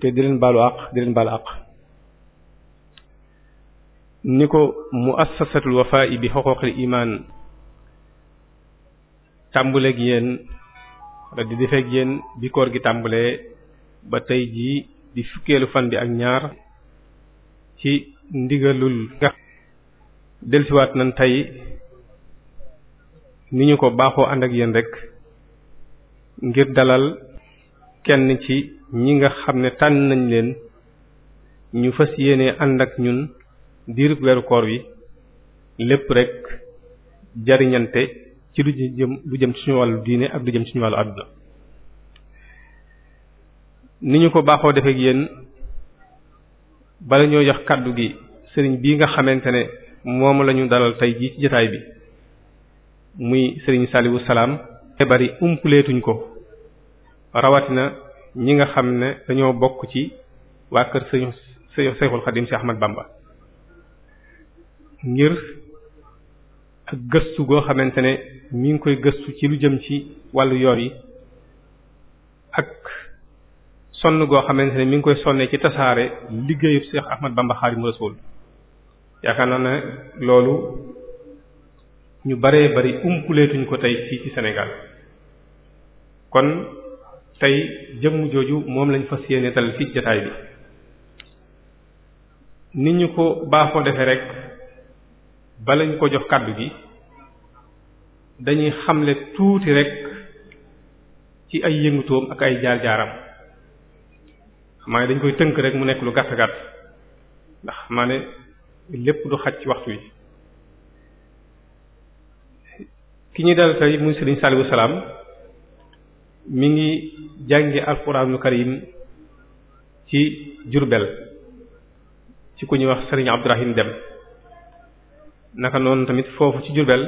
te di leen baalu àq di leen baalu àq ni ko muassasatul wafaa'i bi xuquuqil imaan tàmbaleeg yéen wala di defeeg yéen bi koor gi tàmbalee ba tey jii di fukkeelu fan bi ak ñaar ci ndigalul nga delsiwaat nañ tey ni ñu ko baaxoo ànd ak yéen rek ngir dalal kenn ci ñi nga xam ne tànn nañ leen ñu fas yéene ànd ak ñun diirub weeru koor wi lépp rek jariñante ci lu jëm lu jëm suñu wàllu diine ak lu jëm suñu wàllu àdduna ni ñu ko baaxoo defee ak yéen bala ñoo jox kàddu gi sëriñ bii nga xamante ne moom la ñu dalal tey ji ci jotaay bi muy sëriñ Saliou Salaam. te bari umpuleetuñ ko rawatina ñi nga xam ne dañoo bokk ci waa kër sëñu Seexul Xadim si Ahmad Bamba ngir ak gëstu goo xamante ne mi ngi koy gëstu ci lu jëm ci wàllu yoor yi ak sonn goo xamante ne mu ngi koy sonnee ci tasaare liggéeyub Seex Ahmad Bamba Xaadimu Rasuul yaakaar naa ne loolu ñu baree bari umpuleetuñ ko tey fii ci senegal kon tey jëmm jooju moom lañ fas yéene tal fi jataay bi nit ñu ko baaxoo defee rek balañ ko jox kàddu gi dañuy xamle tuuti rek ci ay yëngutoom ak ay jaar-jaaram xamaa ne dañ koy tënk rek mu nekk lu gàtt gàtt ndax xamaa ne lépp du xaj ci waxtu wi ki ñuy dal tey muy Serigne Saliou salaam mi ngi jànge alxuraanul karim ci Jurbel ci ku ñuy wax Serigne Abdourahim Dem naka noonu tamit foofu ci Jurbel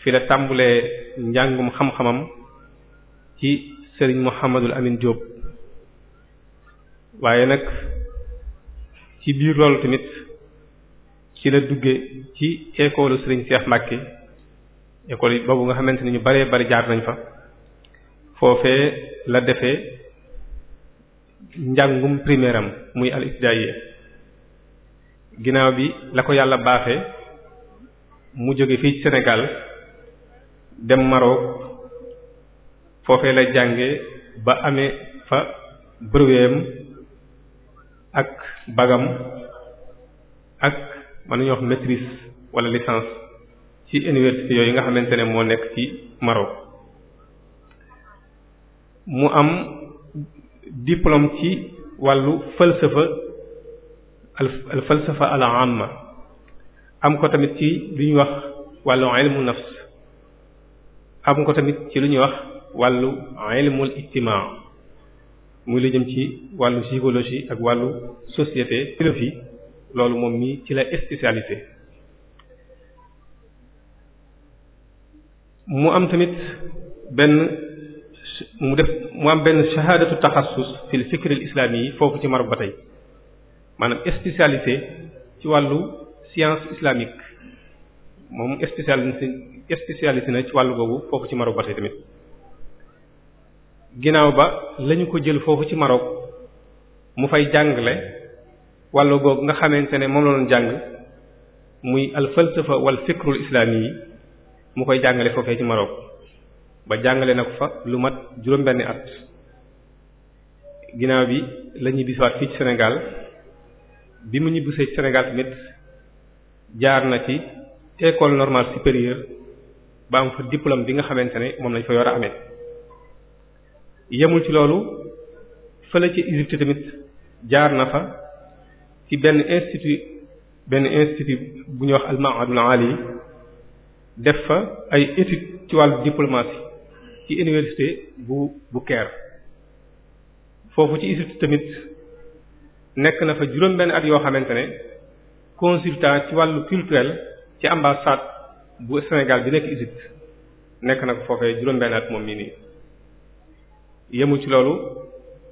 fii la tàmbulee njàngum xam-xamam ci sëriñ Mouhamadul Amin Diop waaye nag ci biir loolu tamit ci la dugge ci école Serigne Cheikh Mbacke école yi boobu nga xamante ni ñu bare bari jaar nañ fa foofee la defe njàngum primaire am muy al ibtidaaya ginnaaw bi la ko yàlla baaxe mu jóge fii senegal dem Maroc foofee la jànge ba amee fa brevetam ak bagam ak mën nañu wax maîtrise wala licence ci université yooyu nga xamante ne moo nekk ci Maroc mu am diplôme ci wàllu falsafa al falsafa al amma am ko tamit ci lu ñuy wax wàllu ilmu nafs ko tamit ci lu ñuy wax wàllu ilmul ijtimaa muy lu jëm ci wàllu psychologie ak wàllu société philosophie loolu moom mi ci la spécialisé mu am tamit benn mu def mu am benn shahadatu taxassus fil fikr al islami yi foofu ci Maroc ba tey maanaam spécialisé ci wàllu science islamique moom spécialisé spécialisé na ci wàllu boobu foofu ci Maroc ba tey tamit ginnaaw ba lañu ko jël foofu ci Maroc mu fay jàngale wàllu googu nga xamante ne moom la doon jàng muy al falsafa wal fikrul yi mu koy jàngale foofee ci Maroc ba jàngale na ko fa lu mat juróom-benni at ginaaw bi la ñibbisiwaat fii Sénégal bi mu ñibbisee ci Sénégal tamit jaar na ci école normal supérieure ba am fa diplôme bi nga xamante ne moom lañ fa yor a amee yemul ci loolu fële ci Égypte tamit jaar na fa ci benn institut benn institut bu ñuy wax al-ma'hadul ali def fa ay études ci wàll diplomatie ci université bu bu Caire foofu ci Égypte tamit nekk na fa juróom-benn at yoo xamante ne consultat ci wàllu culturel ci ambassade bu Sénégal bi nekk Égypte nekk na ko foofee juróom-benn at moom mii nii yemu ci loolu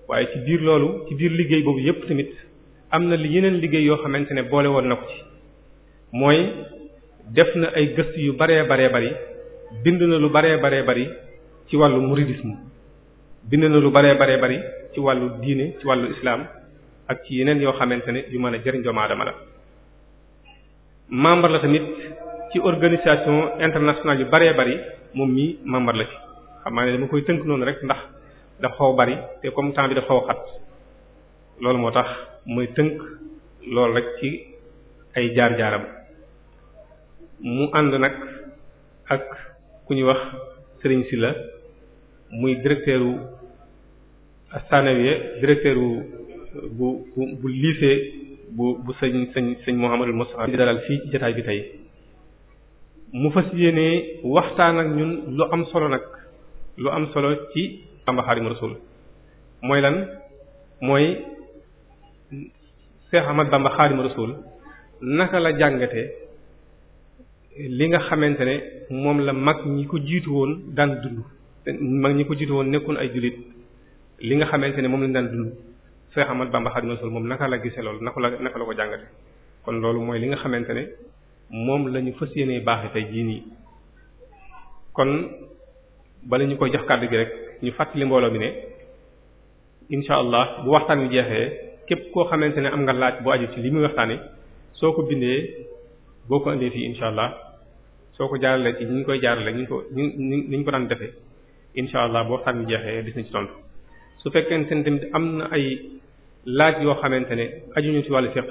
waaye ci biir loolu ci biir liggéey boobu yépp tamit am na li yeneen liggéey yoo xamante ne boole woon na ko ci mooy def na ay gëstu yu baree baree bari bind na lu baree baree bari ci wàllu mouridisme bind na lu baree baree bari ci wàllu diine ci wàllu islam ak ci yeneen yoo xamante ne yu mën a jëriñ doomu aadama la membre la tamit ci organisation internationale yu baree bari moom mii membre la ci xam naa dama koy tënk noonu rek ndax dafa xaw bari te comme temps dafa xaw xat loolu moo tax mooy tënk loolu rek ci ay jaar-jaaram mu ànd nag ak ku ñuy wax sëriñ Serigne la muy directeur wu Assanawiya directeur wu bu bu bu lycée bu bu sëñ sëñ sëñ Mouhamadul Moustapha di dalal fii ci jotaay bi tey mu fas yéenee waxtaan ak ñun lu am solo nag lu am solo ci Bamba Xaadimu Rasuul mooy lan mooy Cheikh Ahmad Bamba Xaadimu Rasuul naka la jàngate li nga xamante ne moom la mag ñi ko jiitu woon daan dund mag ñi ko jiitu woon nekkoon ay jullit li nga xamante ne moom lañu daan dund Cheikh Ahmad Bamba Xaadimu Rasuul moom naka la gisee loolu naka la naka la ko jàngate kon loolu mooy li nga xamante ne moom lañu ñu fas baax tey jii nii kon bala ñu koy jox kàddu gi rek ñu fàttali mbooloo mi ne incha allah bu waxtaan wi jeexee képp koo xamante ne am nga laaj boo aju ci li muy waxtaanee soo ko bindee boo ko indee fii incha allah soo ko jaaralee ci ñu ngi koy jaarale ñu ngi ko ñu ni ñu ko daan defee incha allah boo xam jeexee dis na ci tontu su fekkente ne am na ay laaj yoo xamante ne ajuñu ci wàllu fiqh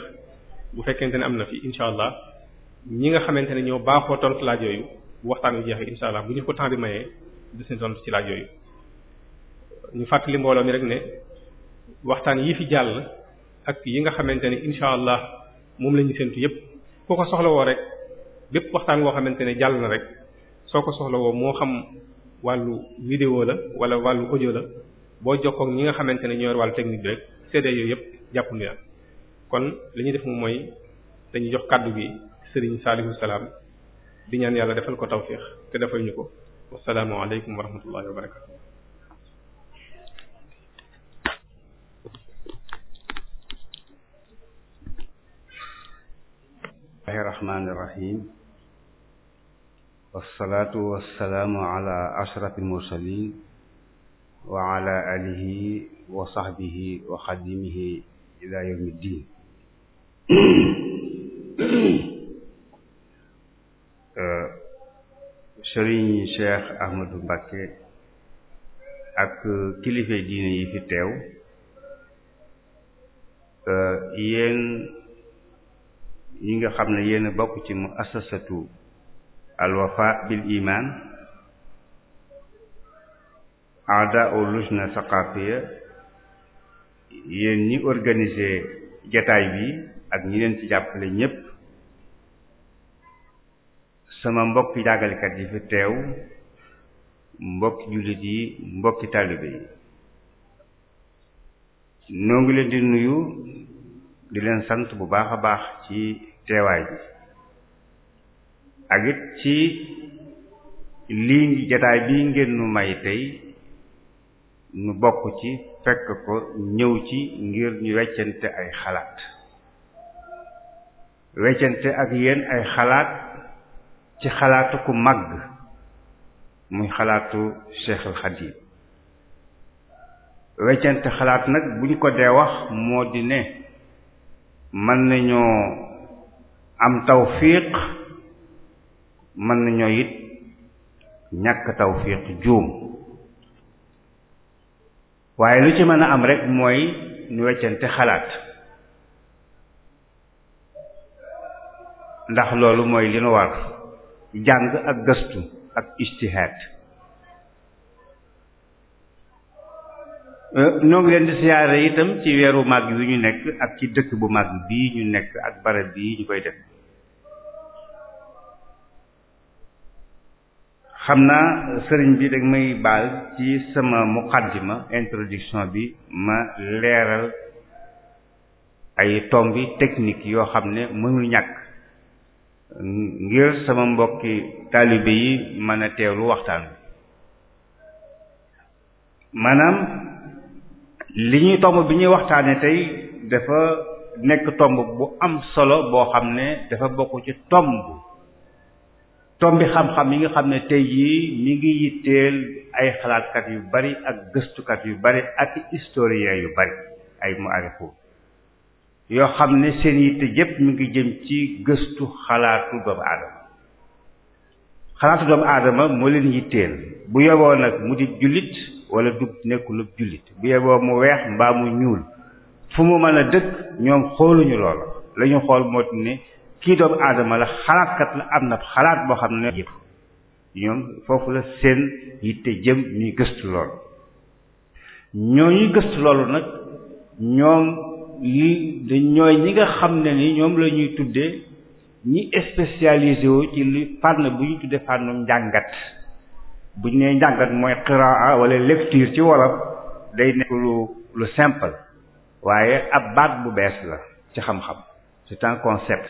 bu fekkente ne am na fi incha allah ñi nga xamante ne ñoo baaxoo tontu laaj yooyu bu waxtaan wi jeexee incha allah bu ñu ko temps bi mayee dis na tontu ci laaj yooyu ñu fàttali mbooloo mi rek ne waxtaan yi fi jàll ak yi nga xamante ne incha allah moom la ñu séntu foo ko soxlawoo rek bépp waxtaan woo xamante ne jàll na rek soo ko soxlawoo moo xam wàllu vidéo la wala wàllu audio la boo jox ak ñi nga xamante ne ñoo wàll wàllu technique bi rek CD yooyu yëpp jàppandi na kon li ñu def moom mooy dañuy jox kàddu gi Serigne Saliou Salam di ñaan yàlla defal ko tawfiix te defal ñu ko wasalaamu aleykum wa rahmatullahi wa bismillahi rahmaani rahim wassalaatu wassalaamu ala ashrafil mursalin wa ala alihi wa sahbihi wa xadimihi ila yawmi ddin eh, Sëriñ Cheikh Ahmadou Mbacké ak kilifa diine yi fi teew eh, yéen yi nga xam ne yéen a bokk ci mu assasatu alwafa bil iman aada au na saqafiya yéen ñi organiser jataay bi ak ñi leen ci jàppale ñépp sama mbokki jàngalekat yi fi teew mbokki jullit yi mbokki taalibe yi noo ngi leen di nuyu di leen sant bu baax a baax ci teewaay bi ak ci lii jataay bii ngeen nu may tey nu bokk ci fekk ko ñëw ci ngir ñu weccante ay xalaat weccante ak yéen ay xalaat ci xalaatu ku mag muy xalaatu Cheikhul Khadim weccante xalaat nag buñ ko dee wax moo di ne mën nañoo am tawfiq mën nañoo it ñàkk tawfiq juum waaye lu ci mën a am rek mooy ñu weccante xalaat ndax loolu mooy li nu war jàng ak gëstu ak ijtihaad ñoo euh, ngi leen di siyaare itam ci weeru màgg yu ñu nekk ak ci dëkk bu màgg bii ñu nekk ak barab bii ñu koy def xam naa sëriñ bi dag may baal ci sama ma introduction bi ma leeral ay tombi technique yoo xam ne mënul ñàkk ngir sama mbokki taalibe yi mën a teewlu waxtaan bi li ñuy tomb bi ñuy waxtaane tey dafa nekk tomb bu am solo boo xam ne dafa bokk ci tomb tombi xam-xam yi nga xam ne tey jii mi ngi yitteel ay xalaatkat yu bari ak gëstukat yu bari ak historien yu bari ay mu'arrifu yoo xam ne seen yitte yépp mi ngi jëm ci gëstu xalaatu doomu aadama xalaatu doomu aadama moo leen yitteel bu yoboo nag mu di jullit wala du nekkul ab jullit bu yeboo mu weex mbaam mu ñuul fu mu mën a dëkk ñoom xooluñu loola lañu xool moo ne kii doomu aadama la xalaatkat la am na xalaat boo xam ne yëpp ñoom foofu la seen yitte jëm ñuy gëstu lool ñooñuy gëstu loolu nag ñoom li dañ ñooy ñi nga xam ne ni ñoom la ñuy tuddee ñi spécialisé wu ci li fànn bu ñu tuddee fànnum njàngat buñ nee njàngat mooy qiraa wala lecture ci wolof day nekk lu lu simple waaye ab baat bu bees la ci xam-xam c'est un concept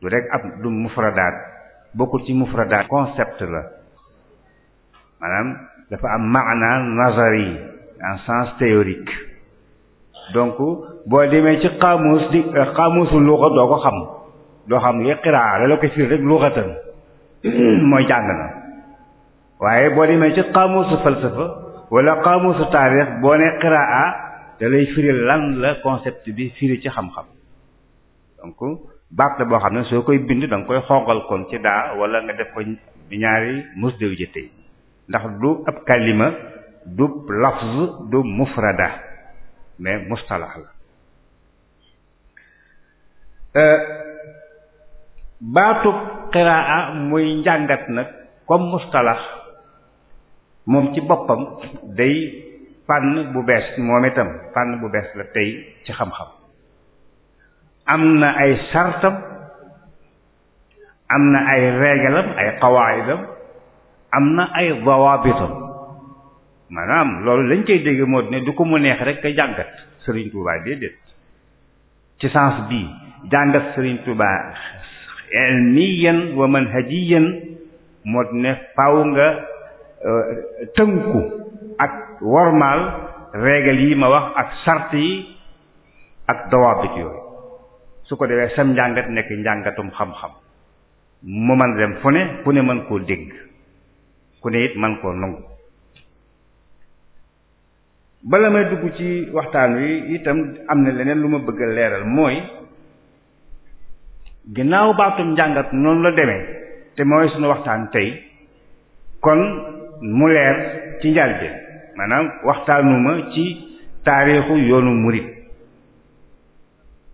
du rek ab du mufradaat bokkul ci mufradaat concept la maanaam dafa am maana nazari en sens théorique donc boo demee ci xaamus di euh, xaamusu luxa doo ko xam doo xam li qiraa la la ko rek luxatan mooy jàng na waaye boo demee ci xaamusu falsafa wala xaamusu taarix boo ne qiraa da lay firi lan la concept bi firi ci xam-xam donc baat la boo xam ne soo koy bind danga koy xongal kon ci daa wala nga def ko ñaari mus dew jëtte ndax du ab kalima du lafz du mufrada mais mustalax la euh, baatub qiraa muy njàngat nag comme mustalax moom ci boppam dey fànn bu bees moom itam fànn bu bees la tey ci xam-xam am na ay sartam am na ay reegalam ay qawaidam am na ay dawaabitam maanaam loolu lañ koy dégg moo ne du ko mu neex rek ka jàngat Serigne Touba déedéet ci sens bii jàngat Serigne Touba ilmiyan wa manhajiyan moo ne faw nga Euh, tënku ak wormaal règle yi ma wax ak sart yi ak dawaabit yooyu su ko demee sam njàngat nekk njàngatum xam-xam mu man dem fu ne ku ne mën koo dégg ku ne it mën koo nangu bala may dugg ci waxtaan wi itam am na leneen lu ma bëgg leeral mooy ginnaaw baatum njàngat noonu la deme te mooy sunu waxtaan tey kon mu leer ci njàlbeen maanaam waxtaanuma ci taarixu yoonu murit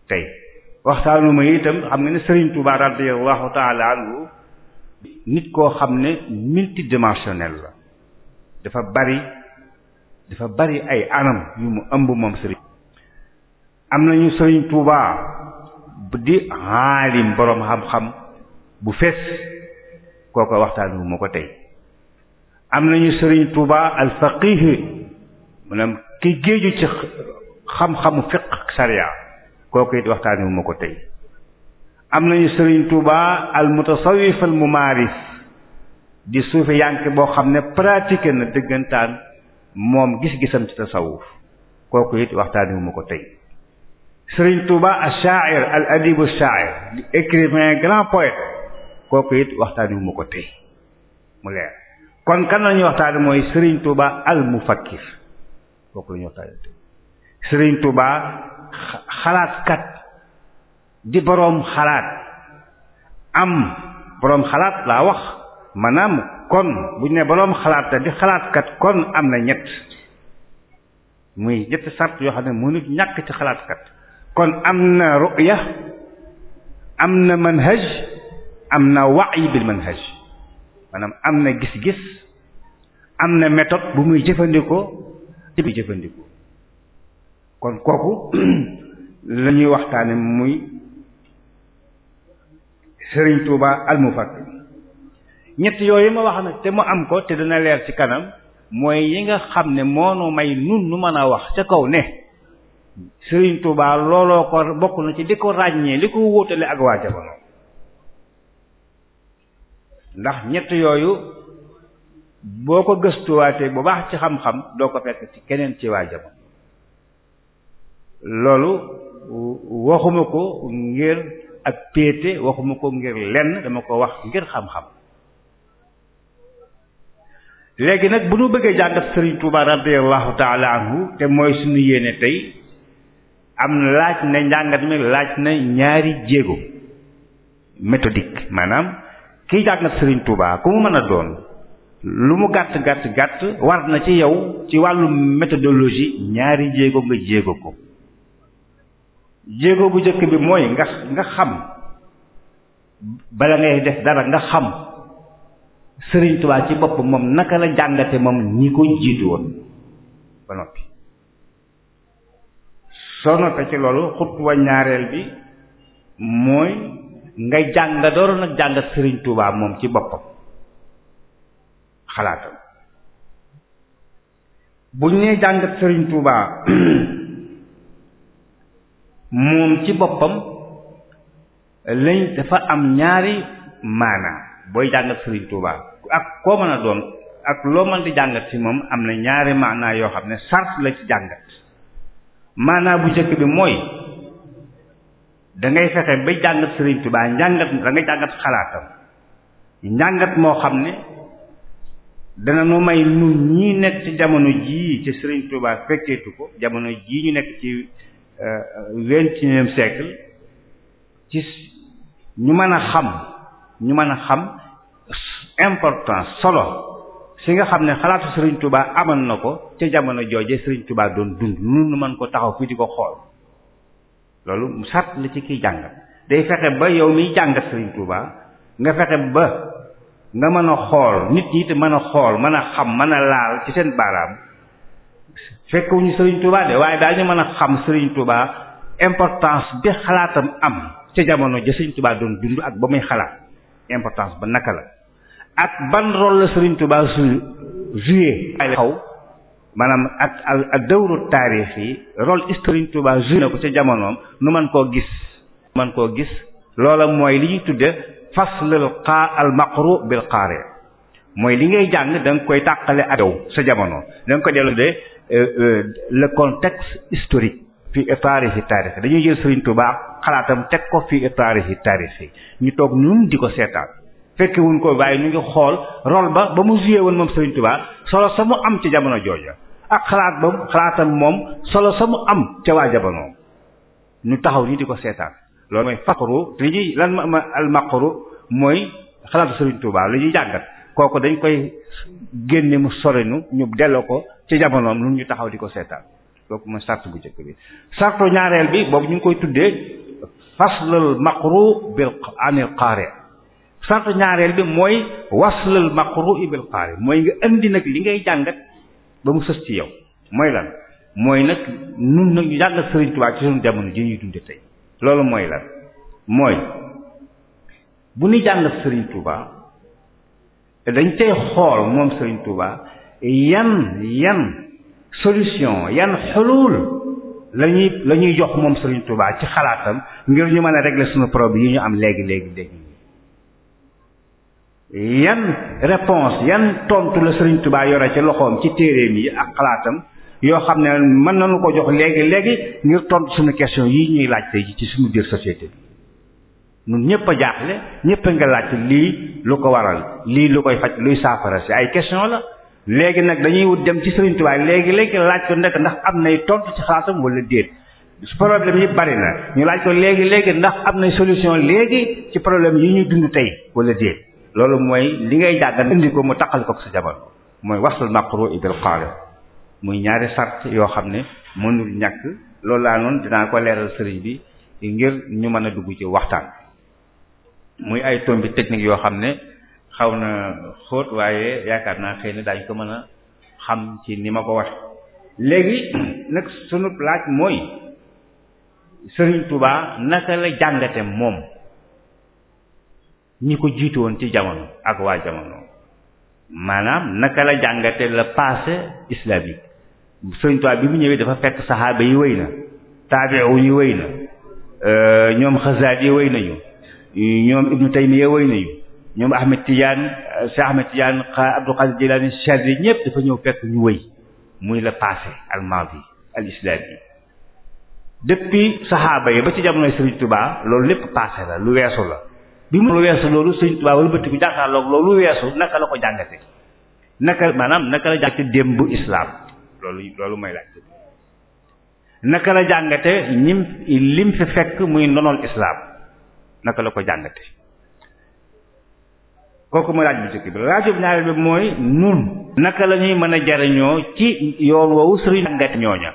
tey waxtaanuma itam xam nga ne Serigne Touba radiyallahu ta'ala anhu nit koo xam ne multidimensionnel la dafa bari dafa bari ay anam yu mu ëmb moom Serigne. am nañu Serigne Touba di xaalim boroom xam-xam bu fees kooko waxtaanuma ko tey am nañu sëriñ tuuba al faqih maanaam ki géeju ci xam-xamu fiqh sariya kooku it waxtaane wu ma ko tey am nañu sëriñ Touba al mutasawif al mumaris di suufi yànk boo xam ne pratiqué na dëggantaan moom gis-gisam ci tasawuf kooku it waxtaane wu ma ko tey sëriñ Touba al sha'ir al adibu sha'ir di écrivain grand poète kooku it waxtaane wu ma ko tey mu leer kon kan la ñuy waxtaane mooy Serigne Touba al mufakkir kooku la ñuy waxtaane Serigne xalaatkat di boroom xalaat am boroom xalaat laa wax maanaam kon bu ñu ne boroom xalaat la di xalaatkat kon am na ñett muy ñetti sart yoo xam ne mënut ñàkk ci xalaatkat kon am na ru'ya am na manhaj am na wax yi bil manhaj maanaam am na gis-gis am na méthode bu muy jëfandikoo te muy jëfandikoo kon kooku la ñuy waxtaane muy sëriñ tuuba al ñett yooyu ma wax nag te mu am ko te dana leer ci kanam mooy yi nga xam ne moonu may nun nu mën a wax ca kaw ne sëriñ Touba looloo ko bokk na ci di ko ràññee li ko wóotale ak waa jamono ndax ñett yooyu boo ko gëstuwaatee bu baax ci xam-xam doo ko fekk ci keneen ci waa loolu waxuma ko ngir ak péete waxuma ko ngir lenn dama ko wax ngir xam-xam léegi nag bu ñu bëggee jàngat Serigne Touba radiyallahu taala anhu te mooy suñu yéene tey am laaj na njàngat mi laaj na ñaari jéego méthodique maanaam kiy jàng sëriñ tubaa Touba ku mu mën a doon lu mu gàtt gàtt gàtt war na ci yow ci wàllu méthodologie ñaari jéego nga jéego ko jéego bu jëkk bi mooy nga nga xam bala ngay def dara nga xam sëriñ tubaa ci bopp moom naka la jàngate moom ñi ko jiitu woon ba noppi soo noppee ci loolu xutwa ñaareel bi mooy nga jàng nga dooroon nag jàng Serigne Touba moom ci boppam xalaatam bu ñu nee jàng Serigne Touba moom ci boppam lañ dafa am ñaari maana booy jàng Serigne Touba ak koo mën a doon ak loo mën di jàngat ci moom am na ñaari maana yoo xam ne sart la ci jàngat maanaa bu jëkk bi mooy. da ngay fexe ba jàngat Serigne tubaa njàngat da ngay jàngat xalaatam njàngat moo xam ne dana nu may nun ñi nekk ci jamono jii ci Serigne Touba fekkeetu ko jamono jii ñu nekk ci euh, vingt-et-unième siècle ci ñu mën a xam ñu mën a xam important solo si nga xam ne xalaatu Serigne Touba amoon na ko ca jamono jooje Serigne tubaa doon dund nun nu mën ko taxaw fii di ko xool loolu sart la ci kiy jàngat day fexe ba yow miy jàngat Sëriñ Tuuba nga fexe ba nga mën a xool nit ñi te mën a xool mën a xam mën a laal ci seen baaraam fekkewuñu Sëriñ Tuuba de waaye daañu mën a xam Sëriñ Tuuba importance bi xalaatam am ca jamono ja Sëriñ Tuuba doon dund ak ba muy xalaat importance ba naka la ak ban rôle la Sëriñ Tuuba su joué ay xaw maanaam ak ak dawru taarix yi rôle historique Touba joué na ko ca jamonoom nu man koo gis man koo gis loola mooy li ñuy tudde faslul xaa al maqru bil qaari mooy li ngay jàng danga koy tàqale ak yow sa jamono da nga koy dellu de euh, euh, le contexte historique fi taarixi taarixi dañuy jël Serigne Touba xalaatam teg ko fi taarixi taarixi ñu toog ñun di ko seetaan fekke ko waaye ñu ngi xool rôle ba ba mu joué woon moom Serigne Touba solo sa mu am ci jamono jooja ak xalaat ba xalaatam moom solo sa mu am ca waa jamono ñu taxaw nii di ko seetaan loolu mooy faqru te li ñuy lan ma al maqru mooy xalaatu Serigne Touba li ñuy jàngat kooku dañ koy génne mu sorinu ñu delloo ko ci jamonoom lu ñu taxaw di ko seetaan loolu mooy sart bu njëkk bi sartu ñaareel bi boobu ñu ngi koy tuddee faslul maqru bil anil qaari sartu ñaareel bi mooy waslal maqru'i bil qaari mooy nga indi nag li ngay jàngat ba mu sës ci yow mooy lan mooy nag nun nag ñu jàngat Sëriñ Tuubaa ci suñu jamono ji ñuy dunde tey loolu mooy lan mooy bu ñu jàngat Sëriñ te dañ tey xool moom Sëriñ Tuubaa yan yan solution yan xulul lañuy la ñuy jox moom Serigne Touba ci xalaatam ngir ñu mën a régler suñu problème yi ñu am léegi léegi léegi yan réponse yan tontu la Serigne Touba yore ci loxoom ci téeréem yi ak xalaatam yoo xam ne mën nañu ko jox léegi léegi ngir tontu suñu question yi ñuy laaj tey ci suñu biir société bi ñun ñëpp a jaaxle ñëpp a nga laaj lii lu ko waral lii lu koy faj luy saafara si ay question la léegi nag dañuy wut dem ci Serigne Touba léegi léegi laaj ko nekk ndax am nay tontu ci xalaatam wala déet problème yi bari na ñu laaj ko léegi léegi ndax am nay solution léegi ci problème yi ñuy dund tey wala déet. loolu mooy li ngay jàggan indi ko mu taqal ko sa jabar mooy waslul maqru bil qaari muy ñaari sart yoo xam ne mënul ñàkk loolu laa noonu dinaa ko leeral sëriñ bi ngir ñu mën a dugg ci waxtaan muy ay tombi technique yoo xam ne xaw na xóot waaye yaakaar naa xëy na daañu ko mën a xam ci ni ma ko war léegi nag sunu laaj mooy sëriñ Touba naka la jàngate moom ñi ko jiitu woon ci jamono ak waa jamono maanaam naka la jàngate la passé islamique Sëriñ Tuubaa bi mu ñëwee dafa fekk saxaaba yi wéy na taabi'u yi wéy na euh, ñoom Xasaali yi wéy nañu ñoom Ibnu Taymiya wéy nañu ñoom Ahmed Tidiane Cheikh Ahmed Tidiane Abdul Qadir Jilani Chadri ñëpp dafa ñëw fekk ñu wéy muy la passé al maadi al islami depuis saxaaba yi ba ci jamonoy Sëriñ Tuubaa loolu lépp passé la lu weesu la bi mu lu weesu loolu sëñ Tuubaa wëlbatiku jàkkaarloog loolu weesu naka la ko jàngate naka maanaam naka la jàngate démb islaam loolu loolu may laaj naka la jàngate lim fi fekk muy ndonool islaam naka la ko jàngate kooku mooy laaj bu jëkk bi laajub ñaareel bi mooy nun naka la ñuy mën a ñoo ci yoon woowu sëriñ jàngate ñooña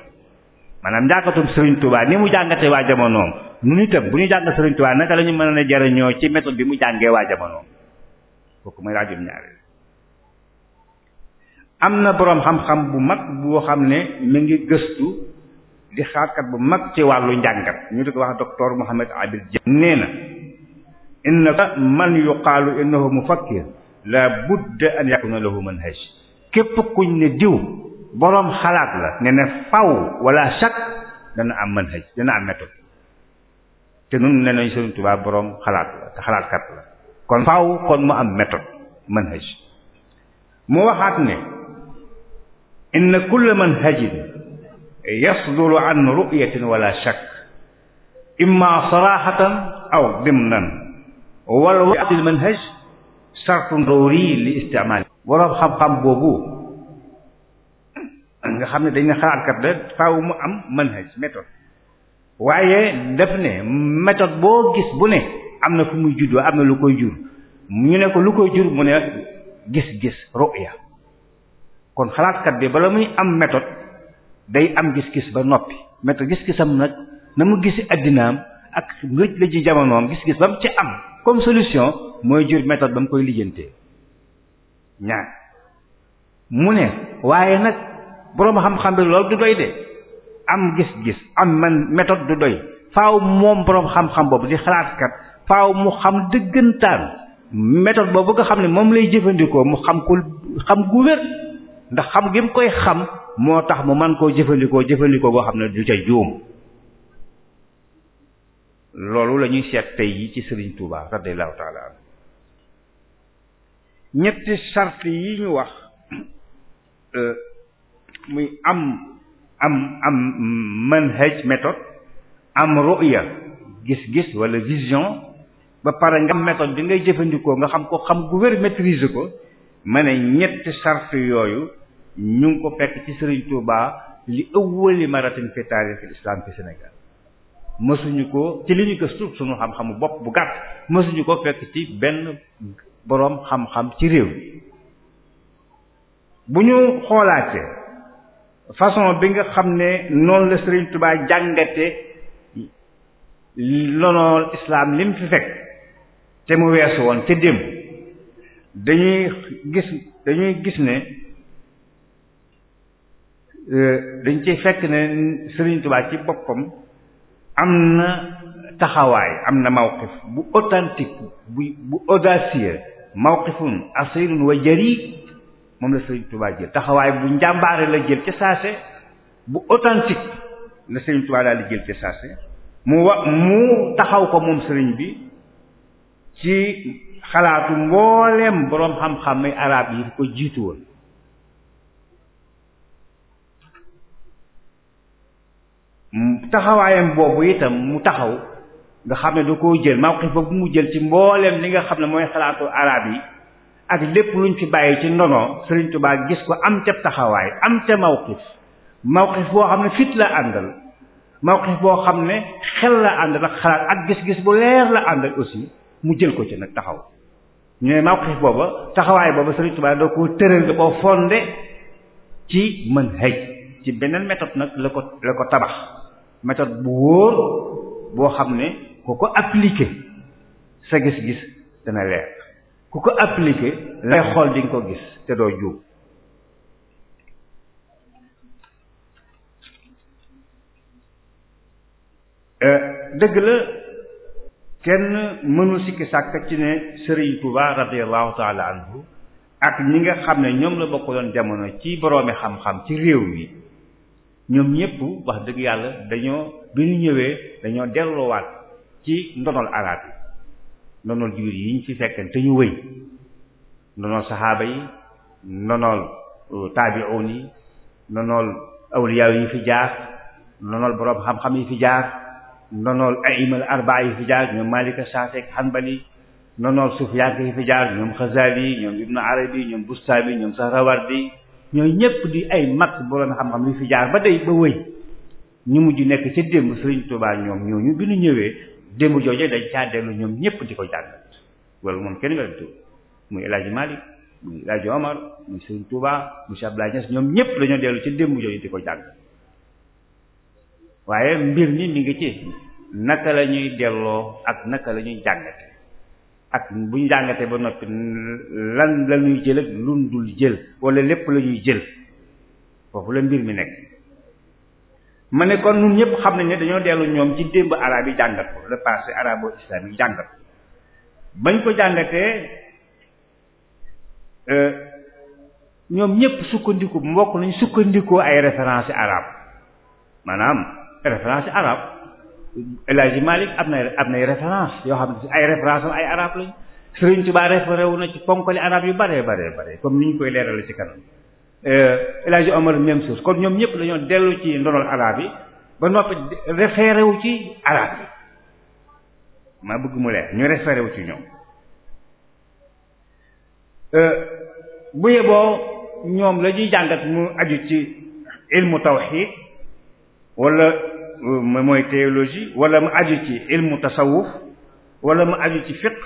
maanaam njàngatum sëriñ Tuubaa ni mu jàngate waa jamonoom nu nitam bu ñu jàng Sëriñ Tuubaa naka la ñu mën a jariñoo ci méthode bi mu jàngee waa jamono kooku mooy rajo ñaareel am na boroom xam-xam bu mag boo xam ne mu ngi gëstu di xaatkat bu mag ci wàllu njàngat ñu di ko wax docteur Mohamed Abid Dia nee na innaka man yuqaalu innahu mufakkir la budda an yakuna lahu manhaj képp kuñ ne diw boroom xalaat la ne ne faw wala shakk dana am manhaj dana am méthode te nun ne nañ Sëriñ Tuubaa boroom xalaat la te xalaatkat la kon faaw kon mu am méthode manhaj mu waxaat ne inna kulla manhajin yasdulu an wala shakk imma sarahatan aw dimnan wal wa'dil manhaj shartun dawri li istimal boroom xam-xam boobu nga xam ne dañ ne xalaatkat la faaw mu am waaye daf ne méthode boo gis bu ne am na fu muy juddoo am na lu koy jur ñu ne ko lu koy jur mu ne gis-gis ru'ya kon xalaatkat bi bala muy am méthode day am gis-gis ba noppi méthode gis-gisam nag na mu gisi addinaam ak ngëj la ji jamonoom gis-gis ba mu ci am comme solution mooy jur méthode ba mu koy lijjantee ñaar mu ne waaye nag boroom xam-xam bi loolu du doy de am gis-gis am man méthode du doy faw moom boroom xam-xam boobu di xalaatkat faaw mu xam dëggantaan méthode boobu nga xam ne moom lay jëfandikoo mu xam ku xam gu wér ndax xam gi mu koy xam moo tax mu man koo jëfandikoo jëfandikoo goo xam ne du ca juum loolu lañuy seet tey yi ci Sëriñ Tuubaa radiyallahu taala an ñetti sart yi ñu wax euh, muy am am am manhaj méthode am ru'ya gis-gis wala vision ba pare nga am méthode bi ngay jëfandikoo nga xam ko xam gu wér ko ma ne ñett sart yooyu ñu ngi ko fekk ci Serigne Touba li ëwwali maratin fi taarixil islam fi Sénégal mësuñu ko ci li ñu gëstu suñu xam-xamu bopp bu gàtt mësuñu ko fekk ci benn boroom xam-xam ci réew bu ñu xoolaatee façon bi nga xam ne noonu la Serigne Touba jàngate lonool islam lim fi fekk te mu weesu woon te démb dañuy gis dañuy gis ne euh, dañ ci fekk ne Serigne Touba ci boppam am na taxawaay am na mawqif bu authentique bu bu audacieux mawqifun asirun wa jari moom la Serigne Touba jël taxawaay bu njàmbaare la jël ca saase bu otantik la Serigne Touba daal jël ca saase mu wa mu taxaw ko moom Serigne bi ci xalaatu mbooleem boroom xam-xam arab yi ko jiitu woon taxawaayam boobu itam mu taxaw nga xam ne da koo jël mawqif boobu mu jël ci mbooleem li nga xam ne mooy xalaatu arab yi ak lépp luñ fi bàyyi ci ndono Sëriñ Tuubaa gis ko am ca taxawaay am ca mawqif mawqif boo xam ne fit la àndal mawqif boo xam ne xel la àndal ak xalaat ak gis-gis bu leer la àndal aussi mu jël ko ci nag taxaw ñu ne mawqif booba taxawaay booba Sëriñ Tuubaa doo ko tëral da koo fondé ci mën hëj ci beneen méthode nag la ko la ko tabax méthode bu wóor boo xam ne ko ko appliqué sa gis-gis dana leer ku ko appliqué lay xool di nga ko gis te doo juum euh, dëgg la kenn mënul sikki sàkk ci ne Sëriñ Tuba radiallahu taala anhu ak ñi nga xam ne ñoom la bokkaloon jamono ci boroomi xam-xam ci réew mi ñoom ñépp wax dëgg yàlla dañoo bi ñu ñëwee dañoo delluwaat ci ndonol araab yi ndonool jibril yi ñu ci fekkan te ñu wëy ndonool saxaaba yi ndonool euh, taabi'un yi ndonool awliyaa yi fi jaar ndonool borom xam-xam yi fi jaar ndonool a'imal arbaa yi fi jaar ñoom Malika Shaafi ak Hanbali ndonool Sufyaan yi fi jaar ñoom Xazaali ñoom Ibnu Arabi ñoom Bustaami ñoom Sahrawardi ñooy ñëpp di ay mag borom xam-xam yi fi jaar ba tey ba wëy ñu mujj nekk ca démb Sëriñ Tuubaa ñoom ñooñu bi ñu ñëwee démb jooju dañ caa dellu ñoom ñëpp di ko jàngat loolu moom kenn nga tu muy El Hadj Malick muy El Hadj Omar muy Serigne Touba monsieur Abdoulaye Niass ñoom ñëpp dañoo dellu ci démb jooju di ko jàngat waaye mbir mi mi ngi ci naka la ñuy delloo ak naka lañuy ñuy jàngate ak bu ñu jàngatee ba noppi lan la ñuy jël ak dul jël wala lépp la ñuy jël foofu la mbir mi nekk ma ne kon ñun ñëpp xam nañ ne dañoo dellu ñoom ci démb arab yi jàngat ko le passé arabo islamique jàngat ko bañ ko jàngatee euh, ñoom ñëpp sukkandiku mbokk nañ sukkandikoo ay référence arabe maanaam référence arabe El Hadj Malick am na am na référence yoo xam ne ay référence am ay arabe lañ Serigne Touba référé wu na ci ponkali arabe yu bare bare bare comme ni ñu koy leerale ci kanam Euh, El Hadj Omar même chose kon ñoom ñëpp dañoo dellu ci ndonol araab yi ba noppi référé wu ci araab yi maa bëgg mu leer ñu référé ci ñoom euh, bu yeboo ñoom la ñuy jàngat mu aju ci ilmu tawxiid wala euh, mooy théologie wala mu aju ci ilmu tasawuf wala mu aju ci fiqh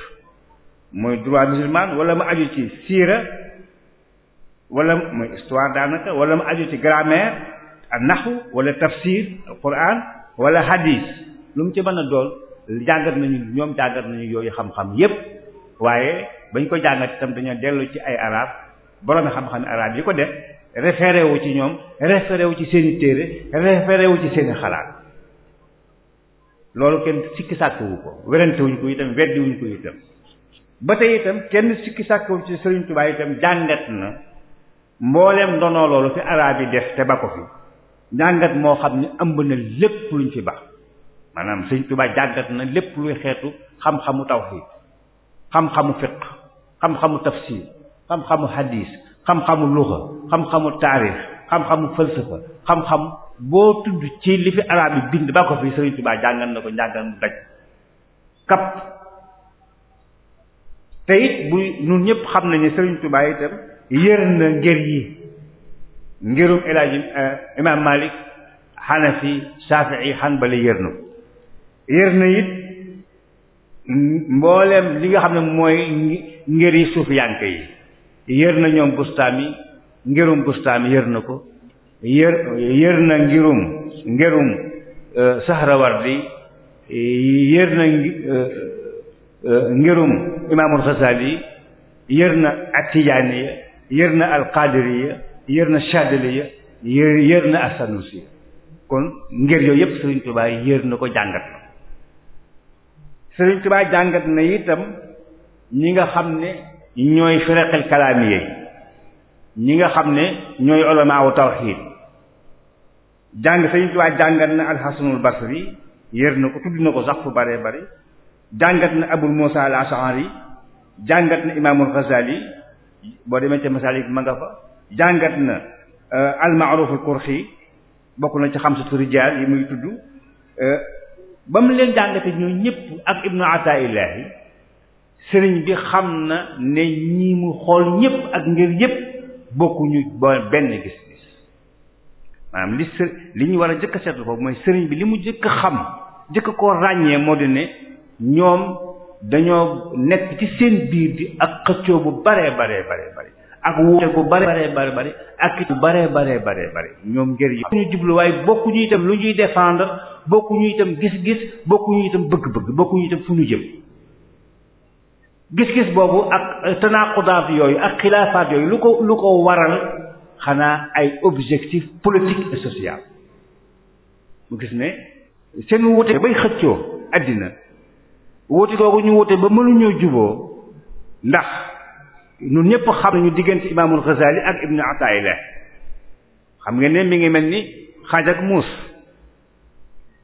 mooy droit musulman wala mu aju ci siira wala mooy histoire daanaka wala mu aju ci grammaire ak naxu wala tafsir al quran wala hadis lu mu ci mën a dool jàngat nañu ñoom jàngat nañu yooyu xam-xam yépp waaye bañ ko jàngat itam dañoo dellu ci ay arab borom xam-xam arab yi ko def référé ci ñoom référé wu ci seeni téere référé ci seeni xalaat loolu kenn sikki sàkkuwu ko werante wuñ ko itam weddi ko itam ba tey itam kenn sikki sàkkuwu ci Sëriñ Tuubaa itam jàngat na mboolem ndono loolu fi araab yi def te ba ko fi jàngat moo xam ni ëmb na lépp luñ fi baax maanaam sëñ Tuubaa jàngat na lépp luy xeetu xam-xamu tawxiid xam-xamu fiqh xam-xamu tafsir xam-xamu hadis xam-xamu luxa xam-xamu taarix xam-xamu falsafa xam-xam boo tudd ci li fi araab yi bind ba ko fi sëriñ Tuubaa jàngal na ko njàngal mu daj kap te buy bu ñun ñëpp xam nañu sëriñ Tuubaa itam yër na ngër yi ngirum El Hadj eh, Imaam Malik Hanafi Shafi'i Hanbali yër na yër na it mboolem li nga xam ne mooy ngër yi suufiyanke yi yër na ñoom Bustaami ngirum Bustaami yër na ko yër yër na ngirum ngirum eh, Sahrawardi yër na eh, ngirum Imaamul Xasaali yër na ak Atijaani yër na alqadiriya yër na shadiliya yër yër na asanusiya kon ngir yooyu yëpp Serigne Touba yër na ko jàngat sa Serigne Touba jàngat na itam ñi nga xam ne ñooy firaqil kalaamiye ñi nga xam ne ñooy ulamaawu tawxiid jàng Serigne Touba jàngat na alxasanul basri yër na ko tudd na ko sax fu bare bare jàngat na abul musa al ashari jàngat na imaamul ghazali boo demee ca masalik ma nga fa jàngat na euh, al-ma'ruf bokk na ci xamsatu rijaal yi muy tudd euh, ba mu leen jàngate ñoo ñëpp ak ibnu ataillahi sëriñ bi xam na ne ñi mu xool ñëpp ak ngir yëpp bokkuñu benn gis-gis maanaam li së li ñu war a jëkk a seetlu foofu mooy sëriñ bi li mu jëkk a xam jëkk ko ràññee moo di ñoom dañoo nekk ci seen biir bi ak xëccoo bu baree baree baree bare ak woote bu bare baree bare bare ak bu baree baree baree bare ñoom ngir yi ñu jubluwaay bokku ñu itam lu ñuy défendre bokku ñu itam gis-gis bokku bëgg-bëgg ñu itam fu ñu jëm gis-gis boobu ak euh, tanaaqudaat yooyu ak xilaafaat yooyu lu ko lu ko waral xanaa ay objectif politique social mu gis ne seen wute bay xëccoo àddina wuute googu ñu wuute ba mënuñoo juboo ndax ñun ñëpp xam nañu diggante imaamul Ghazali ak ibnu Ataayillah xam nga ne mi ngi mel ni xaaj ak muus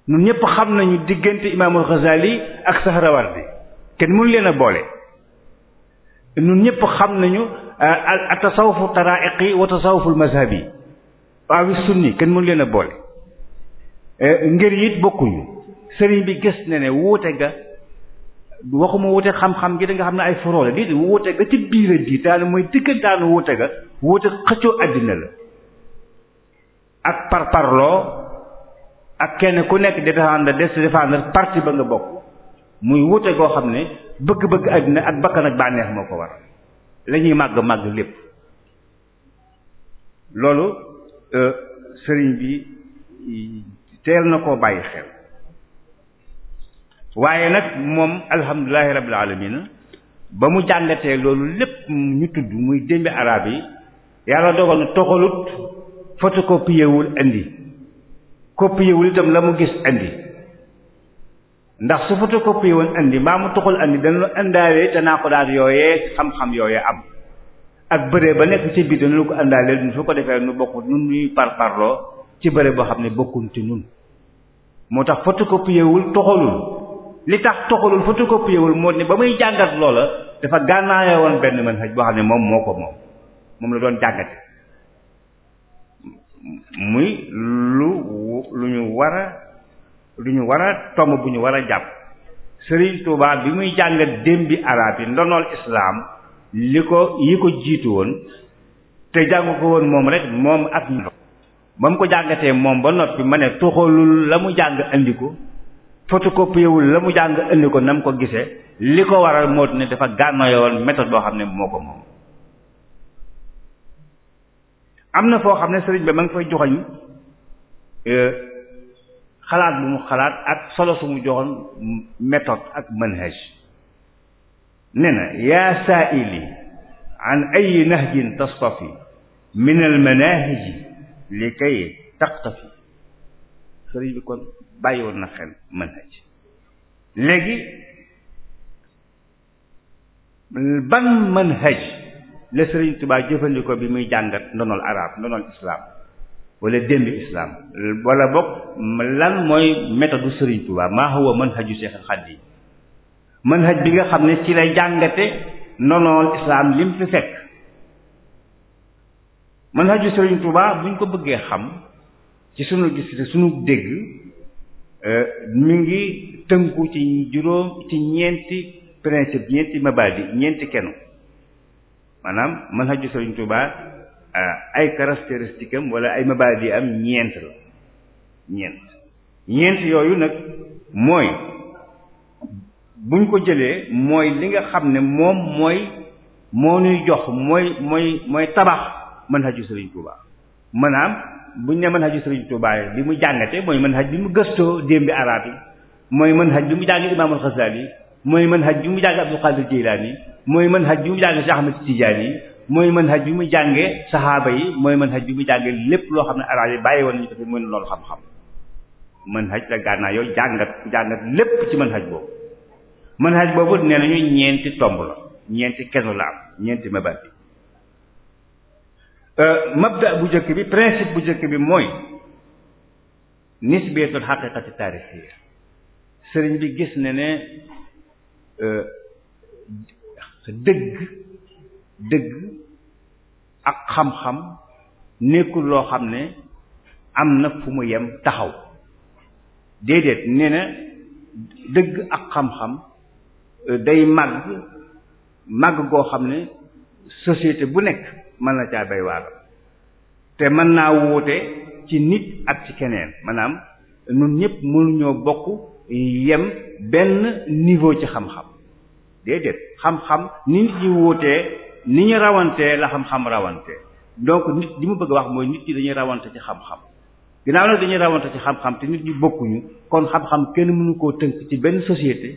ñun ñëpp xam nañu diggante imaamul Ghazali ak Sahrawardi kenn mënu leen a boole nun ñëpp xam nañu euh, al tasawufu taraa'iqi wa tasawuful mazhabi waawi sunni kenn mënu leen a boole euh, ngir it bokkuñu sëriñ bi gis na ne wuute ga waxuma wute xam-xam gi da nga xam ne ay foroole di wute ga ci biir a di daanu mooy diggantaanu wute ga wute xëccoo àddina la ak parparloo ak kenn ku nekk di défendre des défendre parti ba nga bokk muy wute goo xam ne bëgg-bëgg àddina ak bakkan ak bànneex moo ko war la màgg-màgg lépp loolu euh, sëriñ bi teel na koo bàyyi xel waaye nag moom alhamdulilahi rabbil alamin ba mu jàngatee loolu lépp ñu tudd muy démbi arab yi yàlla dogal na toxalut photocopier wul indi copier wul itam la mu gis indi ndax su photocopier woon indi mbaa mu toxal indi dana indaale te naa ko daal yooyee xam-xam yooyee am ak bëre ba nekk ci biir dana lu ko indaalee nu su ko defee nu bokk nun nuy par parloo ci bëre boo xam ne bokkuñ ci nun moo tax photocopier wul toxalul li tax toxalul photocopié wul moo ni ba muy jàngat loola dafa gànnaayoo woon benn manhaj boo xam ne moom moo ko moom moom la doon jàngate muy lu lu ñu war a lu ñu war a tomb bu ñu war a jàpp Serigne Touba bi muy jàngat démbi arab yi ndonool islaam li ko yi ko jiitu woon te jàng ko woon moom rek moom ak ba mu ko jàngatee moom ba noppi ma ne toxalul la mu jàng andi ko photocopie wul la mu jàng indi ko na mu ko gisee li ko waral moo ne dafa gànnaayo woon boo xam ne moo ko moom am na foo xam ne sëriñ bi ma ngi fay joxoñ euh, xalaat bu mu xalaat ak solo su mu joxoon méthode ak manhaj nee na yaa saaili an ay nahjin tastafi min al manahiji li kay taqtafi sëriñ bi kon bàyyi na xel mën na ci léegi ban manhaj la Sëriñ Tuubaa jëfandikoo bi muy jàngat ndonol arab ndonol islam wala démbi islam wala boog lan mooy méthode Sëriñ Tuubaa maa huwa manhaju Seex Xaadim manhaj bi nga xam ne ci lay jàngate ndonol islam lim fi fekk manhaju Sëriñ Tuubaa buñ ko bëggee xam ci sunu gis sunu dégg euh, mi ngi tënku ci juróom ci ñeenti principe ñeenti mabaadi ñeenti kenu maanaam manhaju Sëriñ Tuubaa euh, ay caractéristique am wala ay mabaadi am ñeent la ñeent ñeent yooyu nag mooy buñ ko jëlee mooy li nga xam ne moom mooy moo ñuy jox mooy mooy mooy tabax manhaju Sëriñ Tuubaa maanaam buñ ne mën haju Sëriñ Tuubaa bi mu jàngate mooy mën haj bi mu gëstoo démbi arab yi mooy man haj bi mu jàngee Imaamul Xasaali yi mooy man haj bi mu jàngee Abdul Qaadir Jilaani yi mooy mën haj bi mu jàngee Cheikh Ahmed Tidiane yi mooy man haj bi mu jàngee sahaaba yi mooy mën haj bi mu jàngee lépp loo xam ne arab yi bàyyi woon nañu ko fi mën loolu xam-xam man haj la gànnaa yow jàngat jàngat lépp ci mën haj boobu mën haj boobu nee nañu ñeenti tomb la ñeenti kenu la am ñeenti ma bi Euh, mabda bu njëkk bi principe bu njëkk bi mooy nisbiyatul xaqiqati taarixiyya sëriñ bi gis ne ne euh, dëgg dëgg ak xam-xam nekkul loo xam ne am na fu mu yem taxaw déedéet nee na dëgg ak xam-xam euh, day màgg màgg goo xam ne société bu nekk mën na caa bay waaram te mën naa wuute ci nit ak ci keneen maanaam nun ñëpp mënuñoo bokk yem benn niveau ci xam-xam déedéet xam-xam ni nit ñi wuutee ni ñu rawantee la xam-xam rawante donc nit li mu bëgg a wax mooy nit ñi dañuy rawante ci xam-xam ginnaaw nag dañuy rawante ci xam-xam te nit ñi bokkuñu kon xam-xam kenn mënu koo tënk ci benn société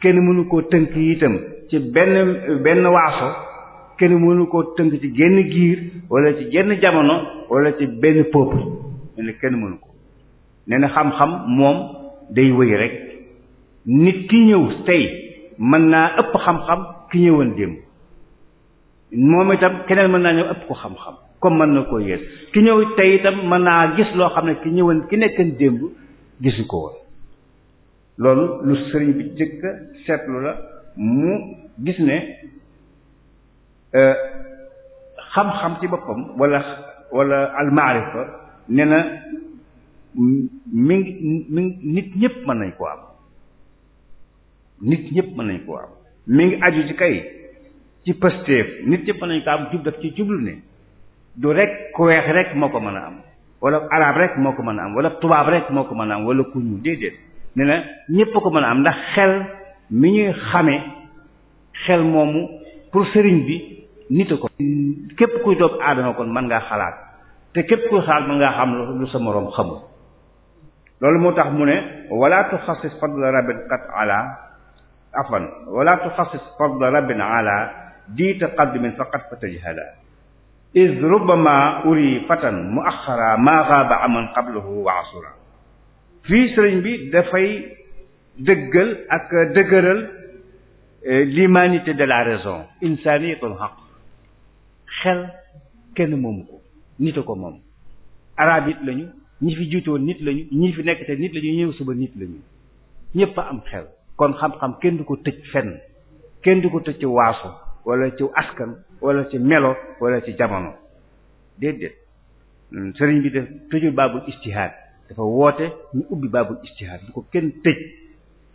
kenn mënu koo tënk yi itam ci benn benn waaso kenn mënu koo tënk ci genn giir walla ci genn jamono wala ci benn peuple nee na kenn mënu ko nee na xam-xam moom day wéy rek nit ki ñëw tey mën naa ëpp xam-xam ki ñëwoon démb moom itam keneen mën naa ñëw ëpp ko xam-xam comme mën na koo yees ki ñëw tey itam mën naa gis loo xam ne ki ñëwoon ki nekkoon démb gisu ko woon loolu lu sëriñ bi jëkka seetlu la mu gis ne Euh, xam-xam ci boppam wala wala almaarifa nee na mi ngi mi nit ñëpp mën nañ koo am nit ñëpp mën nañ ko am mi ngi aju ci kay ci pësteef nit ñëpp mën nañ ko am jub daf ci jublu ne du rek ku weex rek moo ko mën a am wala arab rek moo ko mën a am wala tubaab rekk moo ko mën a am wala ku ñu déedéet nee na ñëpp ko mën a am ndax xel mi ñuy xame xel moomu pour sëriñ bi nite ko képp kuy doomu aadama kon mën ngaa xalaat te képp kuy xalaat mën ngaa xam lu sa moroom xamul loolu moo tax mu ne wala tuxasis fadla rabbin qat ala afan wala tuxasis fadla rabbin ala diita qadmin faqat fatajhala iz rubbama uri fatan muaxara ma xaaba aman qablahu wa asura fii sëriñ bi dafay dëggal ak dëgëral eh, l'humanité de la raison insaniyatul haqq xel kenn moomu ko nit a ko moom arab lañu ñi fi jiitoon nit lañu ñi fi nekk te nit lañu ñëw suba nit lañu ñëpp a am xel kon xam-xam kenn du ko tëj fenn kenn du ko tëj ci waaso wala ci askan walla ci melo walla ci jamono déedéet sëriñ bi def tëjul baabul istihaad dafa woote ñu ubbi baabul istihaad bu ko kenn tëj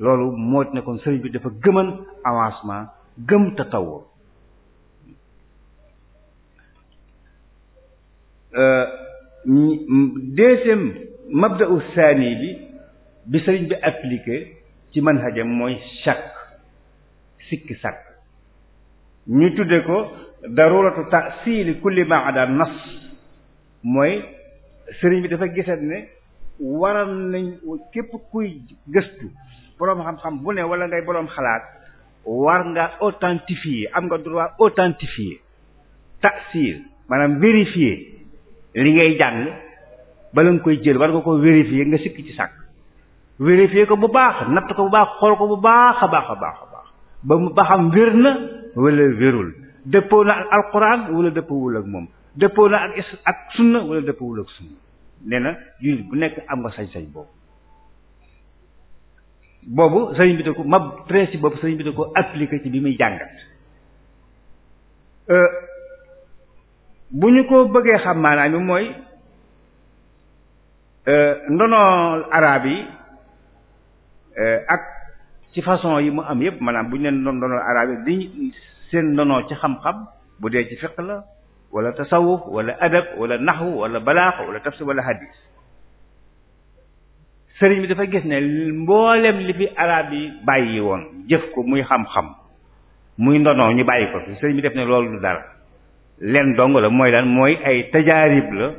loolu moo ne kon sëriñ bi dafa gëman avancement gëm tatawur Euh, deuxième mabda u saani bi bi sëriñ bi appliqué ci manhajam mooy shakk sikki sàkk ñu tudde ko daruratu ta'sili kulli ma ada nas mooy sëriñ bi dafa gisat ne waral nañ képp kuy gëstu boroom xam-xam bu ne wala ngay boroom xalaat war nga authentifier am nga droit authentifier ta'sil maanaam vérifier li ngay jàng bala nga koy jël war nga ko vérifier nga sikk ci sàkk vérifier ko bu baax natt ko bu baax xool ko bu baax a baax a baax a ba mu baxam wér na wala wérul dëppoo na ak alquran wala dëppoowul ak moom dëppoo na ak ak sunna wala dëppoowul ak sunna nee na jullit bu nekk am nga sañ-sañ boobu boobu sëriñ bi da ko ma principe boobu sëriñ bi da ko appliqué bi muy jàngat euh, bu ñu ko bëggee xam maanaam bi mooy euh, ndono araab yi euh, ak ci façon yi mu am yépp maanaam bu ñu leen ndono araab yi di seen ndono ci xam-xam bu dee ci fiqh la wala tasawuf wala adab wala naxwu wala balaax wala tafsir wala hadis sëriñ bi dafa gis ne mboolem li fi araab yi bàyyi woon jëf ko muy xam-xam muy ndono ñu bàyyi ko fi sëriñ bi def ne loolu du dara leen dong la mooy lan mooy ay tajaarib la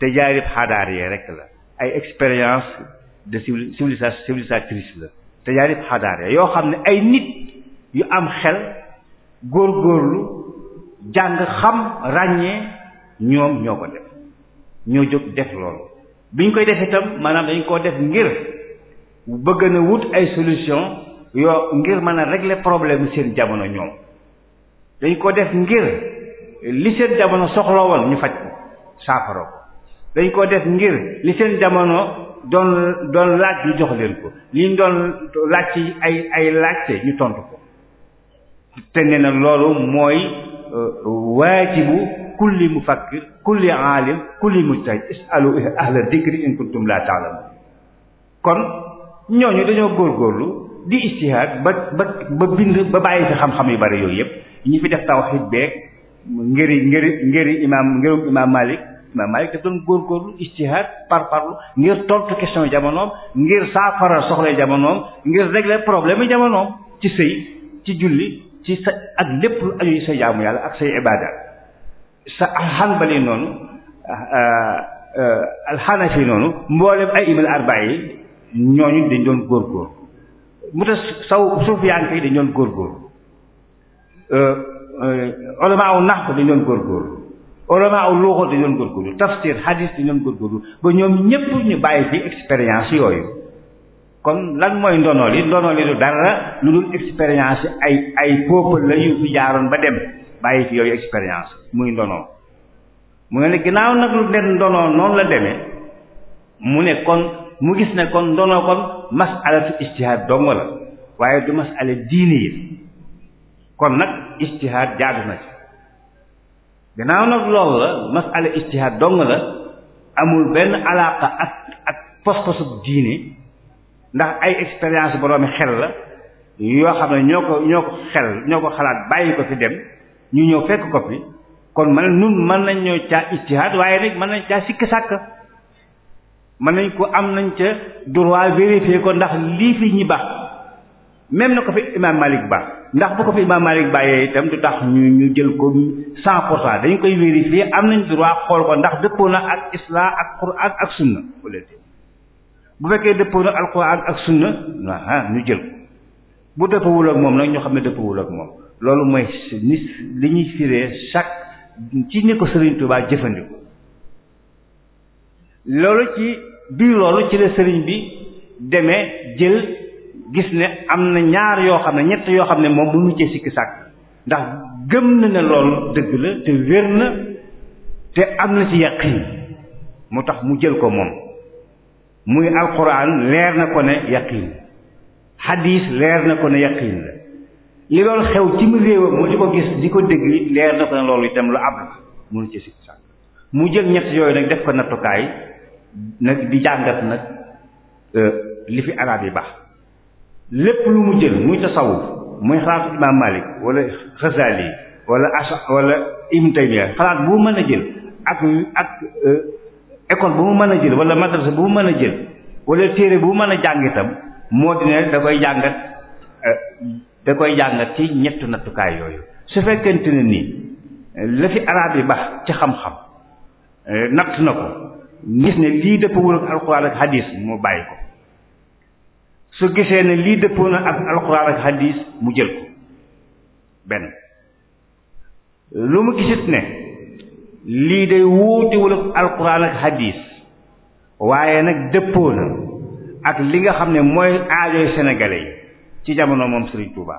tajaarib xadaar yee rek la ay expérience de civilisation civilisatrice la tajaarib xadaar yee yoo xam ne ay nit yu am xel góor góorgóorlu jàng xam ràññee ñoom ñoo ko def ñoo jóg def loolu bi ñu koy def itam maanaam dañ koo def ngir bëgg na wut ay solution yoo ngir mën a régler problème seen jamono ñoom dañ ko def ngir li seen jamono soxla woon ñu faj ko saafara ko dañ ko def ngir li seen jamono doon doon laaj ñu jox leen ko li ñu doon laaj ci ay ay laajte ñu tontu ko te nee na loolu mooy euh, waajibu kulli mufakkir kulli aalim kulli mujtahid is'alu ahla dikri in kuntum la ta'lamun kon ñooñu dañoo góor góorlu di istihaad ba ba ba bind ba bàyyi fi xam-xam yu bari yooyu yëpp ñi fi def tawhid beek ngëri ngëri ngëri imaam ngërum imaam Malik imaam Malik daf doon góorgóorlu ijtihaad par parlu ngir tontu question jamonoom ngir saafara soxla jamonoom ngir régler problème yi jamonoom ci sëy ci julli ci sa ak lépp lu aju sa jaamu yàlla ak say ibaada sa alxanbali noonu ah, ah, ah, alxanafi noonu mboolem ay imal arbaa yi ñooñu dañ doon góorgóor mu tax saw suufiyaan yi dañ doon góorgóor euh, olamaa euh, u nax dañu doon góorgóorlu olamaa u luuxa dañu doon góorgóorlu tafsir hadis dañu doon ba ñoom ñëpp ñu bàyyi fi expérience yooyu kon lan mooy ndono li ndono li dara lu dul ay ay peuple la yu jaaroon ba dem bàyyi fi yooyu expérience muy ndono mu ne ginnaaw nag lu den ndono noonu la demee mu ne kon mu gis ne kon ndono kon masalatu ijtihad dong la waaye du masala diine yi kon nag ijtihaad jaadu na ci gannaaw nag loolu la masala ijtihaad dong la amul benn alaaka ak ak pos-posub diine ndax ay expérience boroomi xel la yoo xam ne ñoo ko ñoo ko xel ñoo ko xalaat bàyyi ko fi dem ñu ñëw fekk ko fi kon man nun mën nañ ñoo caa waaye nag mën nañ caa sikk sàkk mën nañ ko am nañ ca droit vérifier ko ndax lii fi ñi même na ko fi imaam Malik Ba ndax bu ko fi imaam Malik Ba yee itam du tax ñu ñu jël ko cent pour cent dañ koy vérifier am nañ droit xool ko ndax dëppoo na ak islam ak quran ak sunna bu fekkee dëppoo na al quran ak sunna ah jël ko bu dëppawul ak moom nag ñu xam ne dëppwul ak moom loolu mooy ni li ñuy firee chaque ci ni ko Serigne Touba jëfandikoo loolu ci biir loolu ci la Serigne bi deme jël. gis ne am na ñaar yoo xam ne ñett yoo xam ne moom bu muccee sikki sàkk ndax gëm na ne loolu dëgg la te wér na te am na ci yaqin mu tax mu jël ko moom muy alquran leer na ko ne yaqin xadiis leer na ko ne yaqin la li loolu xew ci mu réewam mu di ko gis di ko dégg leer na ko ne loolu itam lu ab la mënu ci sikki sàkk mu jël ñett yooyu nag def ko nattukaay nag di jàngat nag euh, li fi arab yi baax lépp lu mu jël muy tasawuf muy xalaatu imam malik wala xasali wala asa wala ibn taymiya xalaat bu mu mën a jël ak ak euh, école bu mu mën a jël wala madrasa bu mu mën a jël wala téere bu mu mën a jàng itam moo di ne da koy jàngat euh, da koy jàngat ci ñett nattukaay yooyu su fekkente ne nii euh, la fi yi baax ci xam-xam natt na ko gis ne lii dëppawul ak alxuraan ak hadis mu bàyyi ko su gisee ne lii dëppoo na ak alxuraan ak hadis mu jël ko benn lu mu gisit ne lii day wuutewul ak alxuraan ak hadis waaye nag dëppoo na ak li nga xam ne mooy aajoy sénégalais yi ci jamono moom Serigne Touba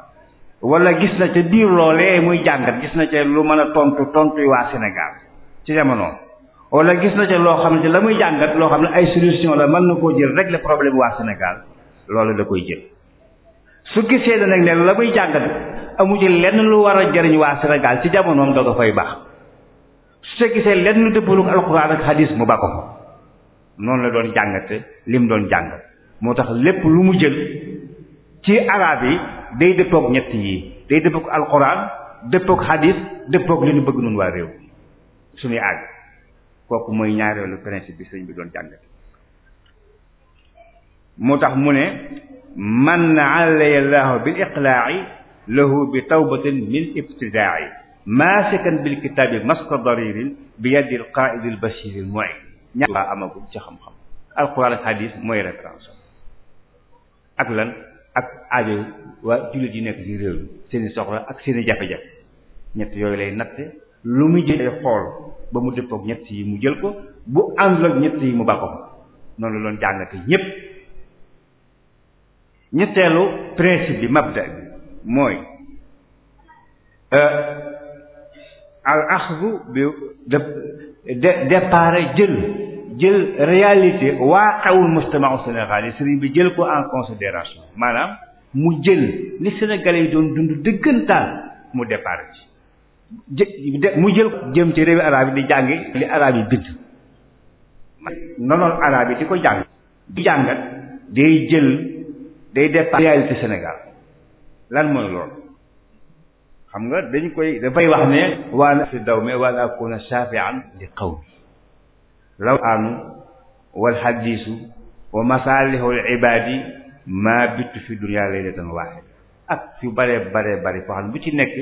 wala gis na ci biir loolee muy jàngat gis na ca lu mën a tontu tontu waa Sénégal ci jamono wala gis na ca loo xam ne la muy jàngat loo xam ne ay solution la mën na koo jël régler problème waa Sénégal loolu da koy jël su gisee da nag ne la muy jàngal amu ci lenn lu war a jëriñ waa Sénégal ci jamonoom doo ko fay baax su sa gisee lenn lu dëppalu alxuraan ak hadis mu ba ko noonu la doon jàngate li doon jàng moo tax lépp lu mu jël ci araab yi day dëppook ñett yi day dëppook alxuraan dëppook hadis dëppook li ñu bëgg noonu waa réew suñuy aaj kooku mooy ñaareelu principe bi sëñ bi doon jàngate moo tax mu ne man na alaya llahu bil iqlaa'i lahu bi tawbatin min ibtidaa'i maasikan bil kitaabi maska daririn bi yaddi al qaa'idi al bashir al mu'in laa amagul ci xam-xam alquran ak mooy référence ak lan ak aajo waa jullit yi nekk ci réew mi seeni soxla ak seeni jafe-jafe ñett yooyu lay natte lu mu jël xool ba mu dëppook ñett yi mu jël ko bu àndul ak ñett yi mu bàkko noonu la doon jàngate ñépp ñetteelu principe bi mabda bi mooy euh, al axdu bi de départ jël jël réalité waaqawul mujtamaau sénégalais sëriñ bi jël ko en considération maanaam mu jël li sénégalais yi doon dund dëggantaan mu départ ci jë mu jël jëm ci réewi arab yi di jàngi li arab yi bind nonoon arab yi di ko jàng di jàngat day jël day départ réalité Sénégal lan mooy lool xam nga dañ koy dafay wax ne waana si daw mais waana akuna shafian li qawmi law aanu wal hadisu wa masalihul ibadi ma bittu fi na laylatan wahida ak yu bare bare bare foo xam ne bu ci nekk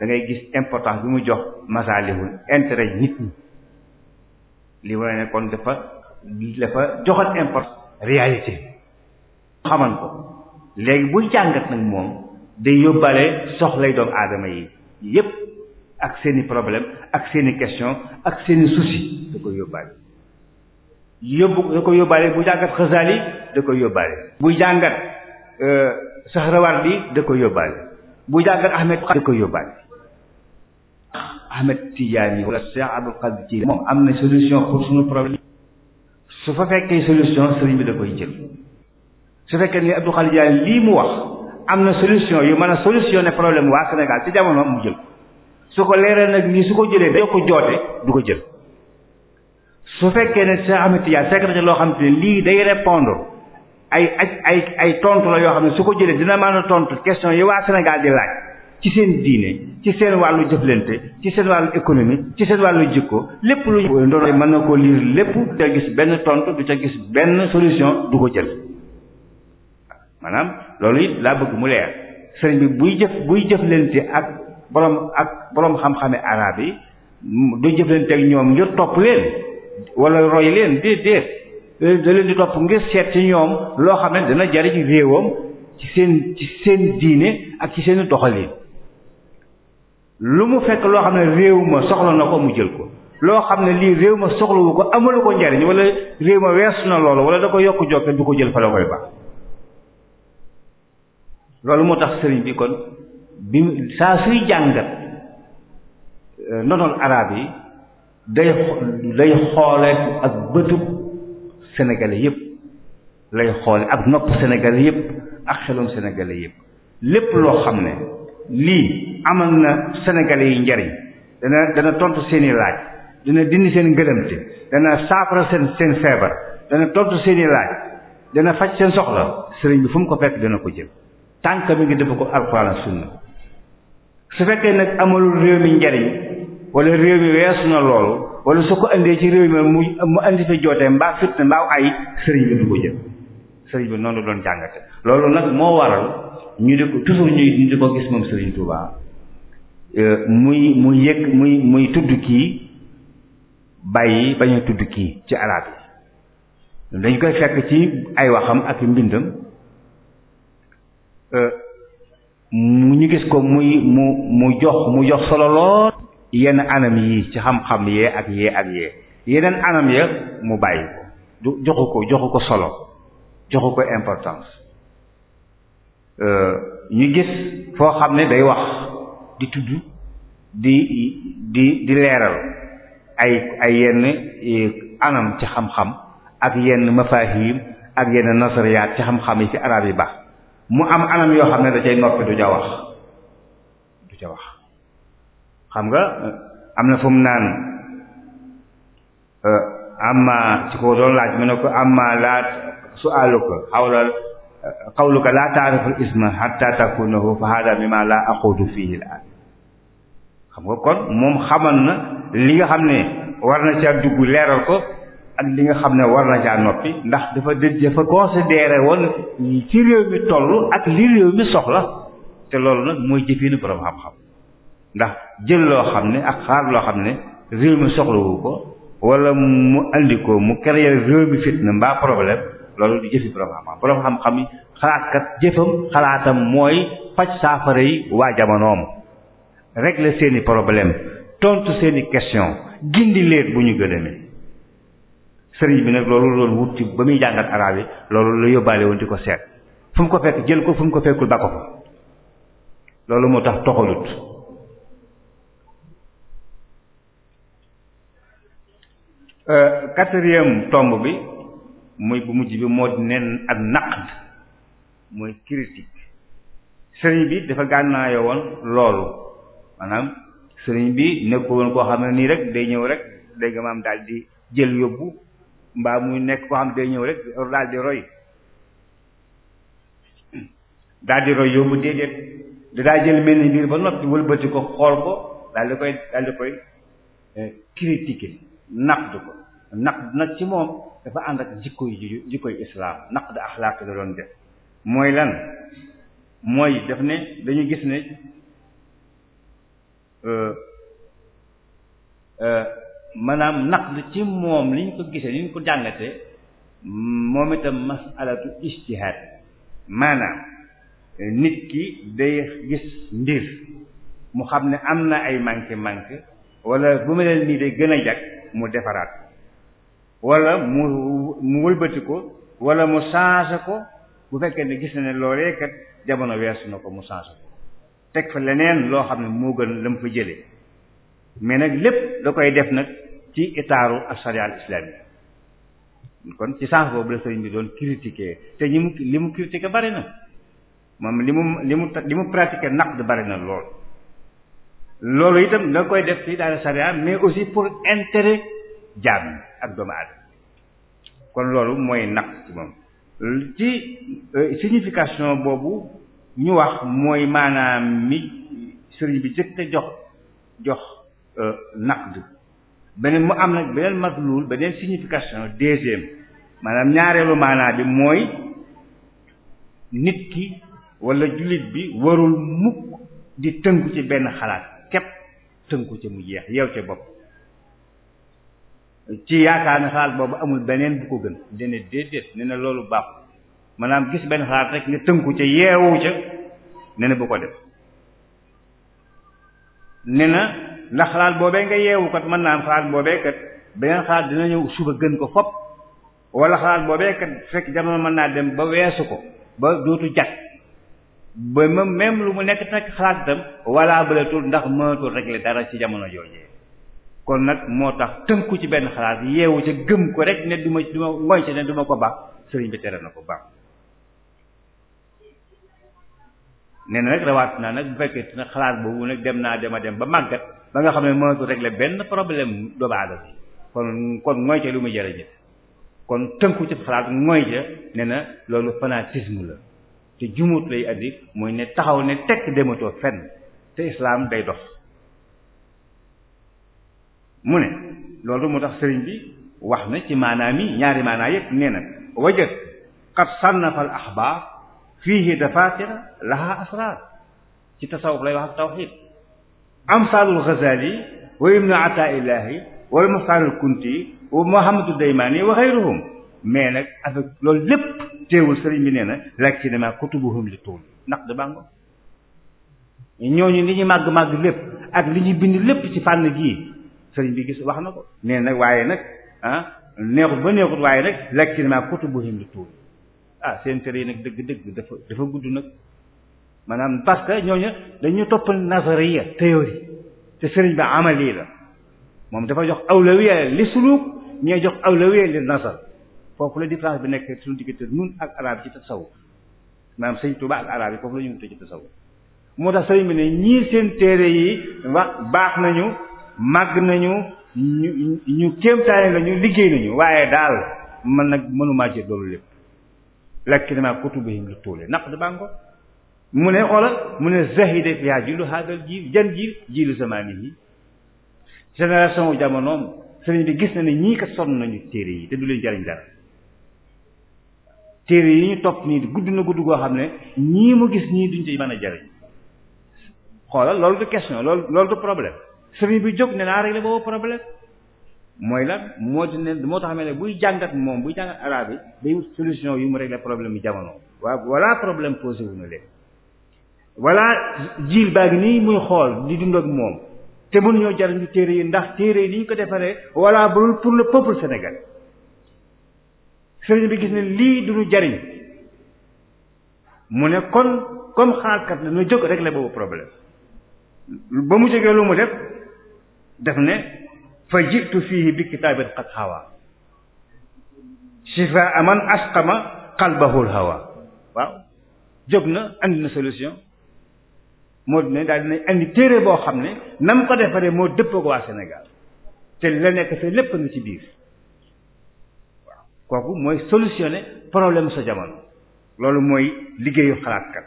dangay gis important bi mu jox masalihul intérêt nit ñi li wane ne kon dafa dafa joxal importance réalité xaman ko léegi buy jàngat nag moom day yóbbaale soxlay doomu aadama yi yépp ak seeni problème ak seeni question ak seeni souci da koy yóbbaale yóbbu da koy yóbbaale buy jàngat xasaali bi euh, da koy yóbbaale buy jàngat ahmed da koy yóbbaale ahmed Tidiane wala Cheikh Abdul Qadir ci moom am na solution pour suñu problème su fa fekkee solution sëriñ bi da koy jël su fekkee ni Abdou Khadir lii mu wax am na solution yu mën a solutionné problème waa Sénégal ci jamono mu jël su ko leeral nag nii su ko jëlee day ko joote du ko jël su fekkee ne Cheikh Ahmed Tidiane fekk na ci loo xam te ne lii day répondre ay ay ay ay tontu la yoo xam ne su ko jëlee dina mën tontu question yi waa Sénégal di laaj ci seen diine ci seen wàllu jëflante ci seen wàllu économie ci seen wàllu jikko lépp lu. ndono mën na ko lire lépp. du ca gis benn tontu du ca gis benn solution du ko jël. maanaam loolu it laa bëgg mu leer sëriñ bi buy jëf buy jëflante ak borom ak borom xam-xame arab yi du jëflante ak ñoom ngir topp leen wala roy leen déet déet da leen di topp ngir seet ci ñoom loo xam ne dana jariñ réewam ci seen ci seen diine ak ci seen doxalin lu mu fekk loo xam ne réew ma soxla na ko mu jël ko loo xam ne lii réew ma soxlawu ko amalu ko njariñ wala réew ma su na loolu wala da ko yokk jokke du ko jël fa la koy baax loolu moo tax sëriñ bi kon bi saa suy jàngat euh, nonol araab yi day day xoolee ak bëtub sénégalais yépp lay xoole ak nopp sénégalais yépp ak xelum sénégalais yépp lépp loo xam ne lii amal na sénégalais yi njariñ dana dana tontu seeni laaj dana dindi seen ngërëmte dana saafara seen seen feebar dana tontu seeni laaj dana faj seen soxla sëriñ bi fu mu ko fekk dana ko jël tànk bi ngi dëpp ko alxuraan ak sunna su fekkee nag amalul réew mi njariñ wala réew mi weesu na loolu wala su ko andee ci réew mi mu mu andi fi jootee mbaa fitna mbaa ay sëriñ bi du ko jël sëriñ bi noonu doon jàngate loolu nag moo waral ñu di ko toujours ñuy ñu di ko gis moom sëriñ Touba euh, muy muy yëg muy muy tudd kii bàyyi bañ tudd kii ci arab yi dañ koy fekk ci ay waxam ak mbindam mu euh, ñu gis ko muy mu mu jox mu jox solo lool yenn anam yi ci xam-xam yee ak yee ak yee yeneen anam ya mu bàyyi ko joxu ko joxu ko solo joxu ko importance euh, ñu gis foo xam ne day wax di tudd di di di leeral ay ay yenn e, anam ci xam-xam ak yenn mafahim ak yenn nasariyaat ci xam-xam yi ci arab yi baax mu am anam yoo xam ne da cay noppi du ca wax du ca wax xam nga am na fu mu naan euh, amma ci ko doon laaj mu ne ko amma laa su'aluka xawla qawluka laa taariful isma hatta takunahu fa hada mimma laa aqudu fihi al xam nga kon moom xamal na li nga xam ne war na ci dugg leeral ko ak li nga xam ne war na caa noppi ndax dafa dë dafa considéré woon ci réew mi toll ak li réew mi soxla te loolu nag mooy jëfinu borom xam-xam ndax jël loo xam ne ak xaar loo xam ne réew mi soxlawu ko wala mu andi ko mu créer réew mi fitna mbaa problème loolu di jëfi borom xam-xam borom xam-xam xalaatkat jëfam xalaatam mooy faj saafara yi waa jamonoom régler seeni problème tontu seeni question gindi bu ñu gënamee sëriñ bi nag loolu loolu wutti ba muy jàngat araab yi loolu la yóbbaale woon di ko seet fu mu ko fekk jël ko fu mu ko fekkul ba ko fa loolu moo tax toxalut euh, quatrième tomb bi muy bu mujj bi moo di neen ak naqd mooy critique sëriñ bi dafa gànnaayoo woon loolu maanaam sëriñ bi nekkul woon koo xam ne nii rek day ñëw rek day nga maam daal di jël yóbbu mbaa muy nekk koo xam day ñëw rek daal di roy daal di roy yóbbu déedéet dadaa jël mel ni mbir ba noppi wëlbati ko xool ko daal koy daal di koy eh, critiquer naqdu ko naqd nag ci moom dafa ànd ak jikko yu jikko yu islaam naqd axlaaq la doon def mooy lan mooy def ne dañu gis ne euh, euh, maanaam naqd ci moom li ñu ko gisee li ñu ko jàngatee moom itam masalatu ijtihaad maanaam nit ki day gis mbir mu xam ne am na ay manqué manqué wala bu melel nii day gën a jag mu defaraat wala mu mu wëlbati ko wala mu changé ko bu fekkee ne gis na ne loolee kat jamono weesu na ko mu changé ko teg fa leneen loo xam ne moo gën la mu fa jëlee mais nag lépp da koy def nag ci itaaru ash-sharia al-islamiyya kon ci sens boobu la sëriñ bi doon critiquer te ñi mu li mu critiquer bari na moom li mu li mu li mu pratiquer naqd bari na lool loolu itam da koy def ci daara sharia mais aussi pour intérêt jaam yi ak doomu aadama kon loolu mooy naqd ci moom ci euh, signification boobu ñu wax mooy maanaam mi sëriñ bi jëkk a jox jox Euh, naqd beneen mu am nag beneen maslul beneen signification deuxième maanaam ñaareelu maanaa bi mooy nit ki wala jullit bi warul mukk di tënku ci benn xalaat képp tënku ci mu jeex yow ca bopp ci yaakaar ne xalaat boobu amul beneen bu ko gën dene déedéet ne na loolu baaxul maanaam gis benn xalaat rek nga tënku ca yeewu ca ne bu ko def ne ndax xalaat boobee nga yeewu kat mën naa am xalaat boobee kat beneen xalaat dina ñëw suba gën ko fop wala xalaat boobee kat fekk jamono mën naa dem ba weesu ko ba dootu jag ba même même lu mu nekk nag xalaat itam walla bëlatul ndax mënatul régler dara ci jamono joojee kon nag moo tax tënku ci benn xalaat yeewu ci gëm ko rek ne du ma du ma ngoy ca ne du ko baax sëriñ bi tere na ko baax nee na nag rawaat naa nag bu fekkee nag xalaat boobu nag dem naa dem a dem ba màggat ba nga xam ne mënatu régler benn problème doomu aadama bi kon kon mooy lu mu jërëjëf kon tënku ci xalaat mooy ne na loolu fanatisme la te jumut lay andi mooy ne taxaw ne tekk dematoo fenn te islaam day dox mu ne loolu moo tax sëriñ bi wax na ci maanaam yi ñaari maanaa yëpp nee na wajat qad sannafa axbaar fiihi dafatira laha asrar ci tasawuf lay wax ak tawxid amsalul Ghazali wa ibnu Ataillahi wa Muxtaarul Kunti wa Muhammadu Daymaani wa xayruhum mais nag avec loolu lépp teewul sëriñ bi nee na lakinna kutubuhum li tuul ndax da bàngo ñooñu li ñu màgg màgg lépp ak li ñu bind lépp ci fànn gii sëriñ bi gis wax na ko nee nag waaye nag ah neexut ba neexut waaye nag lakinna kutubuhum li tuul ah seen téere yi nag dëgg dëgg dafa dafa gudd nag maanaam parce ñooñu dañu toppal nazariya théorie te sëriñ ba amali la moom dafa jox awlawiya li suluk ñee jox awlawiya li nazar foofu la différence bi nekk suñu diggante nun ak arab ci tasawuf maanaam sëriñ Tuuba ak arab yi foofu la ñu wute ci tasawuf moo tax sëriñ bi ne ñii seen téere yi wax baax nañu màgg nañu ñu ñu kéemtaane lañu liggéey nañu waaye daal man nag mënumaa jël loolu lépp lakkinamaa kutubihim lu tóole naq di bàngo mu ne xoolal mu ne zahida fiha jilu haadal jiil jan jiil jiilu zamaanihi génération wu jamonoom sëriñ bi gis na ni ñii kat sonn nañu téere yi te du leen jariñ dara téere yi ñu topp nii gudd na gudd goo xam ne ñii mu gis ñii duñ ci mën a jariñ xoolal loolu du question loolu loolu du problème sëriñ bi jog ne naa réglé boobu problème mooy lan moo di ne moo tax ne buy jàngat moom buy jàngat arabe yi day wut yu mu réglé problème yi jamono waaw voilà problème posé wu na léegi walla jiil baa nii muy xool di dund moom te mënuñoo jariñu téere yi ndax téere yi ni ñu ko defaree walla bulul pour le peuple sénégalais sëriñ bi gis ne lii du ñu jariñ mu ne kon comme xaarkat la ñu jóg régler boobu problème ba mu jógee lu mu def def ne fa jitu fihi bi kitaabin qad hawa shifaa man asqama qalbahul hawa waaw jóg na andi na solution moo dinañ daal ni andi téere boo xam ne na mu ko defaree moo dëppoo ak waa Sénégal te la nekk fee lépp nga ci biir waaw kooku mooy solutionner problème sa jamono loolu mooy liggéeyu xalaatkat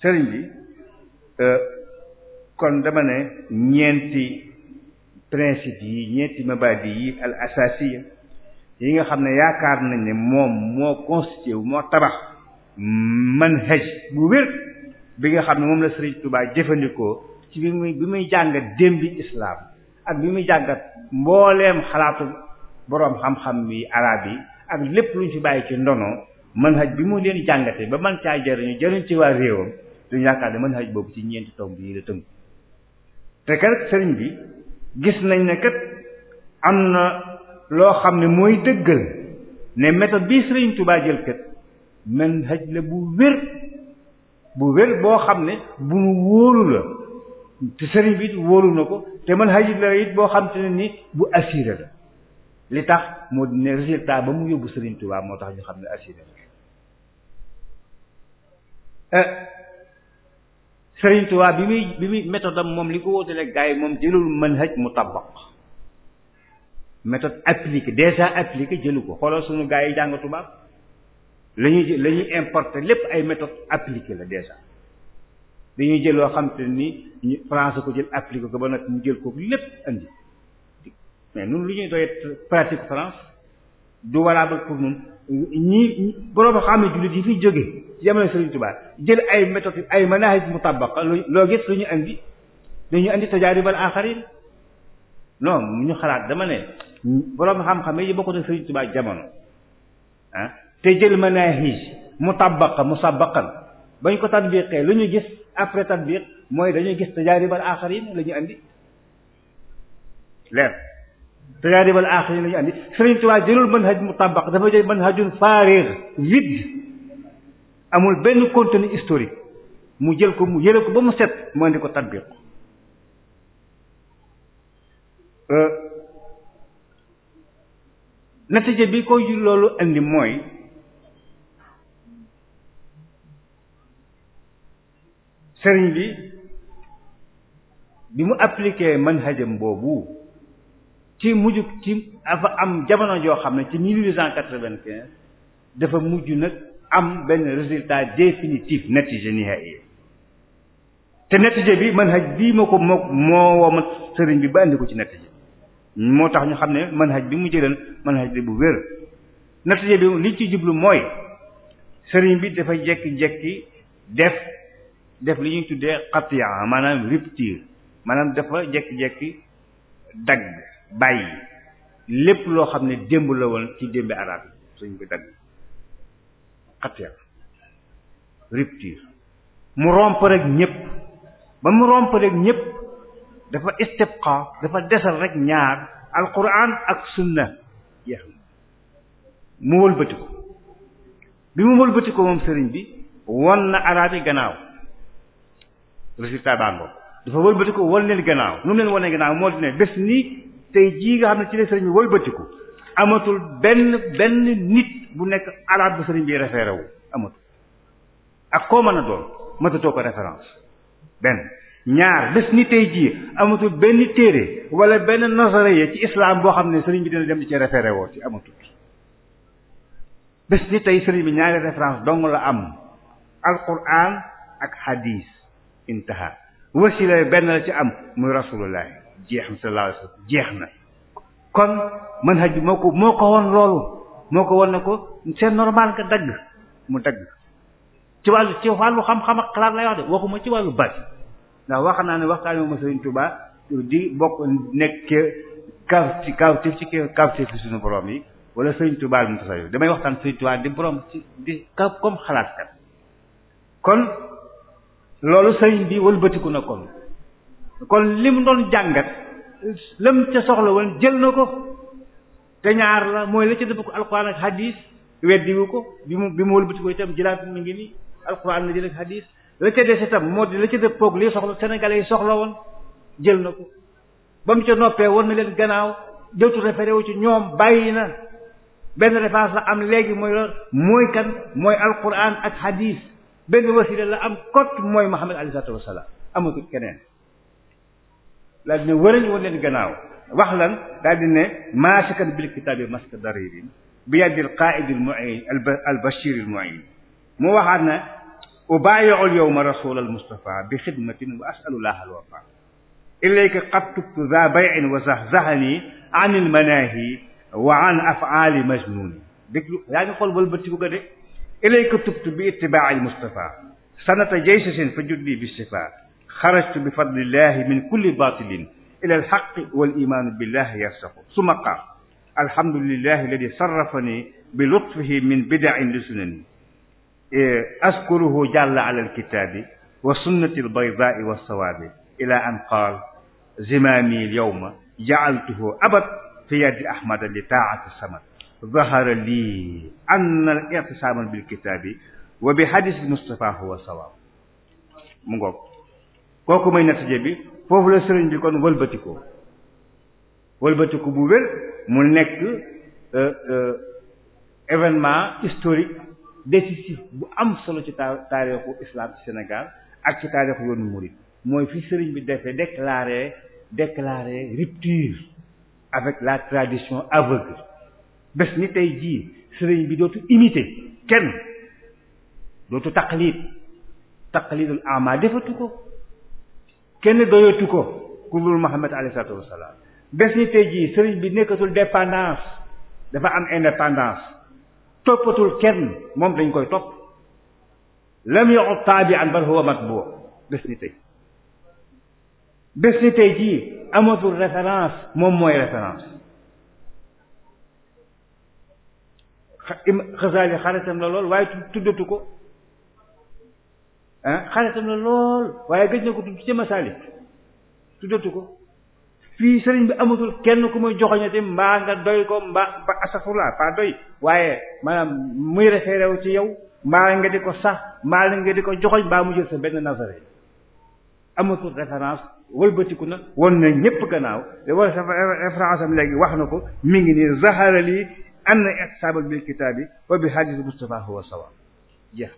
sëriñ bi euh, kon dama ne ñeenti principe yi ñeenti mabadi yi al asasiya yi nga xam ne yaakaar nañ ne moom moo constitué moo tabax manhaj bu wér bi nga xam ne moom la Serigne tubaa jëfandikoo ci bi muy bi muy jàngat démbi islam ak bi muy jàngat mboolem xalaatu boroom xam-xam bi arab yi ak lépp luñ fi bàyyi ci ndono manhaj bi mu leen jàngatee ba man caa jëriñu jëriñ ci waa réewam duñ yaakaar ne manhaj boobu ci ñeenti tomb yi la tënk te kat sëriñ bi gis nañ ne kët am na loo xam ne mooy dëggal ne méthode bii Serigne Touba jël kat manhaj la bu wér bu wér boo xam ne bu nu wóolu la te sëriñ bi it wóolu na ko te manhaj la it boo xam ne ni bu assuré la li tax moo ne résultat ba mu yóbbu sëriñ Tuubaa moo tax ñu xam ne assuré la eh, sëriñ Tuubaa bi muy bi muy méthode am moom li ko wóotale gars yi moom jëlul manhaj mu tabaq méthode appliquée déjà appliquée jëlu ko xoolal sunu gars yi jàng tubaab la ñuy la ñuy importer lépp ay méthodes appliquées la déjà dañuy jël loo xam te ni ñu France ko jël appliqué ko ba nag ñu jël ko lépp andi mais nun lu ñuy doyet pratique France du valable pour nun ñi borom xam ne jullit yi fi jóge ci jamono Sëriñ Tuubaa jël ay méthodes ay manahij mutabaqa loo gis lu ñu andi dañu andi tajaaribal aaxarin non ñu xalaat dama ne borom xam-xam yi bokk na Sëriñ Tuubaa jamono ah te jël manahij mutabaqa musabaqan bañ ko tatbiqee lu ñu gis après tatbiq mooy dañuy gis tajaaribal aaxirin la ñu andi leer tajaaribal aaxirin la ñu andi Sëriñ Tuubaa jëlul manhaj mutabaq dafa jël manhajun faarir vide amul benn contenu historique mu jël ko mu yële ko ba mu set mu andi ko tatbiq euh, natija bi ko yu loolu andi mooy sëriñ bi bi mu appliqué manhajam boobu ci mujj ci dafa am jamono joo xam ne ci mille dafa mujj nag am benn résultat définitif natija nihaiya te natija bi manhaj bii ma ko moo moo woo sëriñ bi ba andi ko ci natija moo tax ñu xam ne manhaj bi mu jëlan manhaj bi bu wér natija bi li ci jublu mooy sëriñ bi dafa jekki-jekki def def li ñuy tuddee xatiya maanaam rupture maanaam dafa jekki-jekki dagg bàyyi lépp loo xam ne démb la woon ci démbi arab suñ bi dagg xatiya rupture mu rompre rek ñëpp ba mu rompre rek ñëpp dafa istibqa dafa desal rek ñaar alquran ak sunna mu wëlbati ko bi mu wëlbati ko moom sëriñ bi won na arab yi gannaaw résultat baa ngoog dafa wëlbatiku wan leen gannaaw nu mu leen wanee gannaaw moo di ne nga xam ne ci la sëriñ bi wëlbatiku amatul benn benn nit bu nekk alaat bu sëriñ bi référé wu amatul ak koo mën a doon matatoo ko référence benn ñaar bés ni tey jii amatul benn téere wala benn nasaraya ci islam boo xam ne sëriñ bi dina dem ci référé woo ci amatul bés ni tey sëriñ bi ñaari référence dong la am alquran ak hadis intaha wasila benn la ci am muy rasulullah jeex na sallallahu jeex na kon mën bi moo ko moo ko woon loolu moo ko woon ne ko c'est normal nga dagg mu dagg ci wàllu ci wàllu xam-xam ak xalaat lay wax de waxuma ci wàllu baat ndax wax naa ne waxtaan moom Sëriñ Tuubaa di bokk nekk kaw ci kaw ci kaw ci suñu borom yi wala Sëriñ Tuubaa mu tasayo damay waxtaan Sëriñ Tuubaa di borom ci di kaw comme xalaat kon loolu sëriñ bi wëlbatiku na kon kon li mu doon jàngat lam ca soxla woon jël na ko te ñaar la mooy la ca dëpp ko alquran ak hadis weddiwu ko bi mu bi mu wëlbatiku itam jëlaat mu ngi nii alquran la jël ak hadis la ca des itam moo di la ca dëppoog li soxla sénégalais yi soxla woon jël na ko ba mu ca noppee woon na leen gannaaw jëwtu référé wu ci ñoom bàyyi na benn référence la am léegi mooy loolu mooy kan mooy alquran ak hadis benn wasila la am kot mooy Muhammad alayhi salaatu wasalaam amatul keneen laa dina wërañ woon leen gannaaw wax lan daal di ne maasikan bil kitaabi maska daririn bi yadil qaa'idi al mu'in al bashir al mu'in mu waxaat na ubaayi'ul yawma rasul al mustafa bi xidmatin wa as'alu laaha al wafa ilayka qad tubtu za bay'in wa zahzahani an al manaahi wa an af'aali majnun déglu yaa ngi xool wal bëtti bu ko de ilayka tubtu bi itibaa'i al-Mustafa sanata jaysasin fa juddi bi shifa xarajtu bi fadlillahi min kulli batilin ila alxaqi walimaanu billahi yarsaxu suma qaal alhamdulillahi alladi sarrafani bi lutfihi min bidain li sunani askuruhu jàlla ala alkitaabi wa sunnati albaydaai walsawaabi ila an qaal zimaami alyawma jacaltuhu abad fi yadi ahmada li taati samad zahara lii anna al-i'tisaama bil kitaabi wa bi hadis Moustapha huwa sawaab mu ngoog kooku may natije bi foofu la sëriñ bi kon wëlbatikoo wëlbatiku bu wér mu nekk euh, euh, événement historique décisif bu am solo ci taarixu islam ci Sénégal ak ci taarixu yoonu Mouride mooy fi sëriñ bi defee déclarer déclarer rupture avec la tradition aveugle. bés ni tey jii sëriñ bi dootu imité kenn dootu taqlid taqlidul ama defatu ko kenn doyatu ko ku dul Muhammad alayhi salaatu wasalaam bés ni tey jii sëriñ bi nekkatul dépendance dafa am indépendance toppatul kenn moom dañ koy topp lam yoxu taabian bal huwa matbu bés ni tey bés ni tey jii amatul référence moom mooy référence xasaali xaritam la lool waaye tuddatu ko ah xaritam la lool waaye gëj na ko tudd ci masaalik tuddatu ko fii sëriñ bi amatul kenn ku muy joxoñati mbaa nga doy ko mbaa ba asafula pas doy waaye maanaam muy référé wu ci yow mbaa nga di ko sax mbaa nga di ko joxoñ mbaa mu jël sa benn nasare amatul référence wëlbatiku na won na ñépp gannaaw da war référence am léegi wax na ko mi ngi nii zaharali anna ihtisaba bil kitabi wa bi hadith Mustafa huwa sawa jeex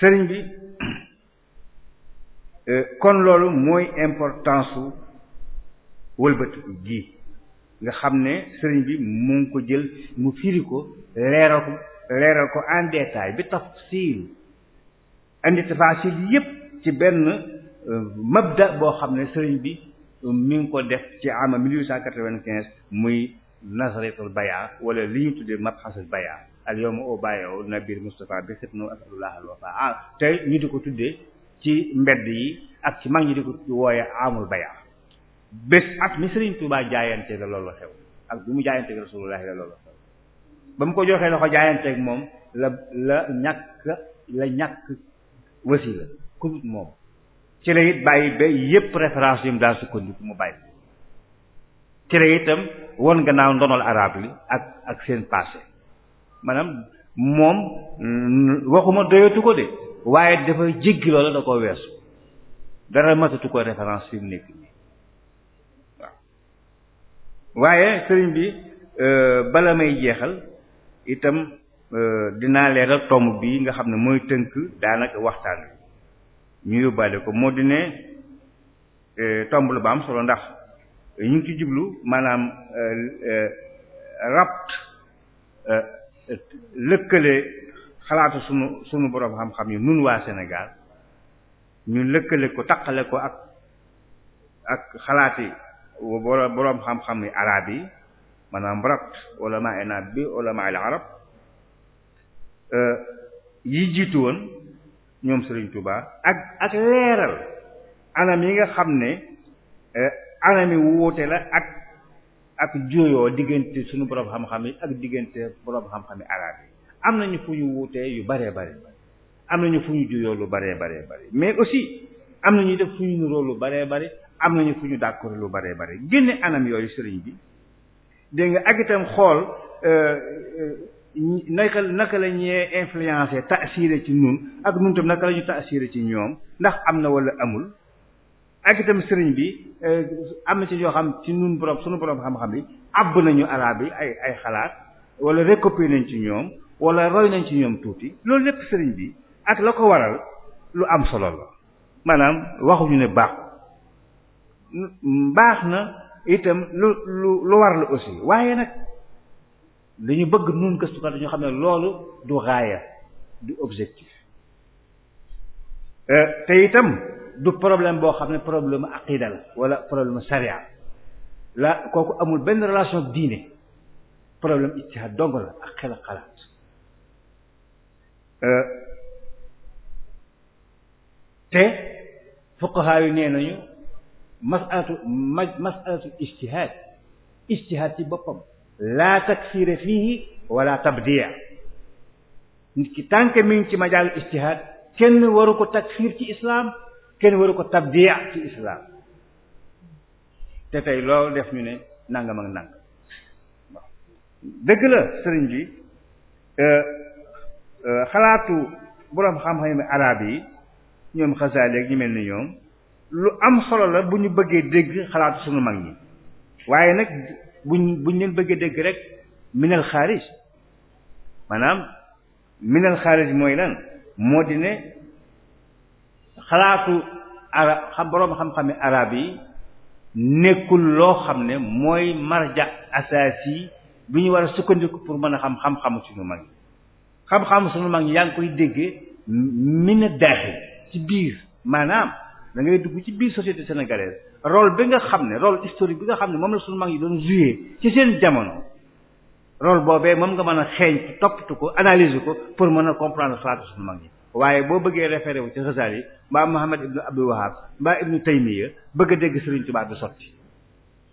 sëriñ bi euh, kon loolu mooy importance su wëlbatiku gi nga xam ne sëriñ bi mu ngi ko jël mu firi ko leeral ko leeral ko en détail bi tafsil indi tafasil yépp ci benn euh, mabda boo xam ne sëriñ bi mi ngi ko ci ama 1895 muy nazaratul baya wala li ñu tuddee mabhasul baya al yawma o bayo nabil Moustapha bi xit no asalullah al wafa ah tey ñu di ko tuddee ci mbedd yi ak ci mag ñi di ko wooye amul baya bés at mi Sëriñ Tuubaa jaayante la loolu xew ak bi mu jaayante ak la loolu xew ba mu ko joxee loxo jaayanteeg moom la la ñàkk la ñàkk wasila ku moom ci la it bàyyi ba yépp référence yi mu daal sukkandiku mu bàyyi ci la itam won gannaaw ndonol arab li ak ak seen passé maanaam moom mm, waxuma doyatu ko de waaye dafa jéggi loola da koo weesu dara matatu ko référence fi mu nekk nii waaye sëriñ bi euh, bala may jeexal itam euh, dinaa leeral tomb bi nga xam ne mooy tënk daanaka waxtaan wi ñu yóbbaale ko moo di ne e, tomb lu am solo ndax ñu ngi ci jublu maanaam e, e, rabt lëkkale xalaatu sunu sunu borom xam-xam yi nun waa Sénégal ñu lëkkale ko taqale ko ak ak xalaati boroom xam-xam yi arab yi maanaam rabt ulama enab bi ulama al arab yi jiitu woon ñoom Serigne Touba ak ak leeral anam yi nga xam ne eh, anam yi wuute la ak ak juyoo diggante suñu borom xam-xam yi ak diggante borom xam-xam yi arab yi am nañu fu ñu wuutee yu baree bare am nañu fu ñu juyoo lu baree baree bare mais aussi am nañu def fu ñu niroo lu baree bare am nañu fu ñu d'accord lu baree bare génne anam yooyu Serigne bi dégg ak itam xool. Euh, euh, naka naka la ñuy influencer taasiré ci ñun ak ñun tam naka la ñu taasiré ci ñoom ndax am na walla amul ak itam sëriñ bi euh, am na ci yoo xam ci ñun borom sunu borom xam-xam bi àbb nañu arab yi ay ay xalaat wala recopier nañ ci ñoom wala roy nañ ci ñoom tuuti loolu lépp sëriñ bi ak la ko waral lu am solo la maanaam waxuñu ne baax baax na itam lu lu lu war la aussi waaye nag. li ñu bëgg nun gëstukat dañu xam ne loolu du raaya du objectif euh, te itam du problème boo xam ne problème aqida la wala problème sharia la kooku amul benn relation diine problème ijtihaad dong la ak xel xalaat euh, te fuqaha nee nañu masalatu ma masalatu ijtihaad ijtihaad ci boppam laa takfiire fii wala tabdiya ki tànk mi ngi ci majaalu ijtihaad kenn waru ko takfiir ci islam kenn waru ko tabdiya ci islam te tey loolu def ñu ne nangam ak dëgg la sëriñ bi euh, euh, xalaatu boroom xam-xam arab yi ñoom Xasaali ak mel ni ñoom lu am solo la bu ñu bëggee dégg xalaatu sunu mag ñi waaye nag buñ buñ leen bëggee dégg rek minal xaarij maanaam minal xaarij mooy lan moo di ne xalaatu ara boroom xam-xame arab yi nekkul loo xam ne mooy marja asaasi bi ñu war a sukkandiku pour mën a xam xam-xamu suñu mag yi xam-xamu suñu mag yi yaa ngi koy déggee mina daaxil ci biir maanaam da ngay dugg ci biir société sénégalaise rôle bi nga xam ne rôle historique bi nga xam ne moom la suñu mag yi doon joué ci seen jamono rôle boobee moom nga mën a xeeñ toppatu ko analyse ko pour mën a comprendre soit suñu waaye boo bëggee référé wu ci Ghazali yi mbaa Muhammad ibnu Abdul Wahhab mbaa ibnu Taymiya bëgg a dégg Serigne Touba du sotti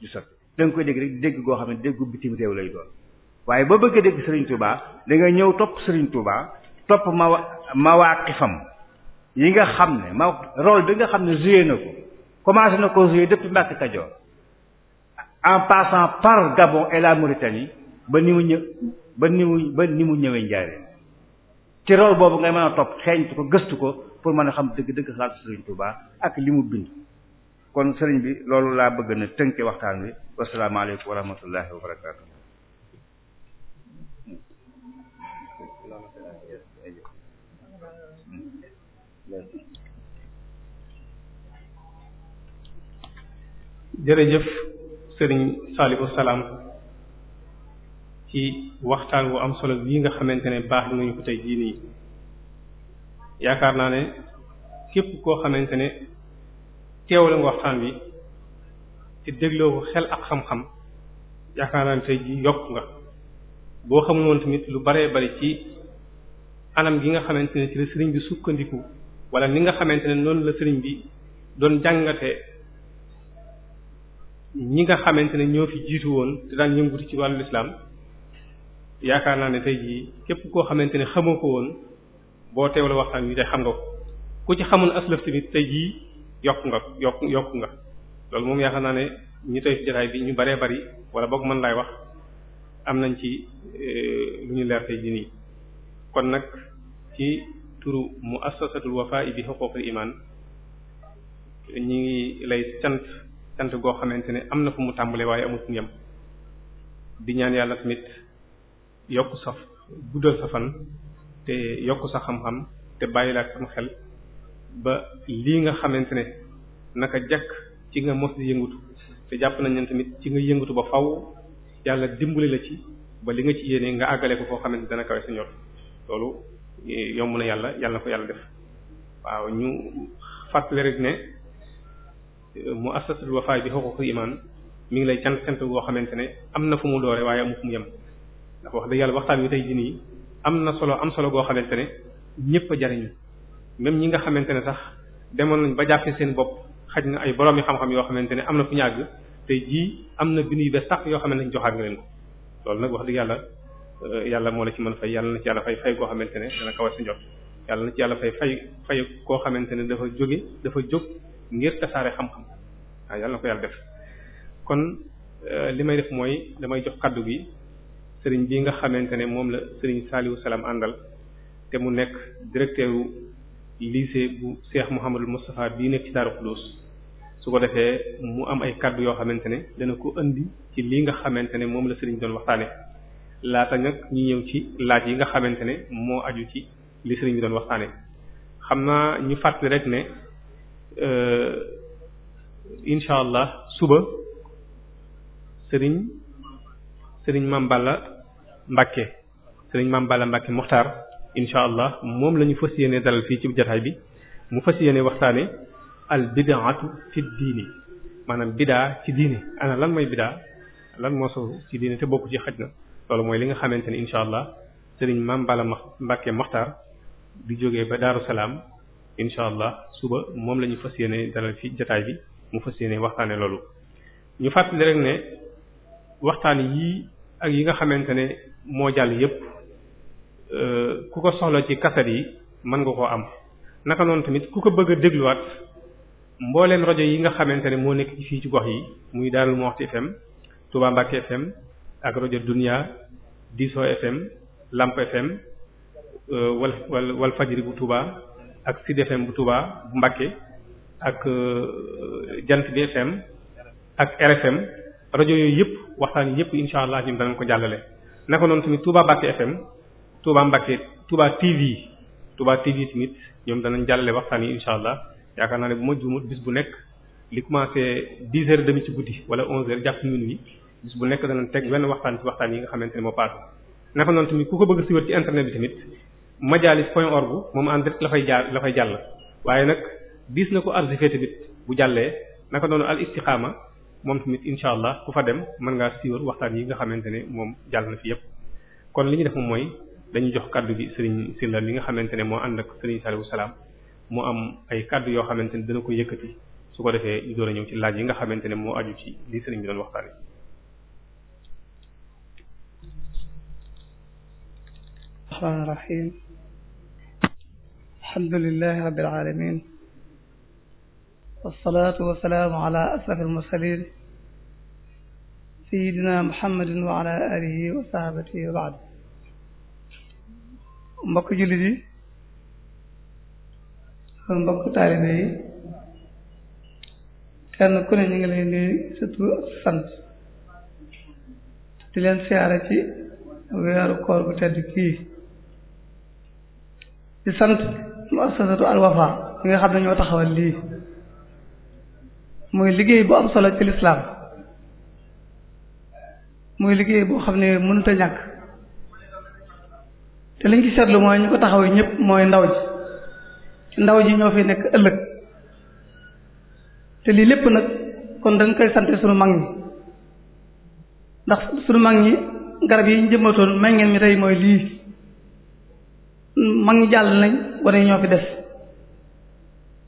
du sotti da nga koy dégg rek dégg goo xam ne déggu bitim réew lay doon waaye boo bëggee dégg Serigne Touba da nga ñëw topp Serigne Touba topp ma fam yi nga xam ne ma role bi nga xam ne joué na ko commencé na ko jouer depuis Mbàkke Kajoor en passant par Gabon et la Mauritanie ba ni mu ñë ba ni mu ba ni mu ñëwee njaareen ci boobu ngay mën a topp xeeñtu ko gëstu ko pour mën a xam dëgg-dëgg xalaatu Serigne Touba ak li mu bind kon Serigne bi loolu laa bëgg na tënke waxtaan wi wasalaamaaleykum wa rahmatullahi wa barakaatu. Hmm. jërëjëf sëriñ Saliou Salam ci waxtaan wu am solo bii nga xamante ne baax nañu ko tey jii nii yaakaar naa ne képp koo xamante ne teewlu nga waxtaan bi te dégloo ko xel ak xam-xam yaakaar naa ne tey jii yokk nga boo xamul woon tamit lu baree bari ci anam gi nga xamante ne ci la sëriñ bi sukkandiku wala ni nga xamante ne noonu la sëriñ bi doon jàngate ñi nga xamante ne ñoo fi jiitu woon te daan yëngutu ci wàllu lislaam yaakaar naa ne tey jii képp koo xamante ne xamoo ko woon boo teewla waxtaan wi tey xam nga ko ku ci xamul aslaf tamit tey jii yokk nga yokk yokk nga loolu moom yaakaar naa ne ñu tey fi jotaay bi ñu baree bari wala boog mën laay wax am nañ ci eh, lu ñu leer tey jii nii kon nag ci turu muassasatul wafaa'i bi huquqil iman ñi ngi lay cant cant goo xamante ne am na fu mu tàmbalee waaye amul fu mu di ñaan yàlla tamit yokk sa guddal sa fan te yokk sa xam-xam te bàyyi la ak xel ba lii nga xamante ne naka jakk ci nga mos di yëngutu te jàpp nañ ne tamit ci nga yëngutu ba faw yàlla dimbali la ci ba li nga ci yéene nga àggale ko foo xamante ne dana kawe sa ñor loolu eh, yomb na yàlla yàlla na ko yàlla def waaw ñu fàttali rek ne. mu assasatul wafaay bi huququl iman mi ngi lay cant cant boo xamante ne am na fu mu doore waaye amu fu mu yem ndax wax dëgg yàlla waxtaan wi tey jii nii am na solo am goo xamante ne ñëpp a jariñu même ñi nga xamante ne sax demoon ba jàppee seen bopp xaj na ay borom yi xam-xam yoo xamante ne am na fu ñu tey jii am na bind yu bees sax yoo xamante ne joxaat nga leen ko loolu nag wax dëgg yàlla eh, yàlla moo la ci mën fay yàlla na ci yàlla fay fay xamante ne a sa njot yàlla na ci yàlla fay fay fay koo xamante ne dafa jóge dafa jóg ngir tasaare xam-xam waaw yàlla na ko yàlla def kon euh, li may def mooy damay jox kaddu bi sëriñ bi nga xamante ne moom la sëriñ Saliou Salam àndal te mu nekk directeur wu lycée bu Cheikh Mouhamadul Moustapha bii nekk su ko defee mu am ay kaddu yoo xamante ne dana ko indi ci lii nga xamante ne moom la sëriñ doon waxtaane laata nag ñu ñëw ci laaj yi nga xamante ne moo aju ci li sëriñ bi doon waxtaane xam naa ñu fàttali rek ne incha allah suba sëriñ sëriñ mambala Balla Mbacke sëriñ Mame Balla Mbacke incha allah moom la ñu fas yéene dalal fii ci jataay bi mu fas yéene waxtaane al bidaatu fi diini maanaam bidaa ci diini ana lan mooy bidaa lan moo sosu ci diini te bokku ci xaj na loolu mooy li nga xamante ni incha allah sëriñ Mame Balla Mbacke Muxtaar jógee ba Daaru Salaam allah suba moom lañu ñu fas yéene dalal fi jataay bi mu fas yéene waxtaane loolu ñu fàttali rek ne waxtaan yii ak yi nga xamante ne moo jàll yépp euh, ku ko soxla ci kaset yi mën nga koo am naka noonu tamit ku ko bëgg a dégluwaat mbooleem rajo yi nga xamante ne moo nekk ci fii ci gox yi muy Darou Moukhty FM Touba Mbacké FM ak rajo Dunia Diso FM Lamp FM euh, wal wal wal fajri bu Touba ak Sud FM bu Touba bu Mbacké ak euh, Jant bi FM ak RFM rajo yooyu yëpp waxtaan yëpp incha allah ñun danañ ko jàllale. naka noonu tamit Touba Mbacké FM Touba Mbacké Touba TV Touba TV tamit ñoom danañ jàllale waxtaan yi incha allah yaakaar naa ne bu ma juumut bu nekk li commencé dix heures demi ci guddi wala onze heures jàpp minuit bis bu nekk dana teg benn waxtaan ci waxtaan yi nga xamante ne moo paase. naka noonu tamit ku ko bëgg a ci internet bi tamit. majalis point org moom en direct la fay jàll la jàll waaye nag diis na ko arzifee tamit bu jàllee naka doon al istiqaama moom tamit insha allah ku fa dem mën ngaa siiwal waxtaan yi nga xamante ne moom jàll na fi yépp kon li ñu def mooy dañu jox kaddu gi Serigne Sylla li nga xamante ne moo ànd ak Serigne Saliou Salam mu am ay kàddu yoo xamante ne dana ko yëkkati su ko defee ñu door a ñëw ci laaj yi nga xamante ne moo aju ci li Serigne bi doon waxtaanee. rahmaani alhamdulilahi rabbil alamin wasalaatu wasalaamu ala ashraf almursalin sayidina muhammadin wa ala alihi wa sahabatihi wa baad mbokk jullit yi mbokk taalibe yi kenn ku ne ñu ngi leen di surtout sant di leen siyaare ci weeru koor bu tedd kii di sant muassasatu Al Wafa yi nga xam ne ñoo taxawal lii muy liggéey bu am solo ci lislaam muy liggéey boo xam ne mënut a ñàkk te liñ ci seetlu mooy ñu ko taxaw ñëpp mooy ndaw ji ndaw ji ñoo fi nekk ëllëg te lii lépp nag kon dañ koy sante sunu mag ñi ndax sunu mag ñi garab yi ñu jëmbatoon may ngeen mi tey mooy lii mag ñi jàll nañ wane ñoo fi des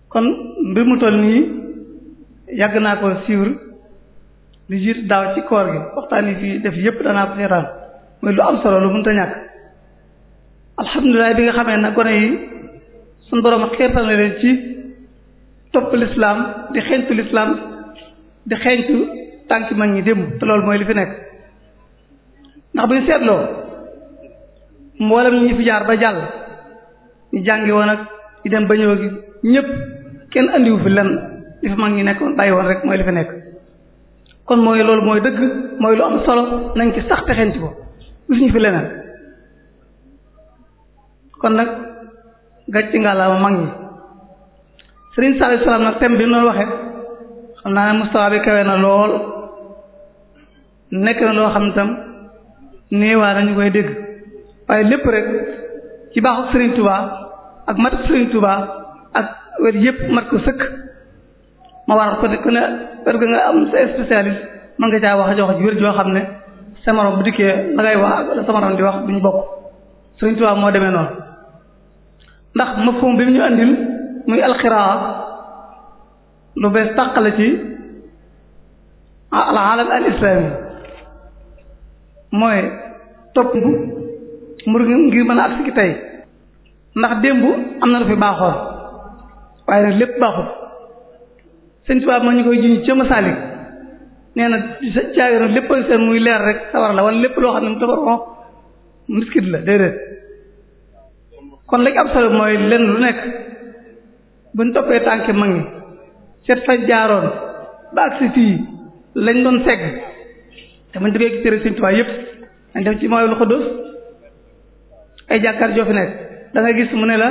kon mbir mu toll nii yàgg naa ko suivre li jiit daaw ci koor gi waxtaan yi fii def yépp danaa ko seetaan mooy lu am solo lu mënta ñàkk alhamdulilah bi nga xamee nag gone yi suñ boroom xeetal na leen ci topp lislaam di xeeñtu lislaam di xeeñtu tànki mag ñi démb te loolu mooy li fi nekk ndax bu ñu seetloo mboolem ñi fi jaar ba jàll ñu jàngi woon ñu dem ba ñëw ñépp kenn andiwu fi lenn li fi mag ñi nekkoon bàyyi woon rek mooy li fi nekk kon mooy loolu mooy dëgg mooy lu am solo nañ ci sax texeen ko gis ñu fi leneen kon nag gàcc nga la ma mag ñi sëriñ Saliou Salam nag thème bi mu waxee xam naa ne mustawa bi kawe na lool nekk na loo xam tam néewaa nañu koy dégg waaye lépp rek ci baaxu sëriñ Touba ak mat sëriñ Tuubaa ak wér yëpp mat ko sëkk ma waral ko ne ku ne wér ga nga am sa spécialiste mën nga caa wax jox ji wér joo xam ne sa bu dikkee la wax ak sa di wax duñu bokk sëriñ Tuubaa moo demee noonu ndax mafhum bi mu ñu andil muy alxiraa lu bees tàqale ci al alam al islami mooy topp ngir mën a agsi ki tey ndax démb am na lu fi baaxoon waaye nag lépp baaxul sëñ tubaab ñu koy jiñ ca Masaalik nee na sa caabi nag lépp seen muy leer rek sawar la wala lépp loo xam ne mu tabaron miskit la déedéet kon léegi am solo mooy lenn lu nekk buñ toppee tànke mag ñi seet fañ jaaroon ba agsi fii lañ doon segg te muñ dëggee ci téere sëñ tubaab yëpp dañ def ci mooy lu xudus ay jàkkaar joo fi nekk da nga gis mu ne la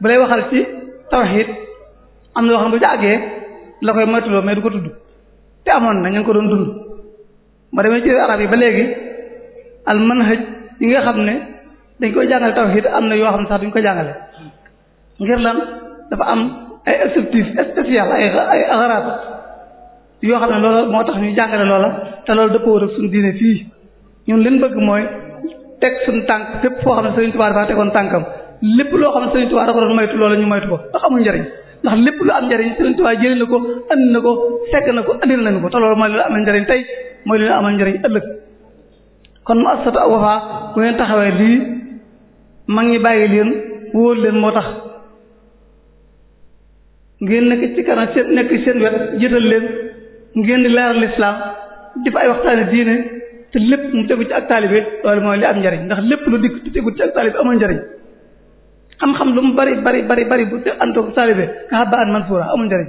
bu lay waxal ci tawhid am na loo xam ne bu ci àggee la koy moytuloo mais du ko tudd te amoon na ñu ngi ko doon dund ma demee ci arab yi ba léegi al manhaj yi nga xam ne dañ koy jàngale tawhid am na yoo xam ne sax duñ ko jàngale ngir lan dafa am ay objectif spécial ay ay agaraat yoo xam ne loola moo tax ñu jàngale loola te loolu dëppoo ak suñu diine fii ñun liñ bëgg mooy teg suñu tànk fépp foo xam ne Sëriñ Tuubaa dafa tegoon tànkam lépp loo xam ne Sëriñ Tuubaa dafa doon moytu loola ñu moytu ko ndax amul lu am njariñ Sëriñ Tuubaa jëlee na ko andi na ko fekk na ko andil nañu ko te loolu mooy lu tey mooy lu amal njariñ ëllëg kon mu assatu ak Wafa bu bàyyi leen leen moo tax ngeen nekk ci kanam seen nekk seen wet jiital leen ngeen di leeral lislaam def ay waxtaane diine te lépp mu tegu ci ak taalibe loolu mooy li am njariñ ndax lépp lu dikk te tegu ci ak taalibe amul njariñ xam-xam lu mu bari bari bari bari bu antoog saalibe nga xam ba man fuura amul njëriñ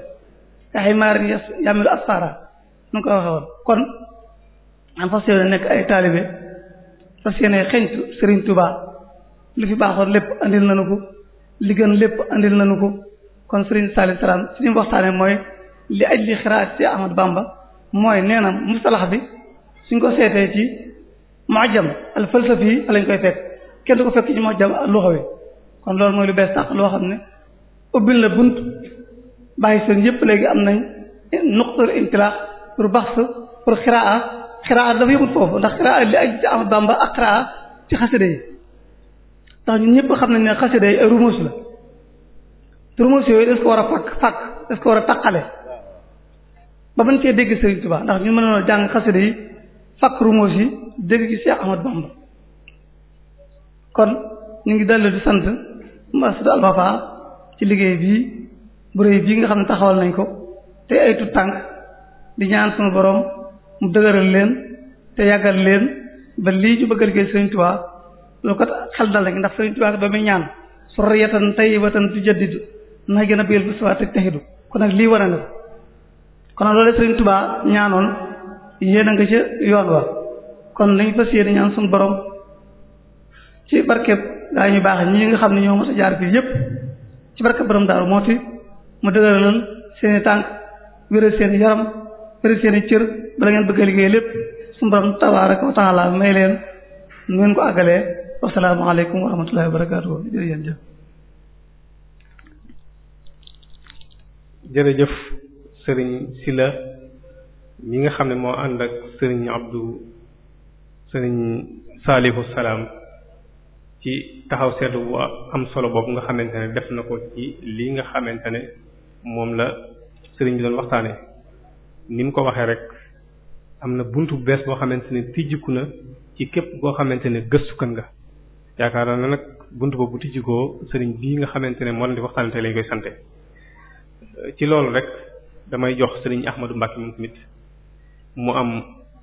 nga xay maarin yas yamilu asfara nu ko waxee woon kon am fas yéene nekk ay taalibe fas yéene xeñtu Sëriñ Tuubaa li fi baaxoon lépp andil nañu ko li gën lépp andil nañu ko kon Sëriñ Saliou Salam suñu waxtaane mooy li aj li xiraat ci Ahmad Bamba mooy nee na mustalax bi suñ ko seetee ci mu'jam al falsafi lañ koy fekk kenn du ko fekk ci mu'jam al lughawi kon loolu mooy lu bees sax loo xam ne ubbil la bunt bàyyi seen yëpp léegi am nañ nuqtul intilaax pour baxs pour xiraa xiraa dafa yëmut foofu ndax xiraa li aj ci am bamba ak xiraa ci xasida yi ndax ñun ñëpp xam nañ ne xasida yi ay rumus la te yooyu des ko war a fàkk fàkk des ko war a taqale ba mën cee dégg Sëriñ Tuubaa ndax ñu mënoon jàng xasida yi fàkk rumus yi dégg ci Cheikh Ahmad Bamba kon ñu ngi dellu di sant masjid al Wafa ci liggéey bii bu bii nga xam ne taxawal nañ ko te ay tu tànk di ñaan sunu borom mu dëgëral leen te yàggal leen ba lii ñu bëgg a liggéey Sëriñ Tuubaa loolu kat xel dal nañ ndax Sëriñ Tuubaa ba muy ñaan surriyatan tayyibatan tujaddidu na gën a béyal bu suwaat ak taxidu kon nag lii wane na ko kon nag loolu Sëriñ Tuubaa ñaanoon yéen a nga ca yoon wa kon nañ fas yéene ñaan sunu borom ci barkeb gaa ñu baax ñi nga xam ne ñoo mos a jaar fii yépp ci barka borom daaru moo ti mu dëgëraloon seen i tànk wéral seen i yaram wéral seen i cër bala ngeen bëgg a liggéey lépp suñu borom tabaaraka wa taala may leen nu ngeen ko àggalee wasalaamu aleykum wa rahmatullahi wa barakaatu jërëjëf jërëjëf sëriñ Silla mi nga xam ne moo ànd ak sëriñ Abdou sëriñ Saalihu Salaam ci taxaw seetlu bu am solo boobu nga xamante ne def na ko ci lii nga xamante ne moom la sëriñ bi doon waxtaanee ni mu ko waxee rek am na bunt bu bees boo xamante ne tijjiku na ci képp koo xamante ne gëstukan nga yaakaar na nag bunt boobu tijjikoo sëriñ bii nga xamante ne moo leen di waxtaanee tey lañ koy sante ci loolu rek damay jox sëriñ Ahmadou Mbacke moom tamit mu am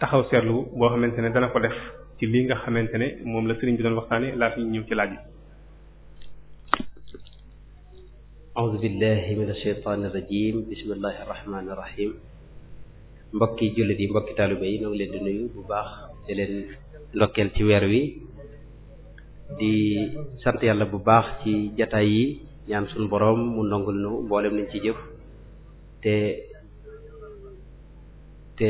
taxaw seetlu boo xamante ne dana ko def. ci lii nga xamante ne moom la sëriñ bi doon waxtaane laata ñu ñëw ci laaj yi aoudu billahi min asheytaani irajim bismillahi irrahmani irrahim mbokki jullit yi mbokki taalibe yi ñoo leen di nuyu bu baax di leen ndokkeel ci weer wi di sant yàlla bu baax ci jataay yi ñaan suñu boroom mu nongul nu mboolem nañ ci jëf te te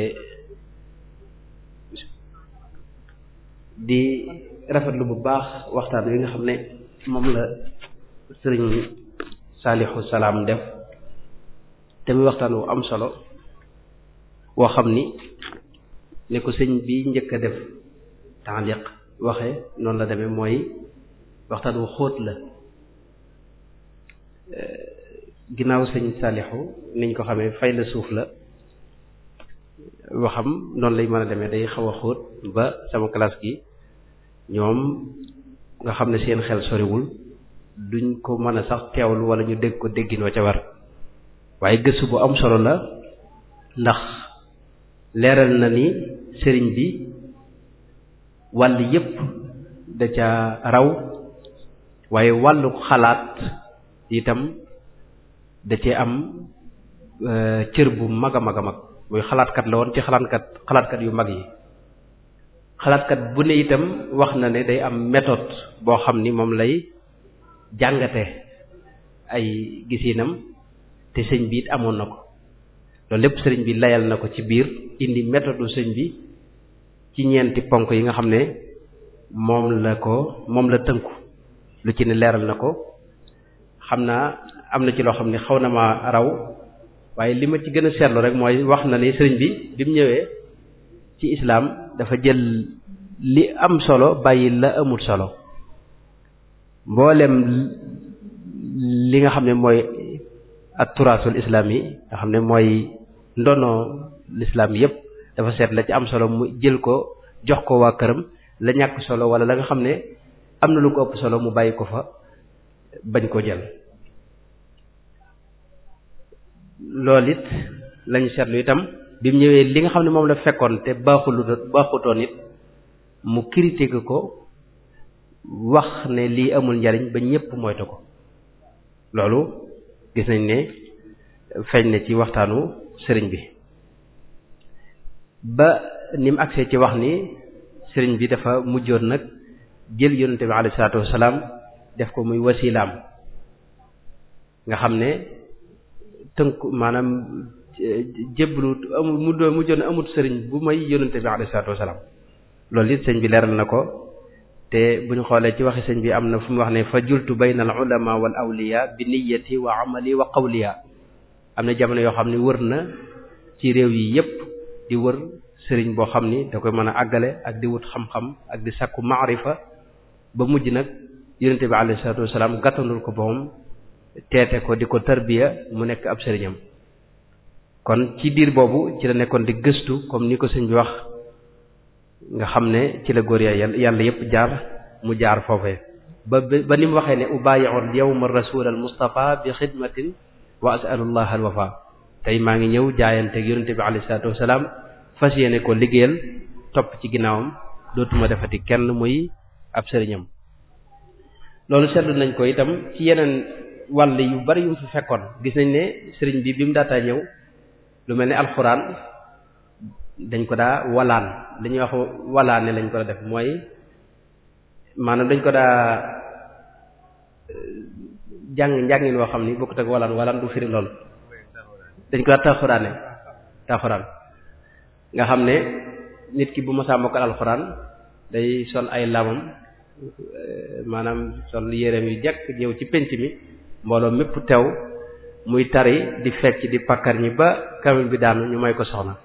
di rafetlu bu baax waxtaan wi nga xam ne moom la sëriñ Saalixu Salaam def te muy waxtaan wu am solo woo xam ni ni ko sëñ bi njëkk a def taaliq waxe noonu la deme mooy waxtaan wu xóot la eh, ginnaaw sëñ Saalixu niñ ko xamee fay la suuf la waxam noonu lay mën a demee day xaw a xóot ba sama classe gi ñoom nga xam ne seen xel soriwul duñ ko mën a sax teewlu wala ñu dégg ko déggin wa ca war waaye gëstu bu am solo la ndax leeral na ni sëriñ bi wàll yépp da ca raw waaye wàllu xalaat itam da cee am euh, cër bu mag a mag a mag muy xalaatkat la woon ci xalaatkat xalaatkat yu mag yi xalaatkat bu ne itam wax na ne day am méthode boo xam ni moom lay jàngate ay gisinam te sëñ bi it amoon na ko loolu lépp sëriñ bi layal na ko ci biir indi méthode sëñ bi ci ñeenti ponk yi nga xam ne moom la ko moom la tënku lu ci ne leeral na ko xam naa am na ci loo xam ne xaw na ma raw waaye li ma ci gën a seetlu rek mooy wax na ni sëriñ bi bi ñëwee ci islaam dafa jël li am solo bàyyi la amul solo mboolem li nga xam ne mooy ak turaasul islaam yi nga xam ne mooy ndono l'islam yépp dafa seet la ci am solo mu jël ko jox ko waa këram la ñàkk solo wala la nga xam ne am na lu ko ëpp solo mu bàyyi ko fa bañ ko jël loolu it lañu seetlu itam bi mu ñëwee li nga xam ne moom la fekkoon te baaxul baaxutoon mu critiqué ko wax ne lii amul njariñ ba ñépp moytu ko loolu gis nañ ne feeñ na ci waxtaanu sëriñ bi ba ni mu agsee ci wax ni sëriñ bi dafa mujjoon nag jël yonente bi alayhi salaatu wasalaam def ko muy wasilaam nga xam ne tënku maanaam jébbaluwut amul mu doon mu amut sëriñ bu may yonente bi alayhi salaatu wasalaam loolu it sëñ bi leeral na ko te bu ñu xoolee ci waxi sëñ bi am na fu mu wax ne fa jultu bayna al ulama wal awliya bi niyyati wa amali wa qawliya am na jamono yoo xam ne wër na ci réew yi yépp di wër sëriñ boo xam ni da koy mën a àggale ak di wut xam-xam ak di sakku maarifa ba mujj nag yonente bi alayhi salaatu wasalaam gàttandul ko boppam teete ko di ko tarbiya mu nekk ab sëriñam kon ci diir boobu ci la nekkoon di gëstu comme ni ko sëñ bi wax nga xam ne ci la góor yàlla yàlla yëpp jaar mu jaar foofee ba ba ni mu waxee ne ubayi'u yawma rasul al mustafa bi xidmatin wa as'alullah al wafa tey maa ngi ñëw jaayanteeg yonente bi alayhi salaatu wasalaam fas yéene ko liggéeyal topp ci ginnaawam dootuma defati kenn muy ab sëriñam loolu seetlu nañ ko itam ci yeneen wàll yu bari yu mu fi fekkoon gis nañ ne sëriñ bi bi mu daataa ñëw lu mel ni alxuraan dañ ko daa wallaan li ñuy wax walaane lañ ko daa def mooy maanaam dañ ko daa euh, jàng njàngin woo xam ni bokkut ak walaan walaan du firi lool dañ ko daa taxuraane taxuraan nga xam ne nit ki bu masaa mokkal alxuraan day sol ay lamam euh, maanaam sol yéreem yu jekk ñëw ci penc mi mbooloo mépp teew muy tari di fecc di pakkar ñi ba kamil bi daanu ñu may ko soxna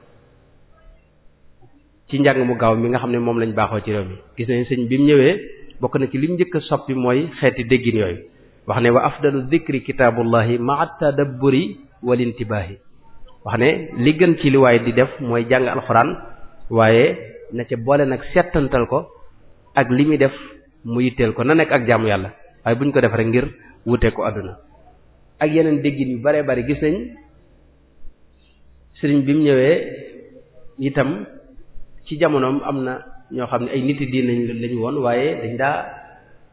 ci njàng mu gaaw mi nga xam ne moom lañ baaxoo ci réew mi gis nañ sëñ bi mu ñëwee bokk na ci li njëkk a soppi mooy xeeti déggin yooyu wax ne wa afdalu dhikri kitaabullahi ma'a tadabburi wal intibaahi wax ne li gën ci li waaye di def mooy jàng alxuraan waaye na ca boole nag seetantal ko ak li muy def mu yitteel ko na nekk ak jaamu yàlla waaye buñ ko def ngir wute ko àdduna ak yeneen déggin yu bare bare gis nañ sëriñ bi mu ñëwee itam ci jamonoom am na ñoo xam ne ay nit diin lañ lañu woon waaye dañ daa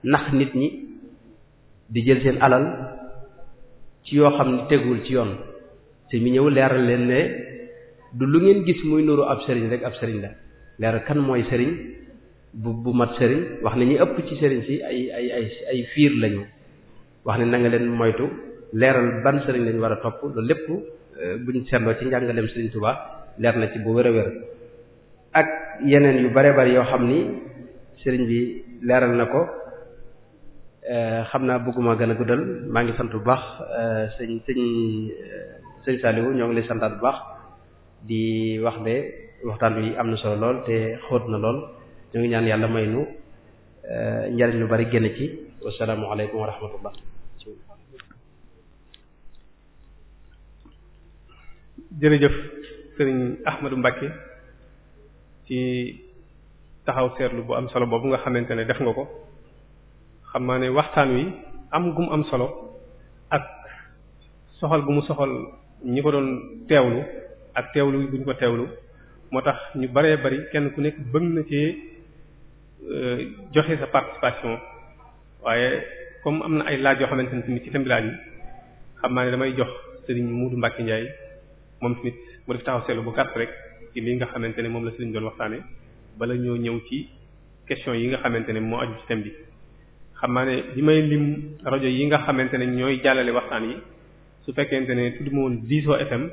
nax nit ñi di jël seen alal ci yoo xam ne teguwul ci yoon te mi ñëw leeral leen ne du lu ngeen gis muy nuru ab sëriñ rek ab sëriñ la leeral kan mooy sëriñ bu bu mat sëriñ wax ne ñi ëpp ci sëriñ si ay ay ay fiir lañu wax ne na nga leen moytu leeral ban sëriñ lañ war a topp loolu lépp euh, buñ seetloo ci njàngaleem sëriñ Tuubaa leer na ci boo wér a wér ak yeneen yu bare bare yoo xam ni sëriñ bi leeral na ko euh, xam naa bëgguma gën a guddal maa ngi sant bu baax euh, sëñ sëñ sëñ Saliou ñoo ngi lay santaat bu baax di wax ne waxtaan wi am na solo lool te xóot na lool ñoo ngi ñaan yàlla may nu njariñ lu bari génn ci wasalaamu aleykum wa jërëjëf sëriñ Ahmadou Mbacke ci taxaw seetlu bu am solo boobu nga xamante ne def nga ko xam naa ne waxtaan wi am gum am solo ak soxal gu mu soxal ñi ko doon teewlu ak teewlu bu ñu ko teewlu moo tax ñu baree bari kenn ku nekk bëgg na ci euh, joxe sa participation waaye comme am na ay laaj yoo xamante ne tamit ci tëmbilaaj yi xam naa ne damay jox sëriñ Muudu Mbacke Ndiaye moom tamit mu def taxaw seetlu bu gàtt rek ci li nga xamante ne moom la sëriñ doon waxtaane bala ñoo ñëw ci question yi nga xamante ne moo aju ci bi xam naa ne li may lim rajo yi nga xamante ne ñooy jàllale waxtaan yi su fekkente ne tudd ma woon Diso FM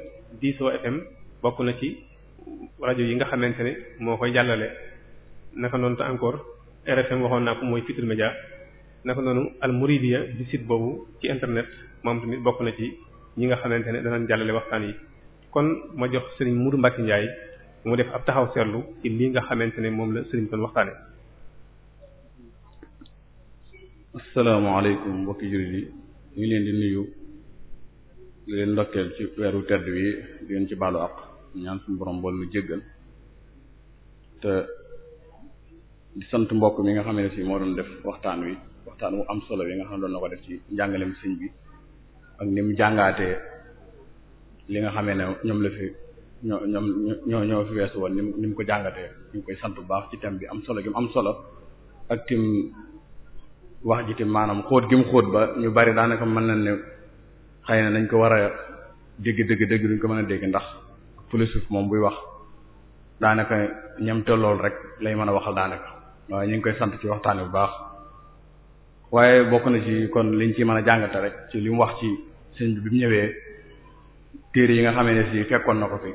Diso FM bokk na ci rajo yi nga xamante ne moo koy jàllale naka noonu te encore RFM waxoon naa ko mooy Futurs Médias naka noonu Al Mouridiyyah di boobu ci internet moom tamit bokk na ci ñi nga xamante ne danañ jàllale waxtaan yi kon ma jox sëriñ Mourou Mbacke njaay mu def ab taxaw seetlu ci lii nga xamante ne moom la sëriñ doon waxtaane asalaamaaleykum mbokki jullit yi ñu leen di nuyu leen ndokkeel ci weeru tedd wi di leen ci balo àq ñaan suñu borom bool nu jéggal te di sant mbokk mi nga xam ne si moo doon def waxtaan wi waxtaan wu am solo wi nga xam ne doon na ko def ci njàngaleem sëñ bi ak ni mu jàngaatee li nga xamee ne ñoom la fi ñoo ñoom ñoo ñoo fi weesu woon ni mu ko jàngatee ñu ngi koy sant bu baax ci thème bi am solo gi mu am solo ak tim wax ji tim maanaam xóot gi mu xóot ba ñu bari daanaka mën nañ ne xëy na nañ ko war a dégg dégg dégg duñ ko mën a dégg ndax philosophe moom buy wax daanaka ñam te lool rek lay mën a waxal daanaka waaye ñu ngi koy sant ci waxtaane bu baax waaye bokk na ci kon liñ ci mën a jàngate rek ci li mu wax ci sëñ bi mu ñëwee téere yi nga xamee ne si fekkoon na ko fi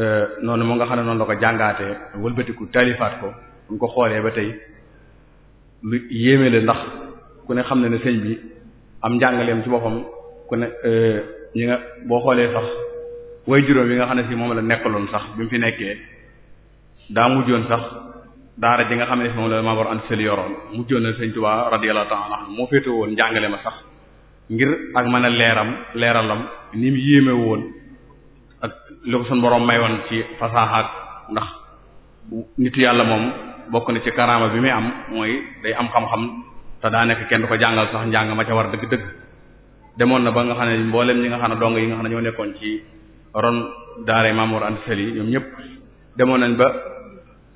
euh, noonu mu nga xam ne noonu la ko jàngaatee wëlbatiku taalifaat ko bu ko xoolee ba tey lu yéeme la ndax ku ne xam ne ne sëñ bi am njàngaleem ci boppam ku ne euh, ñi nga boo xoolee sax way juróom yi nga xam ne si moom la nekkaloon sax bi mu fi nekkee daa mujjoon sax daara ji nga xam ne si moom la Mame Mor Anta Saly yoroon mujjoon na sëñ Tuubaa radiyallahu ta'ala moo féete woon njàngale ma sax ngir ak mën a leeram leeralam ni mu yéeme woon ak li ko suñ boroom mayoon ci fasaaxaak ndax nit yàlla moom bokk na ci karaama bi muy am mooy day am xam-xam te daa nekk kenn du ko jàngal sax njàng ma ca war dëgg-dëgg demoon na ba nga xam ne mboolem ñi nga xam ne dong yi nga xam ne ñoo nekkoon ci ron daare Mamour Anta Sali ñoom ñëpp demoon nañ ba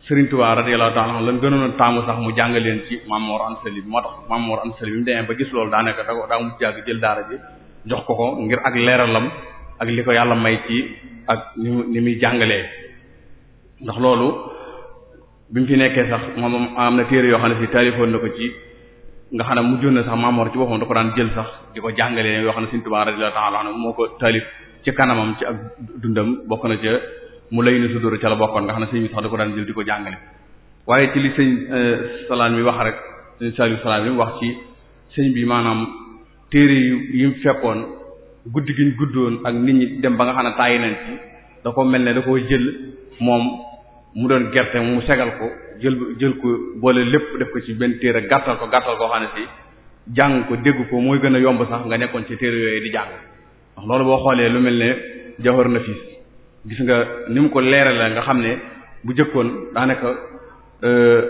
Serigne Touba radiyallahu ta'ala lan gënoon a taamu sax mu jàng leen ci Maam Mor Anta Sali bi moo tax Maam Mor Anta bi mu demee ba gis loolu daanaka da ko daa mu jàgg jël daara ji jox ko ko ngir ak leeralam ak li ko yàlla may ci ak ni ni muy jàngalee ndax loolu bi mu fi nekkee sax moom am na téere yoo xam ne si taalifoon na ko ci nga xam ne mu na sax Maam ci boppam da ko daan jël sax di ko jàngalee yoo xam ne Serigne Touba radiyallahu ta'ala moo ko taalif ci kanamam ci ak dundam bokk na ca mu lay na sudóor ca la bokkoon nga xam ne sëñ bi sax da ko daan jël di ko jàngale waaye ci li sëñ euh, salaan bi wax rek sëñ Saliou salaan mi wax ci sëñ bi maanaam téere yi mu fekkoon guddi gi ñu guddoon ak nit ñi dem ba nga xam ne tàyyi nañ ci da ko mel ne da koo jël moom mu doon gerte mu segal ko jël jël ko boole lépp def ko ci benn téere gàttal ko gàttal koo xam ne si jàng ko dégg ko mooy gën a yomb sax nga nekkoon ci téere yooyu di jàng ndax loolu boo xoolee lu mel ne Jawhar Nafis gis nga ni mu ko leeral la nga xam ne bu jëkkoon daanaka euh,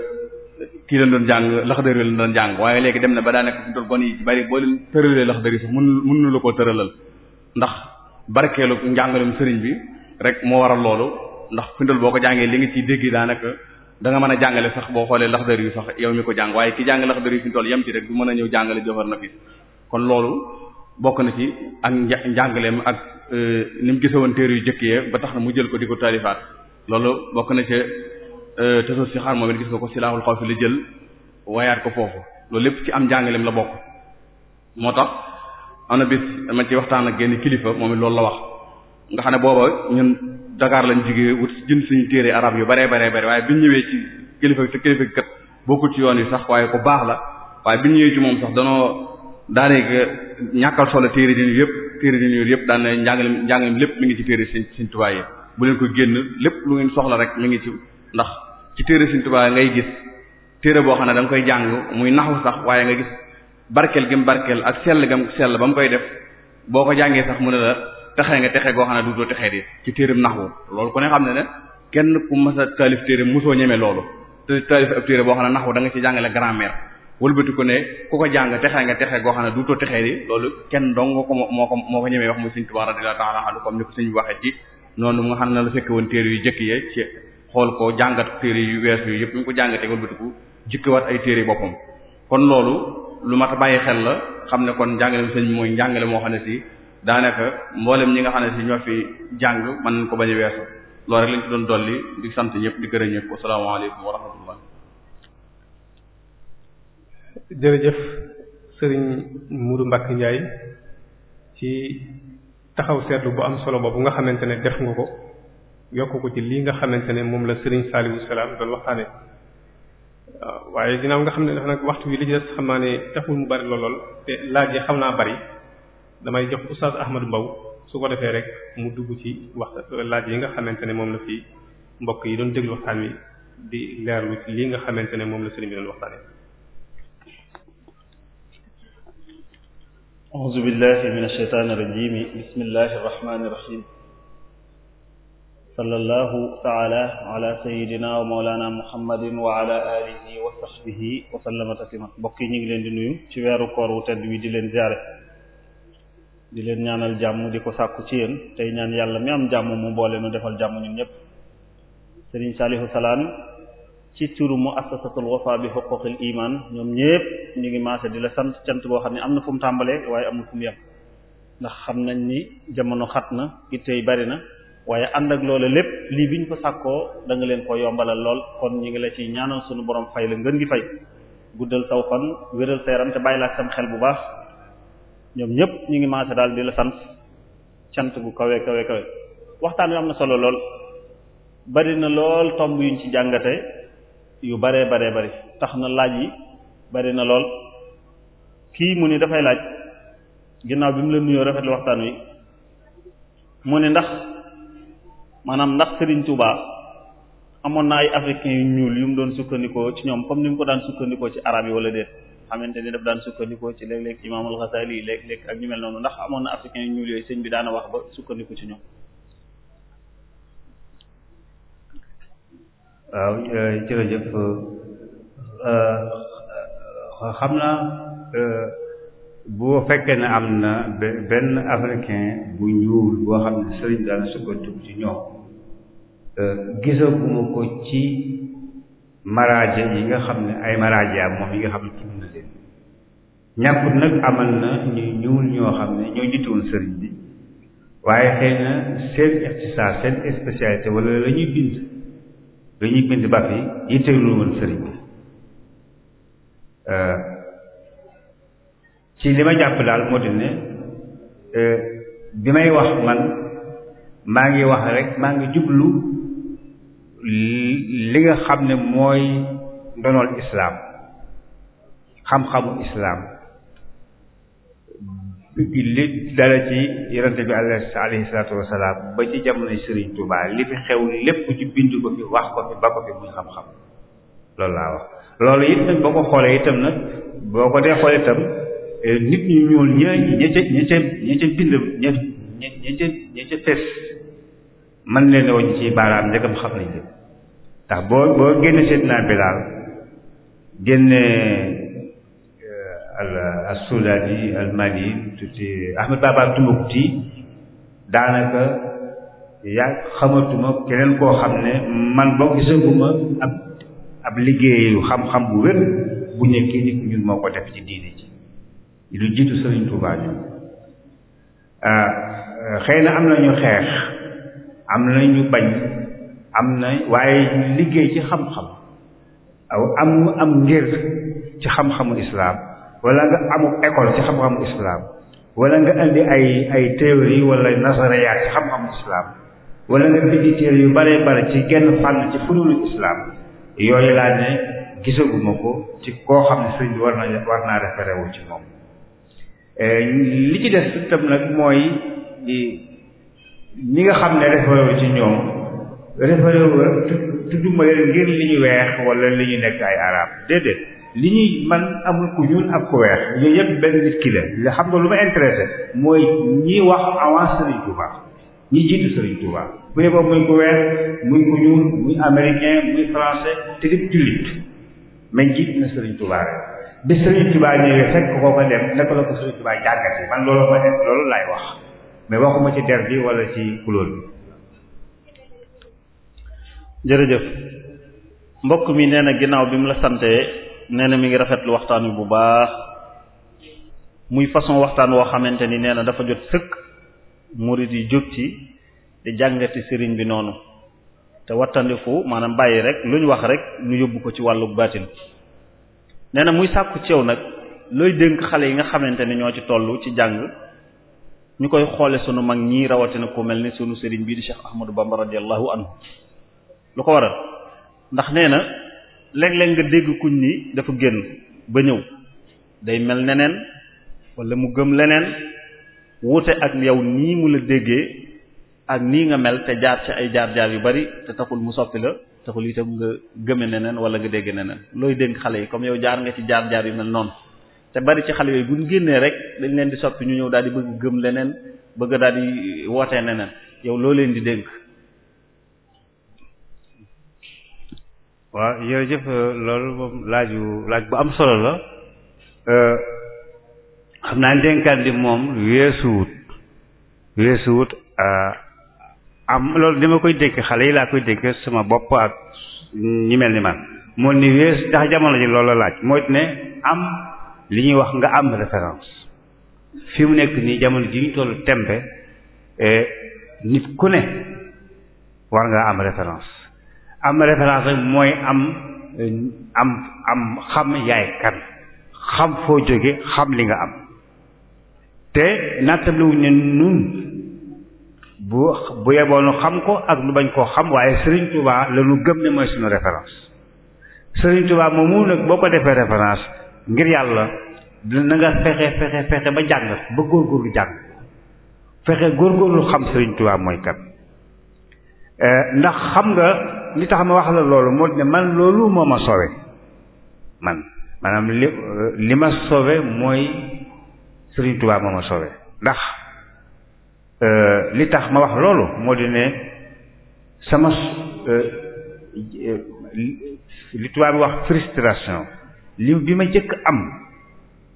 kii lañ doon jàng laxdar yi lañ doon jàng waaye léegi dem na ba daanaka fi mu yi bari boo leen tëralee laxdar yi sax mun mënu la koo tëralal ndax barkeelu njàngalum sëriñ bi rek moo waral loolu ndax fi mu boo ko jàngee li nga ciy dégg daanaka da nga mën a jàngale sax boo xoolee laxdar yu sax yow mi ko jàng waaye ki jàng laxdar yu fi mu toll yem ci rek du mën a ñëw jàngale jofar na fi kon loolu bokk na ci ak njàngaleem ak Euh, ni mu gisewoon téere yu jëkk ya ba tax na mu jël ko di ko taalifaat loolu bokk na te euh, tasoo si xaar moom it gis nga ko silaaxul xaw fi la jël wayaat ko foofu loolu lépp ci am njàngaleem la bokk moo tax am na bis ma ci waxtaan ak genn kilifa moom loolu la wax nga xam ne booba ñun Dakar lañ jigée wut jënd suñu téere arab yu baree baree bare waaye biñ ñëwee ci kilifa te kilifa kat bokkul ci yoon yi sax waaye ko baax la waaye biñ ñëwee ci moom sax danoo daanaka ñàkkal solo téere di yëpp téere di nuyu yëpp daan na njàngaleem njàngaleem lépp mu ngi ci téere sëñ sëñ Tuubaa yi bu leen ko génn lépp lu ngi soxla rek mu ngi ci ndax ci téere sëñ Tuubaa ngay gis téere boo xam ne da nga koy jàng muy naxu sax waaye nga gis barkeel gam barkeel ak sell gam sell ba mu koy def boo ko jàngee sax mu ne la texe nga texe goo xam ne duutoo texe di ci téereem naxu loolu ku ne xam ne ne kenn ku mas a taalif téere mosoo ñeme loolu te taalif ab boo xam ne naxu da nga ci jàngale grammaire walbatiku ne ku ko jàng texe nga texe goo xam ne duutoo texee di loolu kenn dong moo ko moo ko moo ko ñemee wax muy Sëriñ Tuubaa radiyallahu ta'ala anhu comme ni ko suñu waxee ci noonu mu nga xam ne la fekke woon téere yu jëkk yee xool ko jàngat téere yu wees yu yëpp ñu ko jàngatee wëlbatiku jikkiwaat ay téere boppam kon loolu lu mat a bàyyi xel la xam ne kon njàngale sëñ mooy njàngale moo xam ne si daanaka mboolem ñi nga xam ne si ñoo fi jàng mën nañ ko bañ a weesu loolu rek lañ ci doon dolli di sant ñëpp di gërëm ñëpp asalaamaaleykum wa rahmatullah jërëjëf sëriñ Mourou Mbacke njaay ci taxaw seetlu bu am solo bu nga xamante ne def nga ko yokk ko ci lii nga xamante ne moom la sëriñ Saliou Salam doon waaye ginnaaw nga xam ne dafa nag waxtu wi li naa ne taxul mu bari lool te laaj yi xam naa bari damay jox oustaz Ahmadu Mbaw su ko defee rek mu dugg ci wax laaj yi nga xamante ne moom la mbokk yi doon déglu waxtaan wi di leerlu lii nga xamante ne moom la sëriñ bi doon waxtaane أعوذ بالله من الشيطان الرجيم بسم الله الرحمن الرحيم صلى الله تعالى على سيدنا ومولانا محمد وعلى آله وصحبه وسلم تسليما bokk yi ñu ngi leen di nuyu ci weeru koor wu tedd wi di leen ziyaare di leen ñaanal jàmm di ko sàkku ci yéen tey ñaan yàlla mi am jàmm mu boole nu defal jàmm ñun ñëpp Serigne Saliou Salane ci turu muassasatul wafa bi huquqil iman ñoom ñépp ñu ngi maase di la sant boo xam ne am na fu mu tàmbalee waaye am fu mu ndax xam nañ ni jamono xat na ittey bari na waaye ànd ak loola lépp lii biñ ko sàkkoo da leen ko yombalal lool kon ñu ngi la ci ñaanal sunu borom fay la ngeen gi fay guddal saw fan wéral sa yaram te bàyyi laa sam bu baax ñoom ñépp ñu ngi maase daal di la sant cant bu kawe kawe kawe waxtaan wi am na solo lool bari na lool tomb yuñ ci jàngate yu baree baree bari tax na laaj yi bari na lool kii mu ni dafay laaj ginnaaw bi mu la rafet lu waxtaan wi mu ne ndax maanaam ndax Serigne Touba amoon na ay africain yu ñuul yu mu doon sukkandikoo ci ñoom comme ni mu ko daan sukkandikoo ci arab yi wala déet xamante ni daf daan sukkandikoo ci léeg-léeg imaamul Ghazali léeg-léeg ak ñu mel noonu ndax amoon na africain yu ñuul yooyu sëñ bi daana wax ba sukkandiku ci ñoom waaw euh, jërëjëf euh, xam naa euh, boo fekkee na am na benn africain bu ñuul boo xam ne sëriñ daal sukkandiku ci ñoom gisaguma ko ci maraaje yi nga xam ne ay maraaje am moom yi nga xam ne tudd na leen ñàkkut nag amal na ñu ñuul ñoo xam ne ñoo jiitoon sëriñ bi waaye xëy seen ixtisaar seen spécialité wala la bind bi ñuy bind baat yi yitteelu woon sëriñ bi euh, ci li ma jàpp daal moo di euh, bi may wax man maa ngi wax rek maa ngi jublu li nga xam ne mooy ndonol islaam xam-xamu islaam li dala ci yonente bi alayhi salaatu wasalaam ba ci jamono Serigne Touba li fi xew lépp ci bind ko fi wax ko fi ba ko fi muy xam-xam loolu laa wax loolu it nag boo ko xoolee itam nag boo ko dee xoolee itam eh, nit ñu ñuul ña ña ca ña ca ña ca bind ña ña ca ña ca fes man leen woñ ci baaraam ndegam xam nañ leen ndax boo boo génne seet naa Bilaal génne al-Sulami al-Mali tuuti Ahmed Baba Tumbuktu daanaka yaa xamatuma keneen koo xam ne man boo gisaguma ab ab liggéeyu xam-xam bu wér bu nekkee nit ñun moo ko def ci diine ji lu jiitu Sëriñ Tuubaa ñu ah, xëy na am na ñu xeex am na ñu bañ am na waaye liggéey ci xam-xam aw am am ngir ci xam-xamu islaam wala nga amul école ci xam-xamu islam wala nga indi ay ay théorie wala nasarayaat ci xam-xamu islam wala nga bindi téere yu bare bare ci genn fànn ci funulu islam yooyu laa ne gisaguma ko ci koo xam ne sëñ war na naa référé ci moom eh, li ci des itam nag mooy ñi nga xam ne référé wu ci ñoom référé wu tudduma leen ngir li ñu weex wala li ñu nekk ay arab déedéet li ñuy man amul ku ñuul ak ku weex yooyu yëpp benn nit ki la xam nga lu ma intéressé mooy ñi wax avant Serigne Touba ñi jiitu Serigne Touba bu yeboo muy ku bi Serigne Touba ñëwee fekk koo ko dem naka la ko Serigne Touba jàngate man loolu ma ne laay wax mais waxuma ci der bi wala ci couleur bi jërëjëf mbokk mi nee na ginnaaw bi mu la santee nee na mi ngi rafetlu waxtaan wi bu baax muy façon waxtaan woo xamante ni nee na dafa jot sëkk murid yi jóg ci di jàngati sëriñ bi noonu te wattandiku maanaam bàyyi rek lu ñu wax rek ñu yóbbu ko ci wàllu baatin nee muy sàkku ceew nag looy dénk xale yi nga xamante ni ñoo ci tollu ci jàng ñu koy xoole sunu mag ñii rawatina ko mel ni sunu sëriñ bii di Cheikh Ahmadou Bamba radiyallahu anhu lu ko waral ndax nee léeg-léeg nga dégg kuñ ni dafa génn ba ñëw day mel neneen wala mu gëm leneen wuute ak yow nii mu la déggee ak nii nga mel te jaar ci ay jaar-jaar yu bari te taxul mu soppi la taxul itam nga gëme neneen wala nga dégg neneen looy dénk xale yi comme yow jaar nga ci jaar-jaar yu mel noonu te bari ci xale yooyu bu génnee rek dañ leen di soppi ñu ñëw daal di bëgg gëm leneen bëgg daal di wootee neneen yow loo leen di dénk waaw jërëjëf euh, loolu moom laaju laaj bu am solo la euh, xam naa dénkaan di moom weesuwut weesuwut euh, am loolu dama koy dénk xale yi laa koy dégg sama bopp ak ñi mel ni man moo ni wees ndax jamono ji loolu la laaj mooy ne am li ñuy wax nga am référence fi mu nekk nii jamono ji ñu tollu tembe nit ku ne war nga am référence am référence rek mooy am am am xam yaay kan xam foo jóge xam li nga am te nattabliwuñ ne nun bu bu yeboonu xam ko ak lu bañ koo xam waaye Serigne Touba la ñu gëm ne mooy suñu référence Serigne moom moomu nag boo ko defee référence ngir yàlla na nga fexe fexe fexe ba jàng ba góorgóorlu jàng fexe góorgóorlu xam Serigne Touba mooy kan eh, ndax xam nga li tax ma wax la loolu moo ne man loolu moo ma sowe man maanaam li li ma sowe mooy Sëriñ Tuubaa moo ma sowe ndax euh, li tax ma wax loolu moo di ne sama euh, li tubaab bi wax frustration li bi ma jëkk am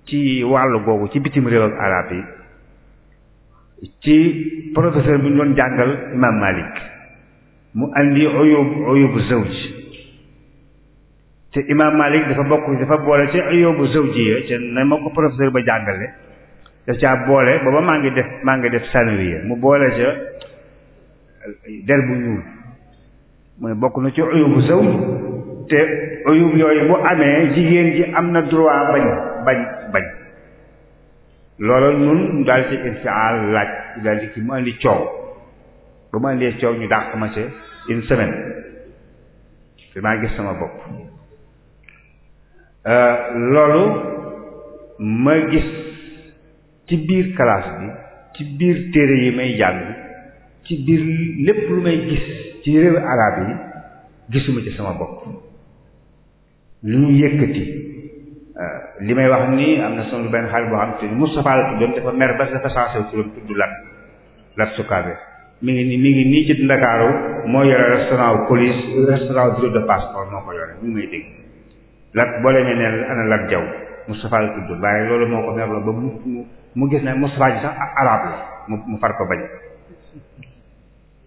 ci wàll googu ci bitim réew ak arab yi ci professeur bi ñu doon jàngal Imam Malik mu andi uyub uyubu zawj te imaam Malik dafa bokk dafa boole ca uyubu zawj ya ca na ma ko professeur ba jàngale daf caa boole booba maa ngi def maa ngi def sanawiya mu boole ca der bu ñuul mu ne bokk na ci uyubu zawj te uyub yooyu bu amee jigéen ji am na droit bañ bañ bañ loolu nun daal ci infial laaj daal ci mu andi coow ba ma indee coow ñu dàq ma ca une semaine fi maa gis sama bopp loolu ma gis ci biir classe bi ci biir téere yi may jàng ci biir lépp lu may gis ci réew eh, araab yi gisuma ci sama bopp lu ñu li may wax nii am na sama benn xarit boo xam te Moustapha la tuddoon dafa mer ba dafa sensé turam tudd lat lat sukaabe mi ngi nii mi Ndakaaru moo yore restaurant police restaurant bureau de passeport moo ko yore mi may dégg lat boo ne ana lat jaw Moustapha la tudd waaye loolu moo ko merloo ba mu mu gis ne Moustapha ji sax arabe la mu mu far ko bañ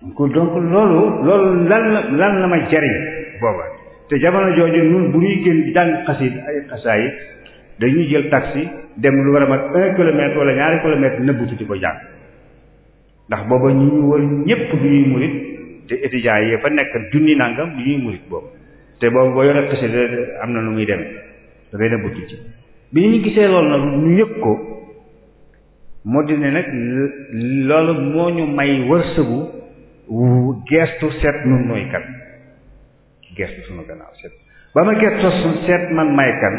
donc loolu loolu lan la lan la ma jariñ booba te jamono jooju ñun bu ñuy génn jàng xasit ay xasaay dañuy jël taxi dem lu war a mat un kilomètre wala ñaari kilomètre nëbbutu di ko jàng ndax booba ñi ñu wër ñépp du ñuy murit te étudiants yi fa nekk junni nangam du ñuy murit boobu te boobu boo yoree xasida am na lu muy dem da ngay nëbbu ci bi ñu gisee loolu nag ñu yëg ko moo di ne nag loolu moo ñu may wërsëgu gestu seet nun nooy kan gestu sunu gannaaw seet ba ma gestu su seet man may kan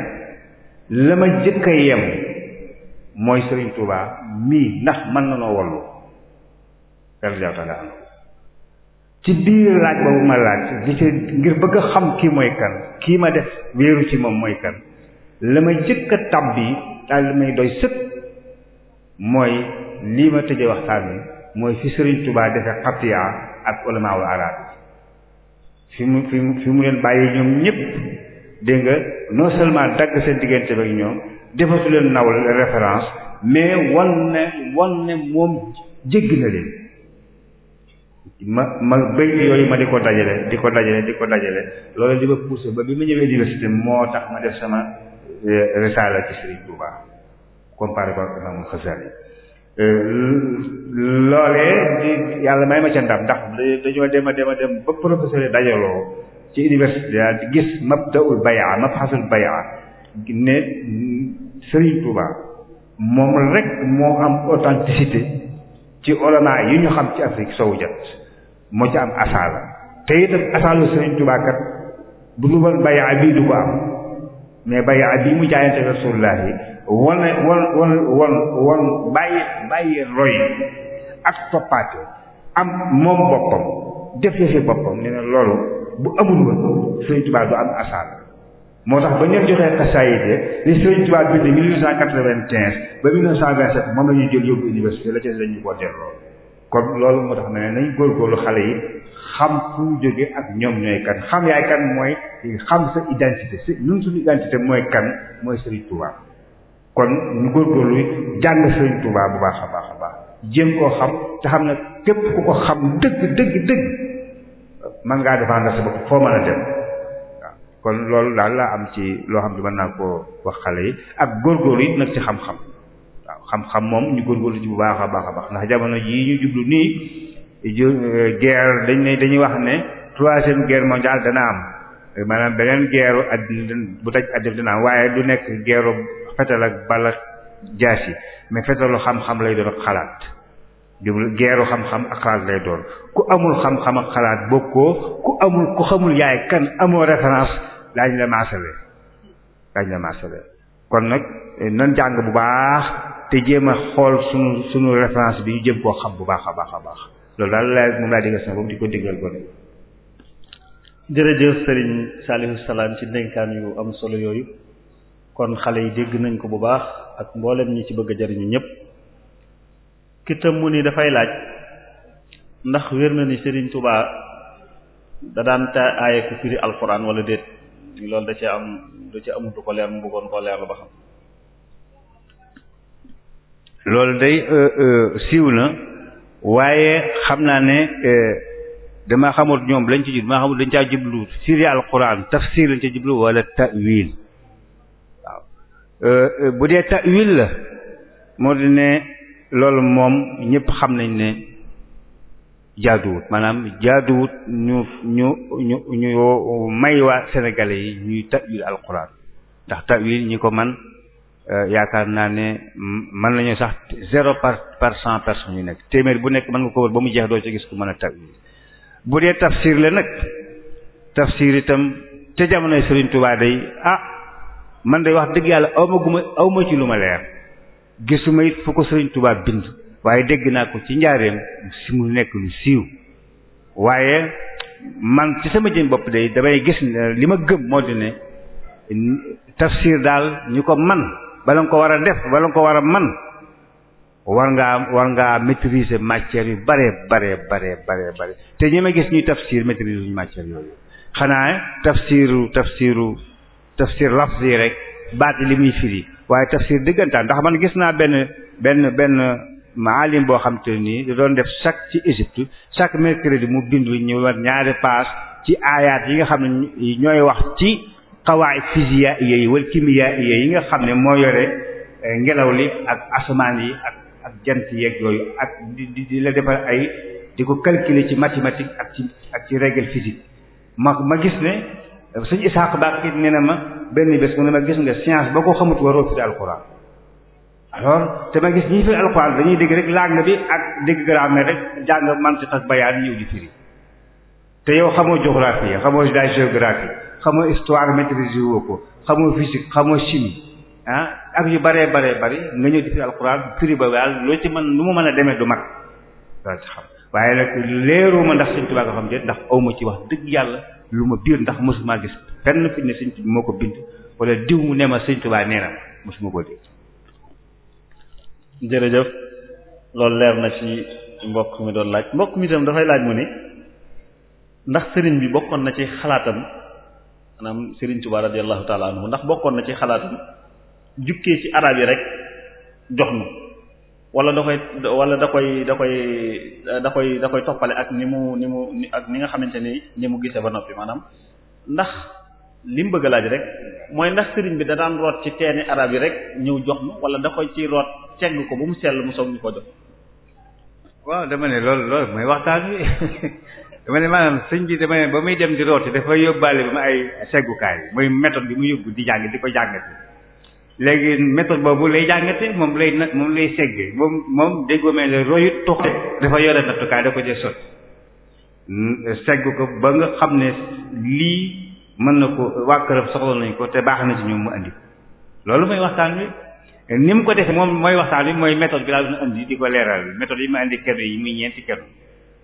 la ma jëkk a yem mooy Sëriñ Tuubaa mii ndax mën na noo wallu radiallahu taala anhu ci biir laaj boobu ma laaj di ci ngir bëgg a xam kii mooy kan kii ma def wéeru ci moom mooy kan la ma jëkk a tàbbi daal li may doy sëkk mooy lii ma tëje waxtaan wi mooy ci Sëriñ Tuubaa defee xatiya ak ulamaawul araab fi mu fi mu fi mu leen bàyyi ñoom ñëpp dégg nga non seulement dagg seen diggante ak ñoom defatu leen nawle référence mais wan ne wan ne moom jégg na leen ma ma béy yooyu ma di ko dajale di ko dajale di ko dajale loolu di ma poussé ba bi ma ñëwee université moo tax ma def sama eh, risaala ci Serigne Touba comparé ko ak Imam Xasali eh, loolee di yàlla may ma ca ndam ndax dañoo dem a dem a dem ba professeur yi dajaloo ci université di gis mabda'ul bay'a mabhasul bay'a ne Serigne Touba moom rek moo am authenticité ci ulama yi ñu xam ci Afrique sowu jant moo ci am asaala te itam asaalu Sëriñ Tuubaa bu du woon bay'a bii du ko am mais bay'a bii mu jaayante Rasulullah won won won won won bàyyi bàyyi roy ak toppaate am moom boppam def yëfi boppam nee na loolu bu amul woon Sëriñ Tuubaa du am asaala moo tax ba ñeen joxee xasaayid li Sëriñ Tuubaa bind 1895 ba 1927 moom la ñuy jël yóbbu université la ca lañu ko delloo kon loolu moo tax ne góor góorgóorlu xale yi xam fu ñu jóge ak ñoom ñooy kan xam yaay kan mooy xam sa identité si ñun suñu identité mooy kan mooy Serigne Touba kon ñu góorgóorlu jàng Serigne Touba bu baax a baax a baax jéem koo xam te xam ne képp ku ko xam dëgg dëgg dëgg man ngaa défendre sa bopp foo mën a dem waaw kon loolu daal laa am ci loo xam ne man naa koo wax xale yi ak góor góorgóorlu yi nag ci xam-xam. xam-xam moom ñu góorgóorlu ci bu baax a baax a baax ndax jamono yii ñu jublu nii euh, guerre dañ ne dañuy wax ne troisième guerre mondiale dana am maanaam beneen guerre addina bu daj addina dana am waaye du nekk guerre fetal ak bala jaas yi mais fetalu xam-xam lay doon ak xalaat jublu guerre xam-xam ak xalaat lay doon ku amul xam-xam ak xalaat bokkoo ku amul ku xamul yaay kan amoo référence laaj la maasalee daañu la maasalee kon nag eh, nan jàng bu baax te jéem a xool sunu sunu référence bi ñu jëm koo xam bu baax a baax a baax loolu daal laa moom laa dégg sama boobu di ko déggal gone jërëjëf Serigne Saliou Salam ci dénkaan yu am solo yooyu kon xale yi dégg nañ ko bu baax ak mboolem ñi ci bëgg a jariñu ñëpp kitam mu ni dafay laaj ndax wér na ni Serigne Touba da daan ta aaye ku firi alxuraan wala déet loolu da ci am da ci amutu ko leer mu loolu day euh, euh, siiw na waaye xam naa ne euh, dama xamut ñoom lañ ci jublu dama xamut dañ caa jublu siri alquran tafsir lañ ca jublu wala ta'wil waaw bu dee ta'wil la moo di ne loolu moom ñëpp xam nañ ne jaaduwut maanaam jaaduwut ñu ñu ñu ñu may waa sénégalais yi ñuy tawil alquran ndax tawil ñi ko man euh, yaakaar naa ne man nañu sax zéro par par cent personnes yu nekk téeméer bu nekk mën nga ko wër ba mu jeex doo ci gis ku mën a tawil bu dee tafsir la nag tafsir itam te jamonoy Serigne Touba day ah man de wax dëgg yàlla awma guma awma ci lu ma leer gisuma it fu ko Serigne Touba bind waaye dégg naa ko ci njaareem si mu nekk lu siiw waaye man ci sama jën bopp day damay gis li ma gëm moo di ne tafsir daal ñu ko man bala nga ko war a def bala nga ko war a man war ngaa war ngaa maîtriser matière yu bare bare bare bare bare te ñi ma gis ñuy tafsir maîtriser ñu matière yooyu xanaa tafsiru tafsiru tafsir lafzi rek baati li muy firi waaye tafsir dëggantaan ndax man gis naa benn benn benn maalim boo xam te nii da doon def chaque ci Égypte chaque mercredi mu bind ñu war ñaari page ci aayaat yi nga xam ne ñooy wax ci xawaay physiya yi wala kimiya yi nga xam ne moo yore eh, ngelaw li ak asamaan yi ak ak jant yeeg yooyu ak di di la defal ay di ko calculer ci mathématique ak ci ak ci règle physique ma ma gis ne eh, suñu Isaaq Ba nee na ma benn bés mu ne ma gis nga science boo ko xamut waroo fi alxuraan alors te ma gis ñi fi alxuraan dañuy dégg rek langue bi ak dégg grammaire rek jàng mantiq ak bayaan ñëw di firi te yow xamoo géographie xamoo daay géographie xamoo histoire maîtrise woo ko xamoo physique xamoo chimie ah, ak yu bare bare bari nga ñëw di firi alxuraan firi ba daal loo ci man nu ma mën a demee du mag daal ci xam waaye nag leeroo ma ndax Sëriñ Tuubaa nga xam ne ndax awma ci wax dëgg yàlla lu ma biir ndax mosuma gis fenn fi ne Sëriñ moo ko bind wala diw mu ne ma Sëriñ Tuubaa nee na mosuma koo dégg jërëjëf loolu leer na ci mbokk mi doon laaj mbokk mi itam dafay laaj mu ni ndax sëriñ bi bokkoon na ci xalaatam maanaam sëriñ Tuubaa radiyallahu ta'ala ndax bokkoon na ci xalaatam jukkee ci arab yi rek jox na wala da koy wala da koy da koy da koy da koy toppale ak ni mu ni mu ak ni nga xamante ni ni mu gisee ba noppi maanaam ndax li mu bëgg laaj rek mooy ndax sëriñ bi da daan root ci teeni arab yi rek ñëw jox ma wala da koy ci root ko bu mu sell mu soog ñu ko jox waaw dama ne loolu loolu mooy waxtaan bi dama ne maanaam sëñ bi dama ba muy dem di rooti dafa yóbbaale ba mu ay seggukaay mooy méthode bi mu yóbbu di jàng di ko jàngate léegi méthode boobu lay jàngate moom lay na moom lay segge moom moom déggoo mel ne royut tuxte dafa yore nattukaay da ko jee sotti mm, segg ko ba nga xam ne lii mën na ko waa këram soxla nañ ko te baax na ci ñoom mu andi loolu mooy waxtaan wi ni mu ko defee moom mooy waxtaan wi mooy méthode bi laa doon yi ma andi kenn yi muy ñeenti kenn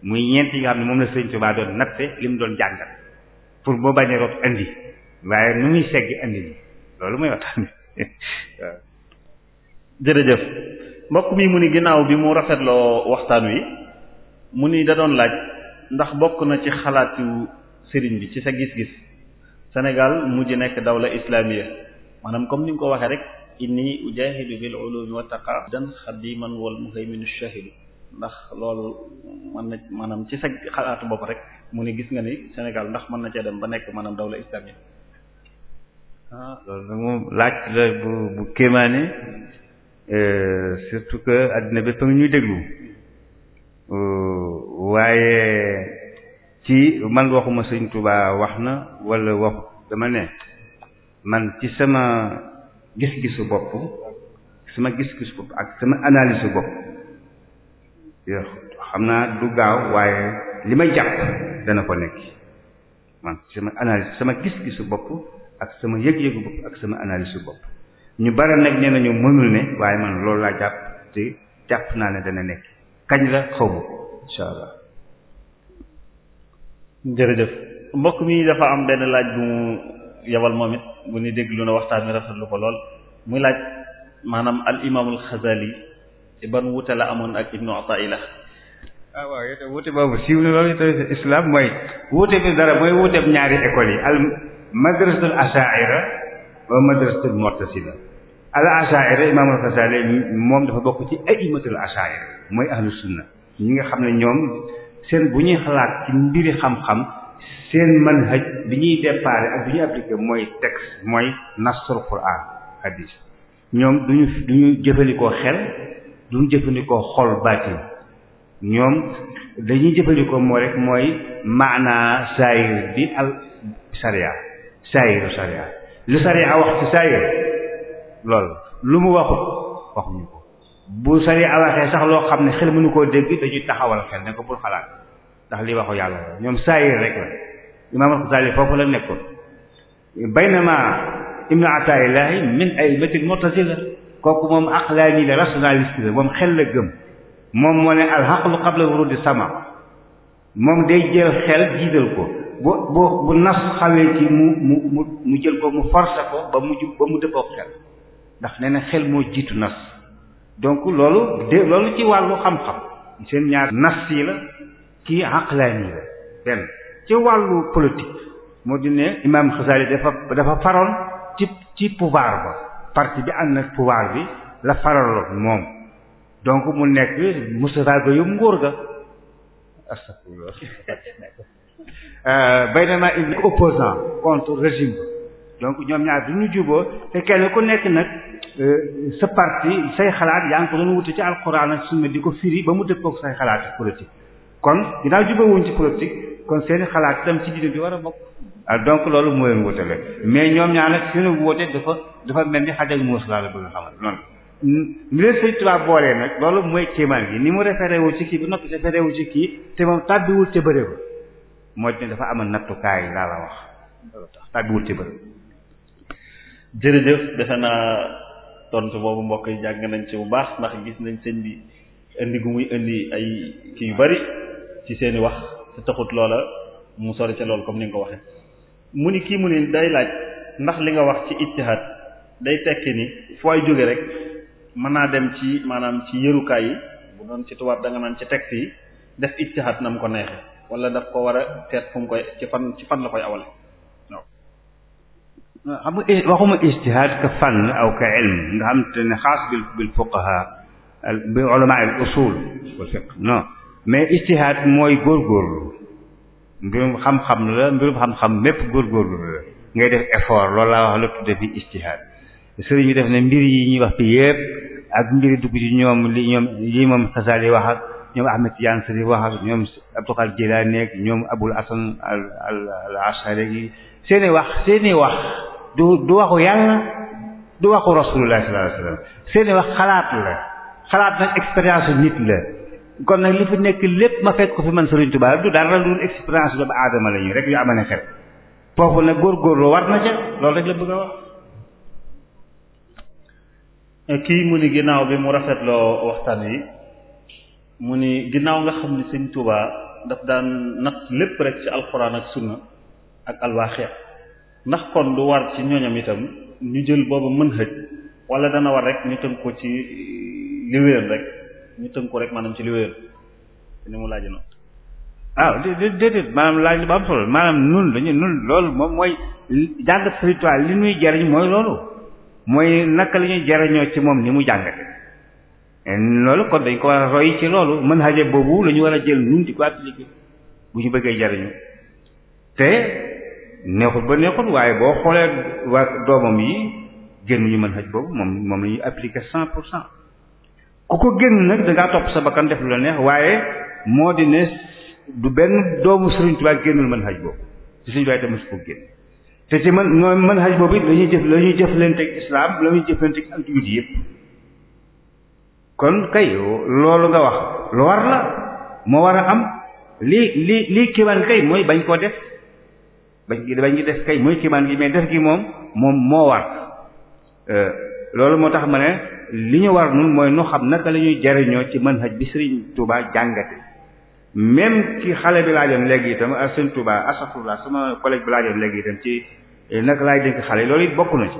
muy ñeenti yi nga xam ne moom la Sëriñ Tuubaa doon natte li mu doon jàngal pour boo bañee rot andi waaye nu segg andi bi loolu mooy jërëjëf mbokk mi mu ni ginnaaw bi mu rafetloo waxtaan wi mu ni da doon laaj ndax bokk na ci xalaatu sëriñ bi ci sa gis-gis. Sénégal mujj nekk dawla islamiya maanaam comme ni nga ko waxee rek inni ujahidu bil ulumi wa taqa dan xadiman wal muhaymin shahidu ndax loolu mën na maanaam ci sa xalaatu bopp rek mu ne gis nga ni Sénégal ndax mën na cee dem ba nekk maanaam dawla islamiya ah loolu nag moom laaj la bu bu kéemaane euh, surtout que addina bi fa ñuy déglu euh, waaye ci man waxuma sëñ Touba wax na walla waxu dama ne man ci sama gis-gisu bopp sama gis-gisu bopp ak sama analyse bopp yoo xam naa du gaaw waaye li ma jàpp dana ko nekk man sama analyse sama gis-gisu bopp ak sama yëg-yëgu bopp ak sama analyse bopp ñu bari nag nee nañu mënul ne waaye man loolu laa jàpp te jàpp naa ne dana nekk kañ la xaw ma incha jërëjëf mbokk mi dafa am benn laaj bu mu yebal moom it bu ñu déglu na waxtaan mi rafetlu ko lool muy laaj maanaam al imaamul Xasaali ban wute la amoon ak Ibnu Ataa'ila ah waaw yow wuute boobu siiw na loolu tamit islam mooy wuute bi dara mooy wuuteeb ñaari école yi al madrasatul ashaira wa madrasatul mu'tasila al ashaira imaamul Xasaali moom dafa bokk ci aymatul ashaira mooy ahlu sunna ñi nga xam ne ñoom. seen bu ñuy xalaat ci mbiri xam-xam seen manhaj bi ñuy déparé ak bi ñuy appliqué mooy texte mooy nassul quran hadis ñoom duñu duñu jëfandikoo xel duñu jëfandikoo xol baatin ñoom dañuy jëfandikoo moo rek mooy maanaa saayir bi al sariya saayiru sariya lu sariya wax ci saayir loolu lu mu waxut waxuñu ko bu sari awaxee sax loo xam ne xel mënu koo dégg dañuy taxawal xel ne ko bul xalaat ndax li waxu yàlla la ñoom saayir rek la imaam al-Ghazali foofu la nekkoon baynama ibnu ataayillahi min aymatil mu'tazila kooku moom aqlaani la rationaliste la moom xel la gëm moom moo ne alxaqlu qabla wurudi sama moom day jël xel jiital ko bu bu bu nas xawee ci mu mu mu mu jël ko mu forcer ko ba mu ba mu dëppoo xel ndax nee na xel moo jiitu nas donc loolu de loolu ci wàllu xam-xam seen ñaar nafsi la kii aqlaani la benn ci wàllu politique moo di ne imam Xasaali dafa dafa faroon ci ci pouvoir ba parti bi ànd ak pouvoir bi la faraloon moom donc mu nekk Moustapha Gueye nguur ga astafurlah euh, baynama ibn opposant contre régime donc ñoom ñaar du ñu juboo te kenn ku nekk nag Euh, sa parti say xalaat yaa ngi ko doon wute ci alxuraan ak sunna di ko firi ba mu dëppook say xalaat ci kon kon ginnaaw jubawuñ ci politique kon seeni xalaat itam ci diine bi war a bokk ah, donc loolu moo leen wutale mais ñoom ñaar nag seen woote dafa dafa mel ni xaj ak muus laa la bëgg xamal noonu ni leen Sëriñ Tuubaa boolee nag loolu mooy kéemaan gi ni mu référé ci kii ba noppi référé ci kii te moom tàbbiwul ca bëre moo ne dafa amal nattukaay laa la wax tàbbiwul tontu boobu mbokk yi jàng nañ ci bu baax ndax gis nañ seen bi indi gu muy indi ay kii yu bari ci seeni wax te taxut loola mu sori ca loolu comme ni nga ko waxee mu ni kii mu ni day laaj ndax li nga wax ci ijtihaad day tekki ni fooy jóge rek mën naa dem ci maanaam ci yërukaay yi bu doon ci tubaab da naan ci texte yi def ijtihaad na mu ko neexe wala daf ko war a seet fu mu koy ci fan ci fan la koy awale xam nga waxuma ijtihaad ka fànn aw ka ilm nga xam te ne xaas bil bil fuqaha bi usul mais ijtihaad mooy góorgóorlu mbirum xam-xam la mbirum xam-xam mépp góorgóorlu la ngay def effort loolu laa wax la tudde fi ijtihaad sëriñ bi def ne mbir yi ñuy wax fi yépp ak mbiri dugg ci ñoom li ñoom lii moom Xasaali wax ak ñoom Ahmed Tidiane Sari wax ak ñoom Abdul Qadir Jilaani ñoom Abul Hasan al al al Ashari seeni wax seeni wax du du waxu yàlla du waxu rasulullah sallallahu alayhi seeni wax xalaat la xalaat nag expérience nit la kon nag li fi nekk lépp ma fekk ko fi man Sëriñ Tuubaa du dara lu expérience doomu aadama la ñu rek yu amane xel foofu nag góorgóorloo war na ca loolu rek la bëgg a wax eh, kii mu ni ginnaaw bi mu rafetloo waxtaan yi mu ni ginnaaw nga xam ni sëñ Tuubaa daf daan natt lépp rek ci alxuraan ak sunna ak alwaaxee ndax kon du war ci ñoñam itam ñu jël boobu mën xëj wala dana war rek ñu tënk ko ci li wéer rek ñu tënk ko rek maanaam ci li wéer ni mu laaj noonu waaw ah, déedéet maanaam laaj ba am solo maanaam nun dañu nun loolu moom mooy jàngat spirituel li ñuy jariñ mooy loolu mooy naka lañuy ñuy jariñoo ci moom ni mu jàngate loolu kon dañ ko war a roy ci loolu mën xaje boobu lañu war a jël nun di ko appliquer bu ñu bëggee jariñu te neexut ba neexut waaye boo xoolee waa doomam yi génn ñu man xaj boobu moom moom la ñuy appliqué cent pour cent ku ko génn nag dangaa topp sa bakkan def lu la neex waaye moo di ne du benn doomu Sëriñ Tuubaa génnul man xaj boobu ci Sëriñ Tuubaa su ko génn te ci man mooy mën xaj boobu it lañuy jëf la ñuy jëflanteeg islam la ñuy jëflanteeg ak julit yëpp kon kay loolu nga wax lu war la moo war a am lii lii lii kiiwaan kay mooy bañ koo def bañ gi bañ gi def kay mooy kiimaan gi mais def gi moom moom moo war euh, loolu moo tax ma ne li ñu war nun mooy nu xam naka la ñuy jariñoo ci man manhaj bi Sëriñ Tuubaa jàngate même ci xale bi laajoon léegi itam Sëriñ Tuubaa asafurla sama collègue bi laajoon léegi itam ci eh, naka laay dénk xale loolu it bokk na ci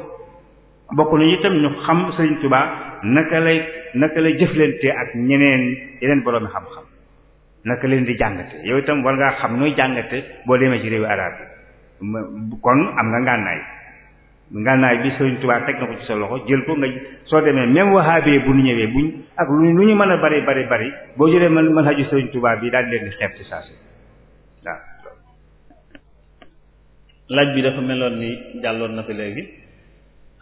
bokk na itam ñu xam Sëriñ Tuubaa naka lay naka lay jëflante ak ñeneen yeneen boroomi xam-xam naka leen di jàngate yow itam war ngaa xam nooy jàngate boo demee ci réewu arab kon am nga ngànnaay ngànnaay bi Sëriñ Tuubaa teg na ko ci sa loxo jël ko nga soo demee même wahabee bu ñu ñëwee bu buñ ak lu ñu mën a bari bari bari boo jëlee man man haju Sëriñ Tuubaa bi daal leen di xeeb ci saa si laaj bi dafa meloon ni jàlloon na fi léegi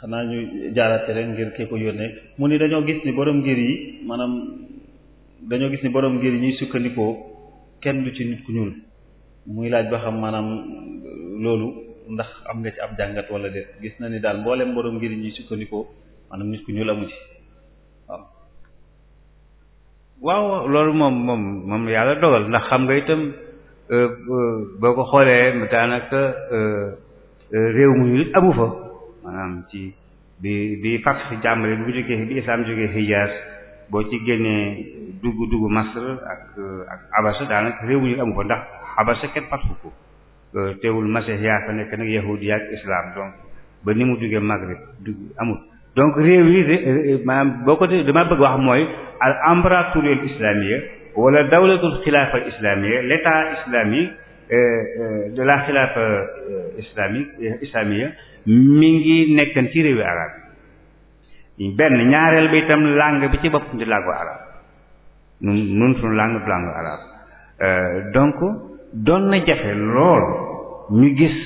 xanaa ñu jaarate rek ngir kii ko yónnee mu ni dañoo gis ni borom ngir yi maanaam dañoo gis ni borom ngir yi ñuy sukkandikoo kenn du ci nit ku ñuul muy laaj ba xam maanaam loolu ndax am nga ci ab jàngat wala déet gis na ni daal mboolem borom ngir ñi sukkandikoo maanaam nit ku ñuul amu ci waaw. loolu moom moom moom yàlla dogal ndax xam nga itam euh, euh, boo ko xoolee daanaka euh, réew mu ñu amu fa maanaam ci bi bi Fatou si jàmbale bu jógee bi islam jógee Hijaz boo ci génnee dugg dugg Masr ak ak Abasa daanaka réew mi amu ko ndax Abasa kenn fàttu ko euh, teewul Masiix yaa fa nekk nag yahudiya ak islam donc ba ni mu duggee Maghrib dugg amul. donc réew yi maanaam boo ko defee dama bëgg wax mooy al ambraturiyal islamiyya wala dawlatul xilaafa islamiyya l'état islamique de euh, euh, la xilaafa islamique islamiyya mi ngi ci réewi arab yi benn ñaareel bi itam langue bi ci boppam di làngu arab nun nun suñu langue du langue arabe euh, donc doon na jafe lool ñu gis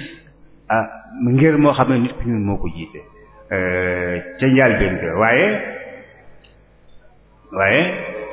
ah, ngir moo xam ne nit ku ñun moo ko jiite euh, ca njaal benn waaye waaye